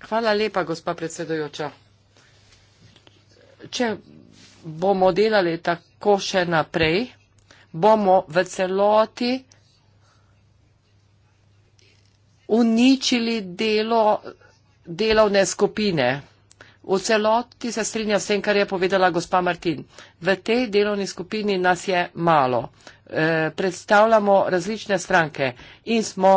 D: Hvala lepa, gospa predsedojoča. Če bomo delali tako, tako še naprej, bomo v celoti uničili delo delovne skupine. V celoti se strinja s tem, kar je povedala gospa Martin. V tej delovni skupini nas je malo. E, predstavljamo različne stranke in smo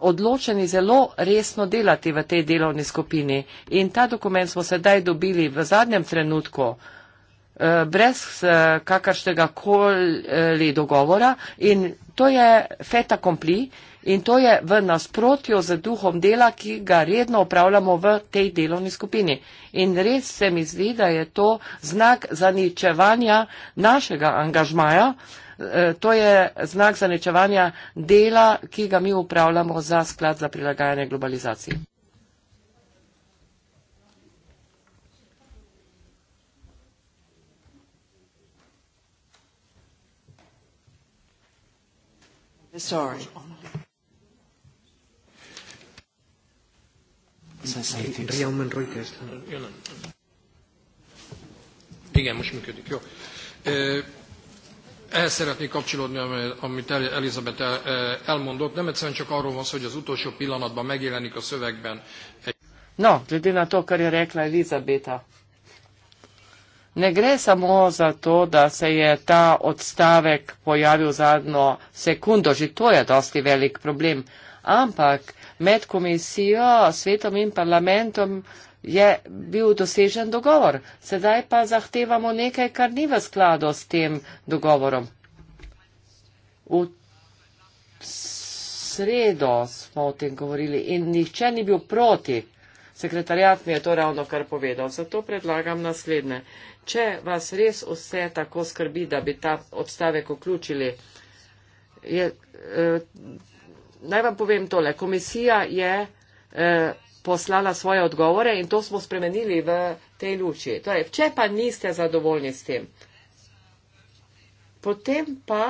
D: odločeni zelo resno delati v tej delovni skupini. In ta dokument smo sedaj dobili v zadnjem trenutku. Eh, brez eh, kakršnega koli dogovora in to je feta kompli in to je v nasprotju z duhom dela, ki ga redno upravljamo v tej delovni skupini. In res se mi zdi, da je to znak zaničevanja našega angažmaja, eh, to je znak zaničevanja dela, ki ga mi upravljamo za sklad za prilagajanje globalizaciji. Sorry.
B: Realmen Reuters. Igen, most működik. Jó. Ehhez szeretnék kapcsolódni, amit Elizabeth elmondott. Nem egyszerűen csak arról van szó, hogy az utolsó pillanatban megjelenik a szövegben. Egy...
D: No, gledi na to, kar je rekla Elizabeta ne gre samo za to, da se je ta odstavek pojavil zadnjo sekundo, že to je dosti velik problem, ampak med komisijo, svetom in parlamentom je bil dosežen dogovor. Sedaj pa zahtevamo nekaj, kar ni v skladu s tem dogovorom. V sredo smo o tem govorili in nihče ni bil proti. Sekretarjat mi je to ravno kar povedal, zato predlagam naslednje. Če vas res vse tako skrbi, da bi ta odstavek vključili, je, eh, naj vam povem tole. Komisija je eh, poslala svoje odgovore in to smo spremenili v tej luči. Torej, če pa niste zadovoljni s tem, potem pa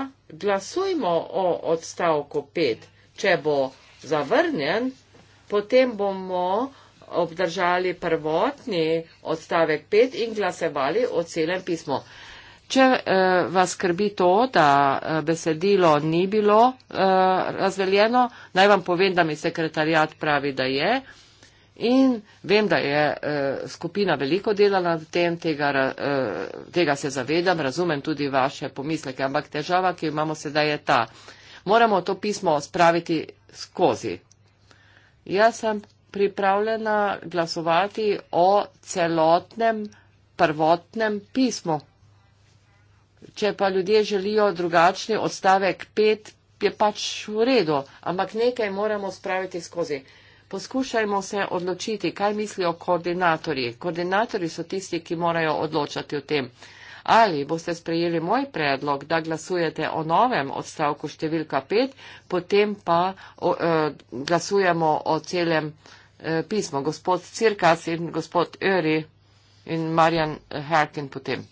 D: glasujmo o odstavku 5. Če bo zavrnjen, potem bomo obdržali prvotni odstavek 5 in glasovali o celem pismu. Če eh, vas skrbi to, da eh, besedilo ni bilo eh, razveljeno, naj vam povem, da mi sekretarjat pravi, da je. In vem, da je eh, skupina veliko dela nad tem, tega, eh, tega se zavedam, razumem tudi vaše pomisleke, ampak težava, ki jo imamo sedaj, je ta. Moramo to pismo spraviti skozi. Jaz sem pripravljena glasovati o celotnem prvotnem pismu. Če pa ljudje želijo drugačni odstavek 5, je pač v redu, ampak nekaj moramo spraviti skozi. Poskušajmo se odločiti, kaj mislijo koordinatorji. Koordinatorji so tisti, ki morajo odločati o tem. Ali boste sprejeli moj predlog, da glasujete o novem odstavku številka 5, potem pa o, o, eh, glasujemo o celem. Eh, pismo, gospod Cirkas in gospod Öri in Marjan Herkin potem.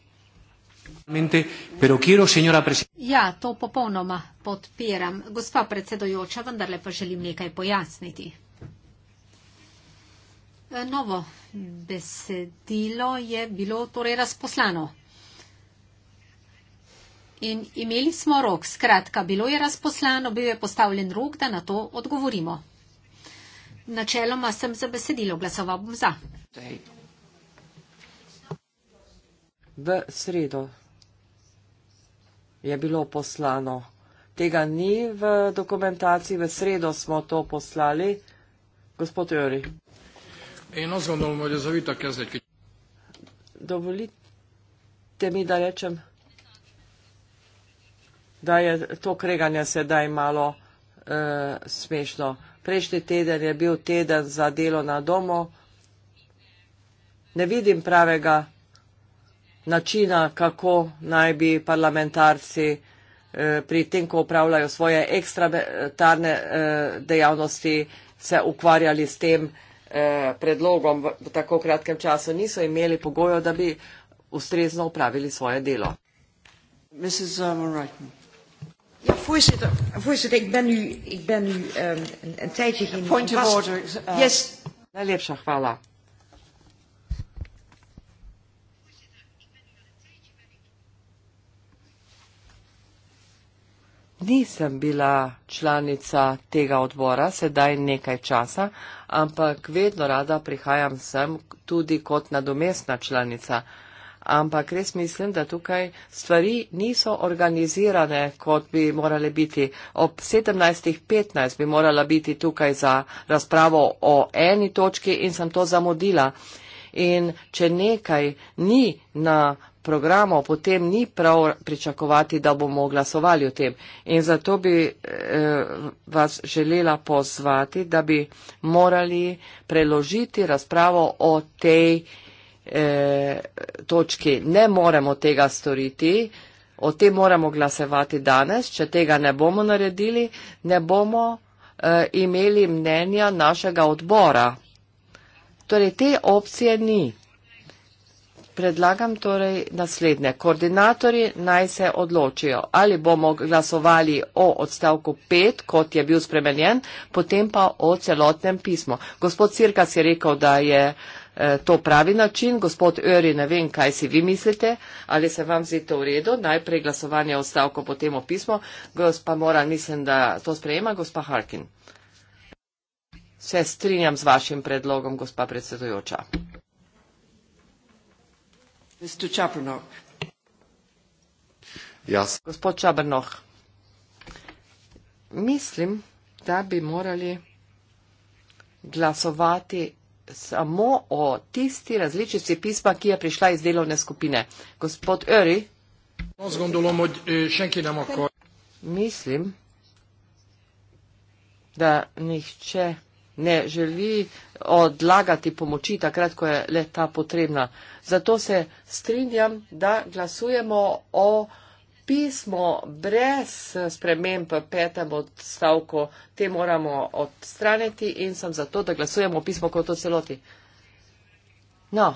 C: Ja, to popolnoma podpiram. Gospa predsedojoča, vendarle pa želim nekaj pojasniti. Eh, novo besedilo je bilo torej razposlano. In imeli smo rok, skratka, bilo je razposlano, bil je postavljen rok, da na to odgovorimo. Načeloma sem za besedilo glasoval bom za.
D: V sredo je bilo poslano. Tega ni v dokumentaciji, v sredo smo to poslali. Gospod Jori.
B: Eno zelo dolmo je zavita kezlik.
D: Dovolite mi, da rečem, da je to kreganje sedaj malo uh, smešno prejšnji teden je bil teden za delo na domu. Ne vidim pravega načina, kako naj bi parlamentarci eh, pri tem, ko upravljajo svoje ekstratarne eh, dejavnosti, se ukvarjali s tem eh, predlogom v tako kratkem času. Niso imeli pogojev, da bi ustrezno upravili svoje delo. Mrs. Zamorajten. Uh, Voorzitter, voorzitter, ik ben nu, ik ben nu um, een, een tijdje geen... Point of order. Uh, yes. Lipsach, voilà. Nisem bila članica tega odbora, sedaj nekaj časa, ampak vedno rada prihajam sem tudi kot nadomestna članica ampak res mislim, da tukaj stvari niso organizirane, kot bi morale biti. Ob 17.15 bi morala biti tukaj za razpravo o eni točki in sem to zamudila. In če nekaj ni na programu, potem ni prav pričakovati, da bomo glasovali o tem. In zato bi eh, vas želela pozvati, da bi morali preložiti razpravo o tej eh, Eh, točki ne moremo tega storiti, o tem moramo glasevati danes, če tega ne bomo naredili, ne bomo eh, imeli mnenja našega odbora. Torej, te opcije ni. Predlagam torej naslednje. Koordinatori naj se odločijo, ali bomo glasovali o odstavku 5, kot je bil spremenjen, potem pa o celotnem pismu. Gospod Cirkas je rekel, da je uh, Eh, to pravi način. Gospod Öri, ne vem, kaj si vi mislite, ali se vam zdi to v redu. Najprej glasovanje o stavko, potem o pismo. Gospa Moran, mislim, da to sprejema. Gospa Harkin. Se strinjam z vašim predlogom, gospa predsedujoča. Yes. Gospod Čabrnoh, mislim, da bi morali glasovati samo o tisti različici pisma, ki je prišla iz delovne skupine. Gospod Öri. Mislim, da nihče ne želi odlagati pomoči, takrat, ko je le ta potrebna. Zato se strinjam, da glasujemo o pismo brez sprememb v petem odstavku, te moramo odstraniti in sem za to, da glasujemo pismo kot o celoti. No,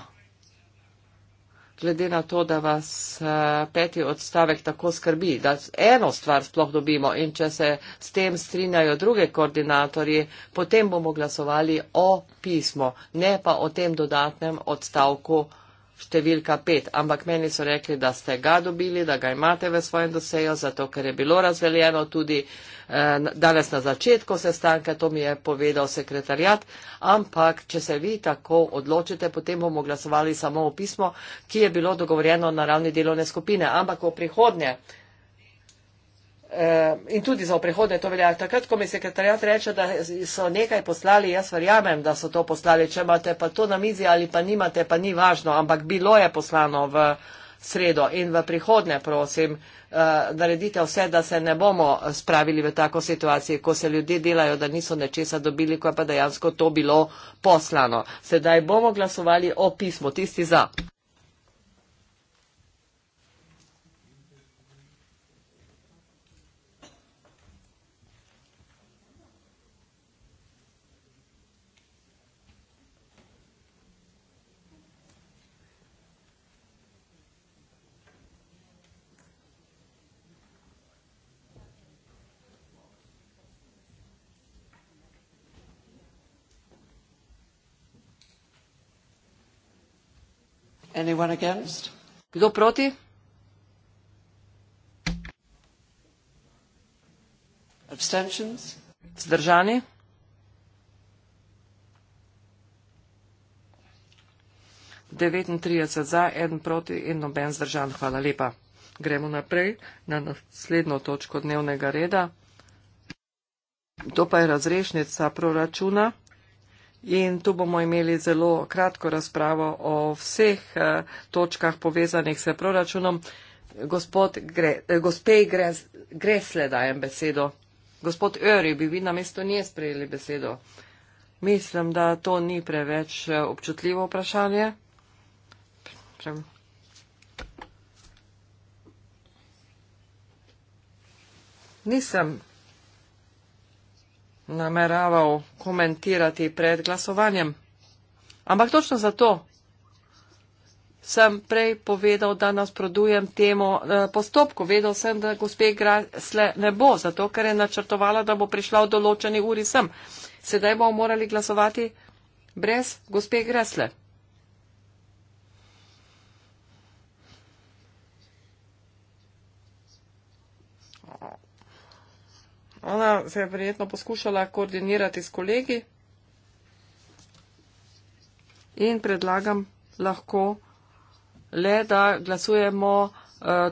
D: glede na to, da vas eh, peti odstavek tako skrbi, da eno stvar sploh dobimo in če se s tem strinjajo druge koordinatorji, potem bomo glasovali o pismo, ne pa o tem dodatnem odstavku številka pet, ampak meni so rekli, da ste ga dobili, da ga imate v svojem doseju, zato ker je bilo razveljeno tudi eh, danes na začetku sestanka, to mi je povedal sekretarjat, ampak če se vi tako odločite, potem bomo glasovali samo o pismo, ki je bilo dogovorjeno na ravni delovne skupine, ampak o prihodnje. Eh, in tudi za prihodne to velja. Takrat, ko mi sekretarjat reče, da so nekaj poslali, jaz verjamem, da so to poslali. Če imate pa to na mizi ali pa nimate, pa ni važno, ampak bilo je poslano v sredo in v prihodne, prosim, eh, naredite vse, da se ne bomo spravili v tako situacijo, ko se ljudje delajo, da niso nečesa dobili, ko je pa dejansko to bilo poslano. Sedaj bomo glasovali o pismu, tisti za. Kdo proti? Zdržani? 39 za, 1 proti in noben zdržan. Hvala lepa. Gremo naprej na naslednjo točko dnevnega reda. To pa je razrešnica proračuna in tu bomo imeli zelo kratko razpravo o vseh eh, točkah povezanih s proračunom. Gospod Gre, eh, gospej Gres, Gresle dajem besedo. Gospod Öri, bi vi na mesto nje sprejeli besedo? Mislim, da to ni preveč eh, občutljivo vprašanje. Prem. Nisem nameraval komentirati pred glasovanjem. Ampak točno zato sem prej povedal, da nasprodujem temu eh, postopku. Vedel sem, da gospe Grasle ne bo, zato ker je načrtovala, da bo prišla v določeni uri sem. Sedaj bomo morali glasovati brez gospe Grasle. Ona se je verjetno poskušala koordinirati s kolegi in predlagam lahko le, da glasujemo uh,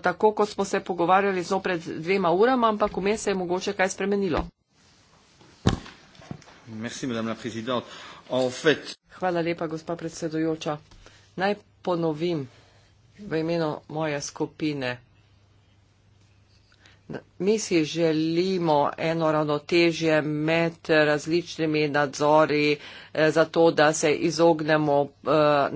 D: tako, kot smo se pogovarjali zopred dvema urama, ampak vmes se je mogoče kaj spremenilo.
A: Merci, en fait...
D: Hvala lepa, gospa predsedujoča. Naj ponovim v imenu moje skupine. Mi si želimo eno ravnotežje med različnimi nadzori, eh, zato da se izognemo eh,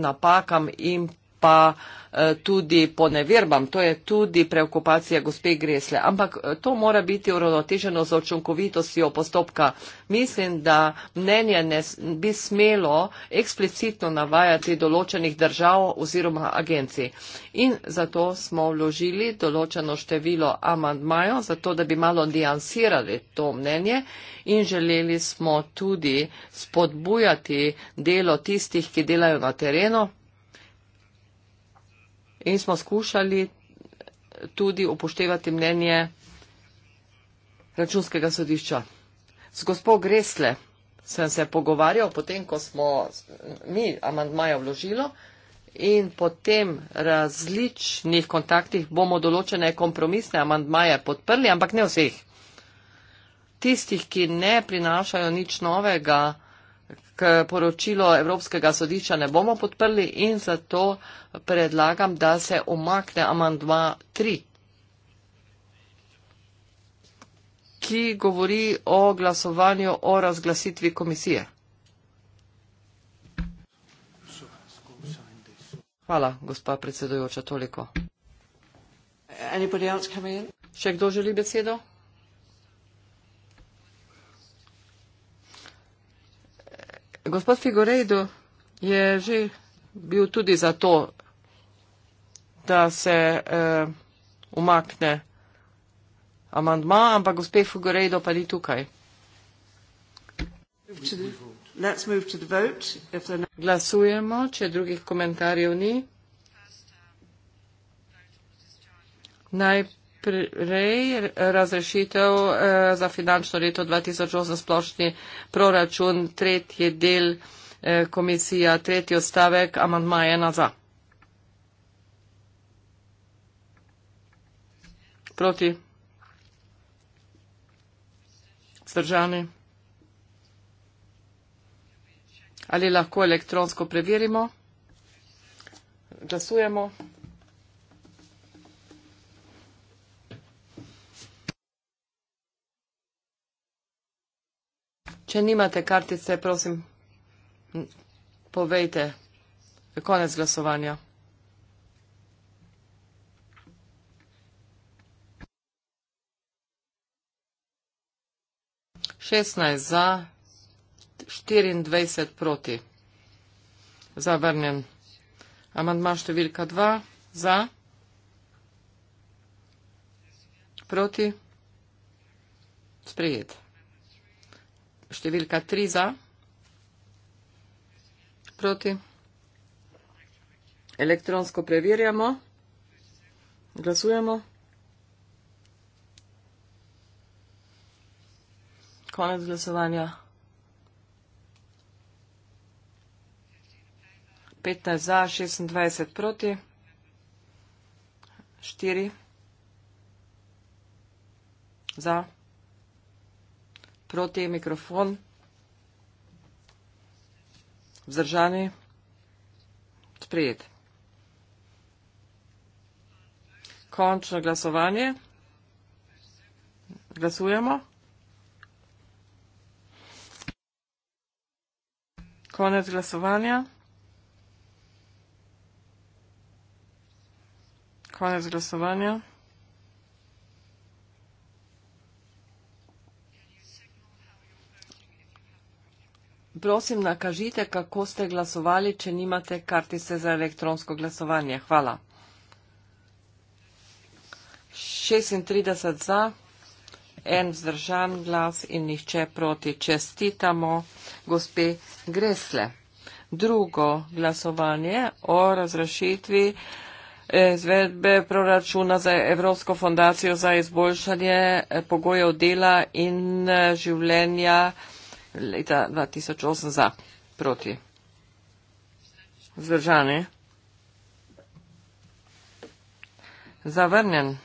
D: napakam in pa eh, tudi po neverbam, to je tudi preokupacija gospe Gresle. Ampak eh, to mora biti uravnoteženo za očunkovitostjo postopka. Mislim, da mnenje ne bi smelo eksplicitno navajati določenih držav oziroma agencij. In zato smo vložili določeno število amandmajo, zato da bi malo diansirali to mnenje in želeli smo tudi spodbujati delo tistih, ki delajo na terenu, in smo skušali tudi upoštevati mnenje računskega sodišča. Z gospo Gresle sem se pogovarjal, potem ko smo mi amandmaja vložilo in po tem različnih kontaktih bomo določene kompromisne amandmaje podprli, ampak ne vseh. Tistih, ki ne prinašajo nič novega, k poročilu Evropskega sodišča ne bomo podprli in zato predlagam, da se omakne amandma 3, ki govori o glasovanju o razglasitvi komisije. Hvala, gospa predsedujoča, toliko. Še kdo želi besedo? Gospod Figurejdo je že bil tudi za to, da se eh, umakne amandma, ampak gospod Figurejdo pa ni tukaj. No- Glasujemo, če drugih komentarjev ni. Najprej prej razrešitev eh, za finančno leto 2008 splošni proračun, tretji del eh, komisija, tretji odstavek, amantma je nazaj. Proti. Zdržani. Ali lahko elektronsko preverimo? Glasujemo. Če nimate kartice, prosim, povejte, konec glasovanja. Šestnajst za, štiriindvajset proti. Zavrnjen. Amandma številka dva, za. Proti. Sprejeti številka 3 za, proti. Elektronsko preverjamo, glasujemo. Konec glasovanja. 15 za, 26 proti, 4 za proti mikrofon. Vzdržani. Sprejet. Končno glasovanje. Glasujemo. Konec glasovanja. Konec glasovanja. Prosim, nakažite, kako ste glasovali, če nimate kartice za elektronsko glasovanje. Hvala. 36 za, en zdržan glas in nihče proti. Čestitamo gospe Gresle. Drugo glasovanje o razrešitvi izvedbe proračuna za Evropsko fondacijo za izboljšanje pogojev dela in življenja leta 2008 za, proti. Zdržani. Zavrnjen.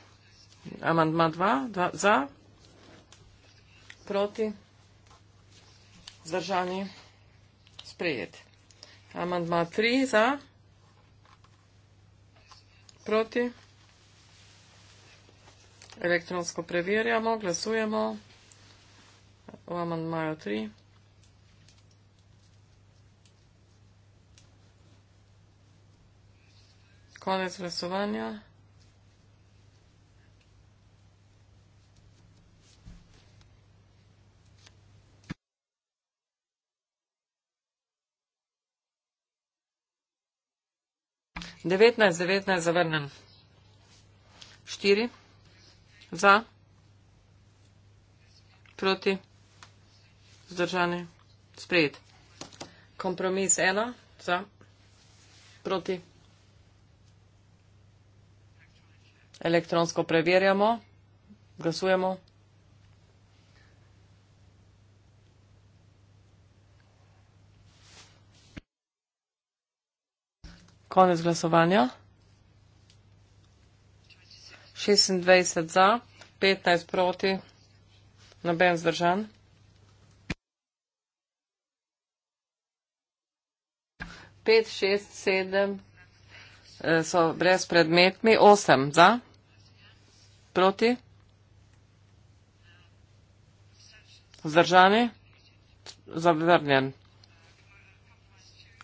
D: Amandma 2 za, proti. Zdržani. Sprejet. Amandma 3 za, proti. Elektronsko preverjamo, glasujemo o amandmaju 3. Konec glasovanja. Devetnajst, devetnajst, zavrnen. Štiri. Za. Proti. Zdržani. Sprejet. Kompromis ena. Za. Proti. elektronsko preverjamo, glasujemo. Konec glasovanja. 26 za, 15 proti, noben zdržan. Pet, šest, sedem eh, so brez predmetni, osem za. Proti? Zdržani? Zavrnjen.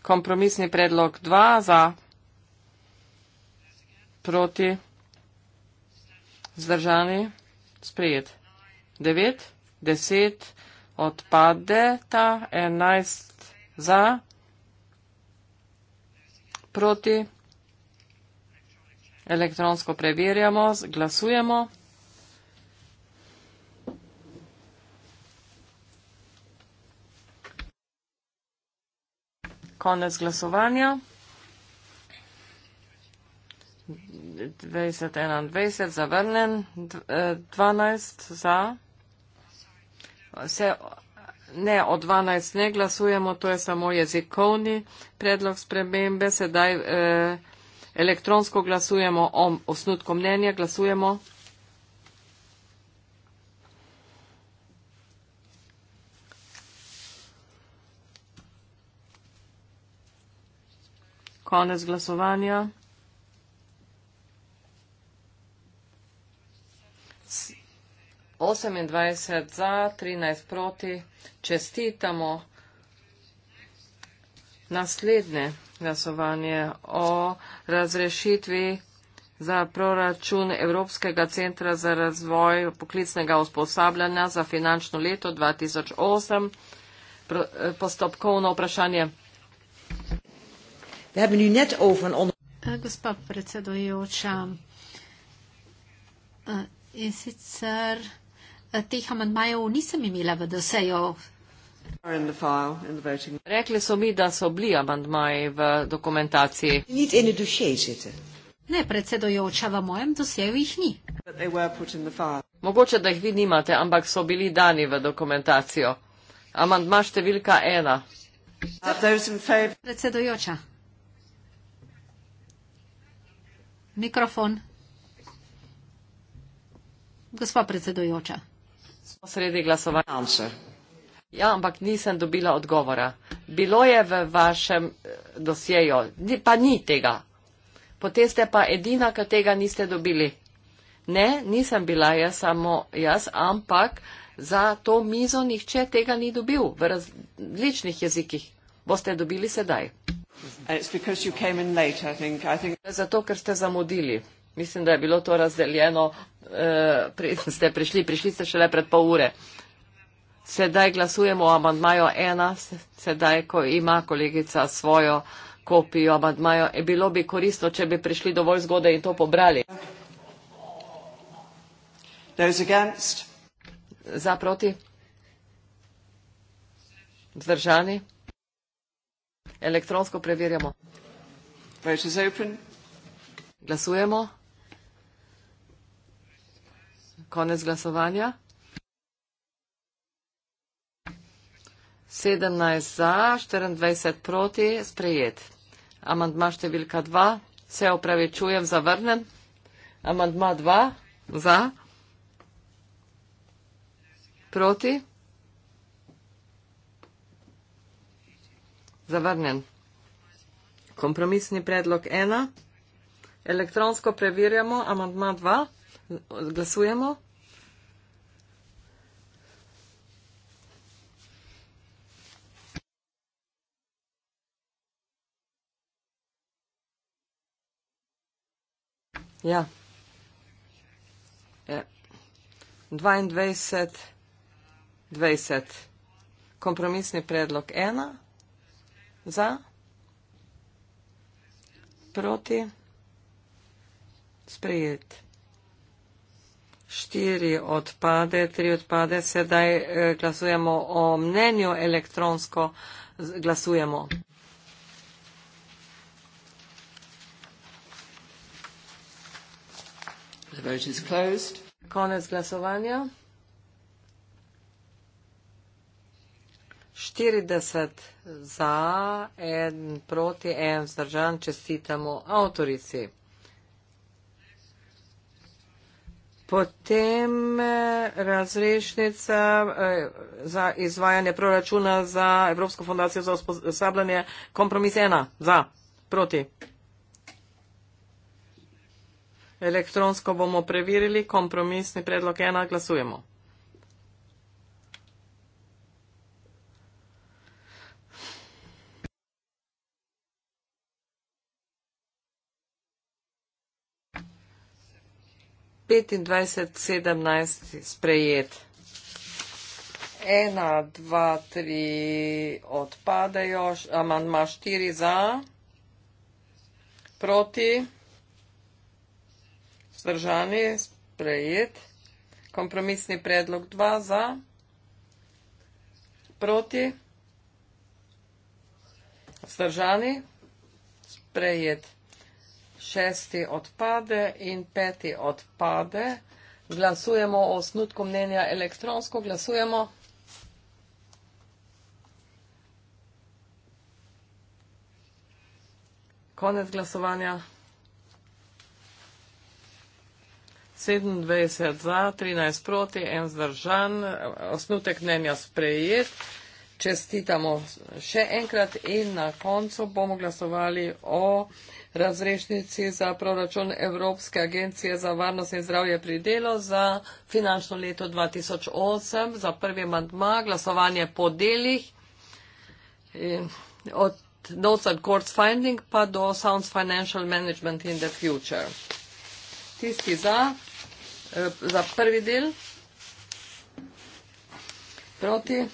D: Kompromisni predlog 2 za. Proti? Zdržani? Sprejet. 9, 10 odpade ta, 11 za. Proti? elektronsko preverjamo, glasujemo. Konec glasovanja. 21 zavrnen, 12 za. Se, ne, o 12 ne glasujemo, to je samo jezikovni predlog spremembe. Sedaj eh, Elektronsko glasujemo o osnutku mnenja. Glasujemo. Konec glasovanja. S 28 za, 13 proti. Čestitamo naslednje glasovanje o razrešitvi za proračun Evropskega centra za razvoj poklicnega usposabljanja za finančno leto 2008. Eh, postopkovno vprašanje. Eh,
C: gospa predsedujoča, eh, in sicer teh amantmajev nisem imela v dosejo
D: Rekli so mi, da so bili amandmaji v dokumentaciji.
C: Ne, predsedojoča, v mojem dosjeju jih ni.
D: Mogoče, da jih vi nimate, ampak so bili dani v dokumentacijo. Amandma številka ena. Uh, predsedojoča.
C: Mikrofon. Gospa predsedojoča.
D: Sredi glasovanja. Answer. Ja, ampak nisem dobila odgovora. Bilo je v vašem eh, dosjeju, pa ni tega. Potem ste pa edina, ki tega niste dobili. Ne, nisem bila jaz samo jaz, ampak za to mizo nihče tega ni dobil v različnih jezikih. Boste dobili sedaj. Uh, late, I think. I think... Ja, zato, ker ste zamudili. Mislim, da je bilo to razdeljeno, uh, pri, ste prišli, prišli ste šele pred pol ure. Sedaj glasujemo o amandmaju ena, sedaj, ko ima kolegica svojo kopijo amandmaja. E bilo bi koristno, če bi prišli dovolj zgodaj in to pobrali. Za proti? Zdržani? Elektronsko preverjamo. Glasujemo. Konec glasovanja. 17 za, 24 proti, sprejet. Amandma številka 2, se opravičujem, zavrnem. Amandma 2, za, proti, zavrnen. Kompromisni predlog 1, elektronsko preverjamo, amandma 2, glasujemo. Ja. Je. 22, 20. Kompromisni predlog 1 za, proti, sprejet. 4 odpade, 3 odpade. Sedaj eh, glasujemo o mnenju elektronsko. Glasujemo. The vote is closed. Konec glasovanja. 40 za, en proti, en vzdržan, čestitamo avtorici. Potem eh, razrešnica eh, za izvajanje proračuna za Evropsko fundacijo za usposabljanje kompromis 1 za, proti. Elektronsko bomo preverili kompromisni predlog ena, glasujemo. Petindvajset sedemnajst sprejet. Ena, dva, tri odpadajo, amandma štiri za, proti. Vzdržani, sprejet. Kompromisni predlog 2 za. Proti. Vzdržani, sprejet. Šesti odpade in peti odpade. Glasujemo o osnutku mnenja elektronsko. Glasujemo. Konec glasovanja. 27 za, 13 proti, en zdržan, osnutek mnenja sprejet. Čestitamo še enkrat in na koncu bomo glasovali o razrešnici za proračun Evropske agencije za varnost in zdravje pri delu za finančno leto 2008 za prvi mandma, glasovanje po delih od Notes and Courts Finding pa do Sounds Financial Management in the Future. Tisti za, Eh, za prvi del proti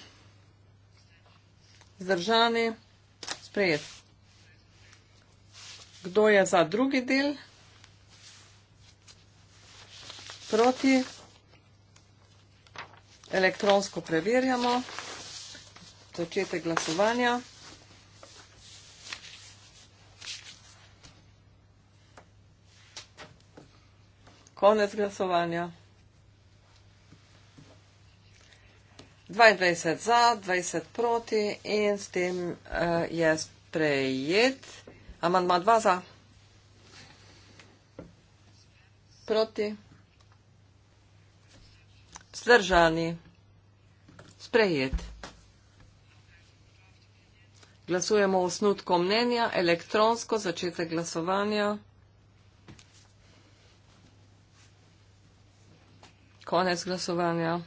D: zdržani sprejet. Kdo je za drugi del proti elektronsko preverjamo začetek glasovanja. Konec glasovanja. 22 za, 20 proti in s tem uh, je sprejet. Amandma 2 za. Proti. Zdržani. Sprejet. Glasujemo o snutku mnenja, elektronsko začetek glasovanja. konec glasovanja.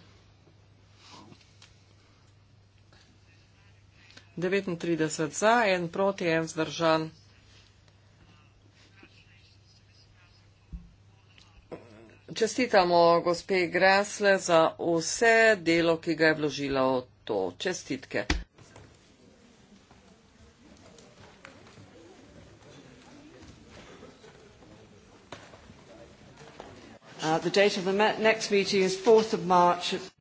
D: 39 za, en proti, en zdržan. Čestitamo gospe Grasle za vse delo, ki ga je vložila v to. Čestitke. Uh, the date of the next meeting is 4th of March.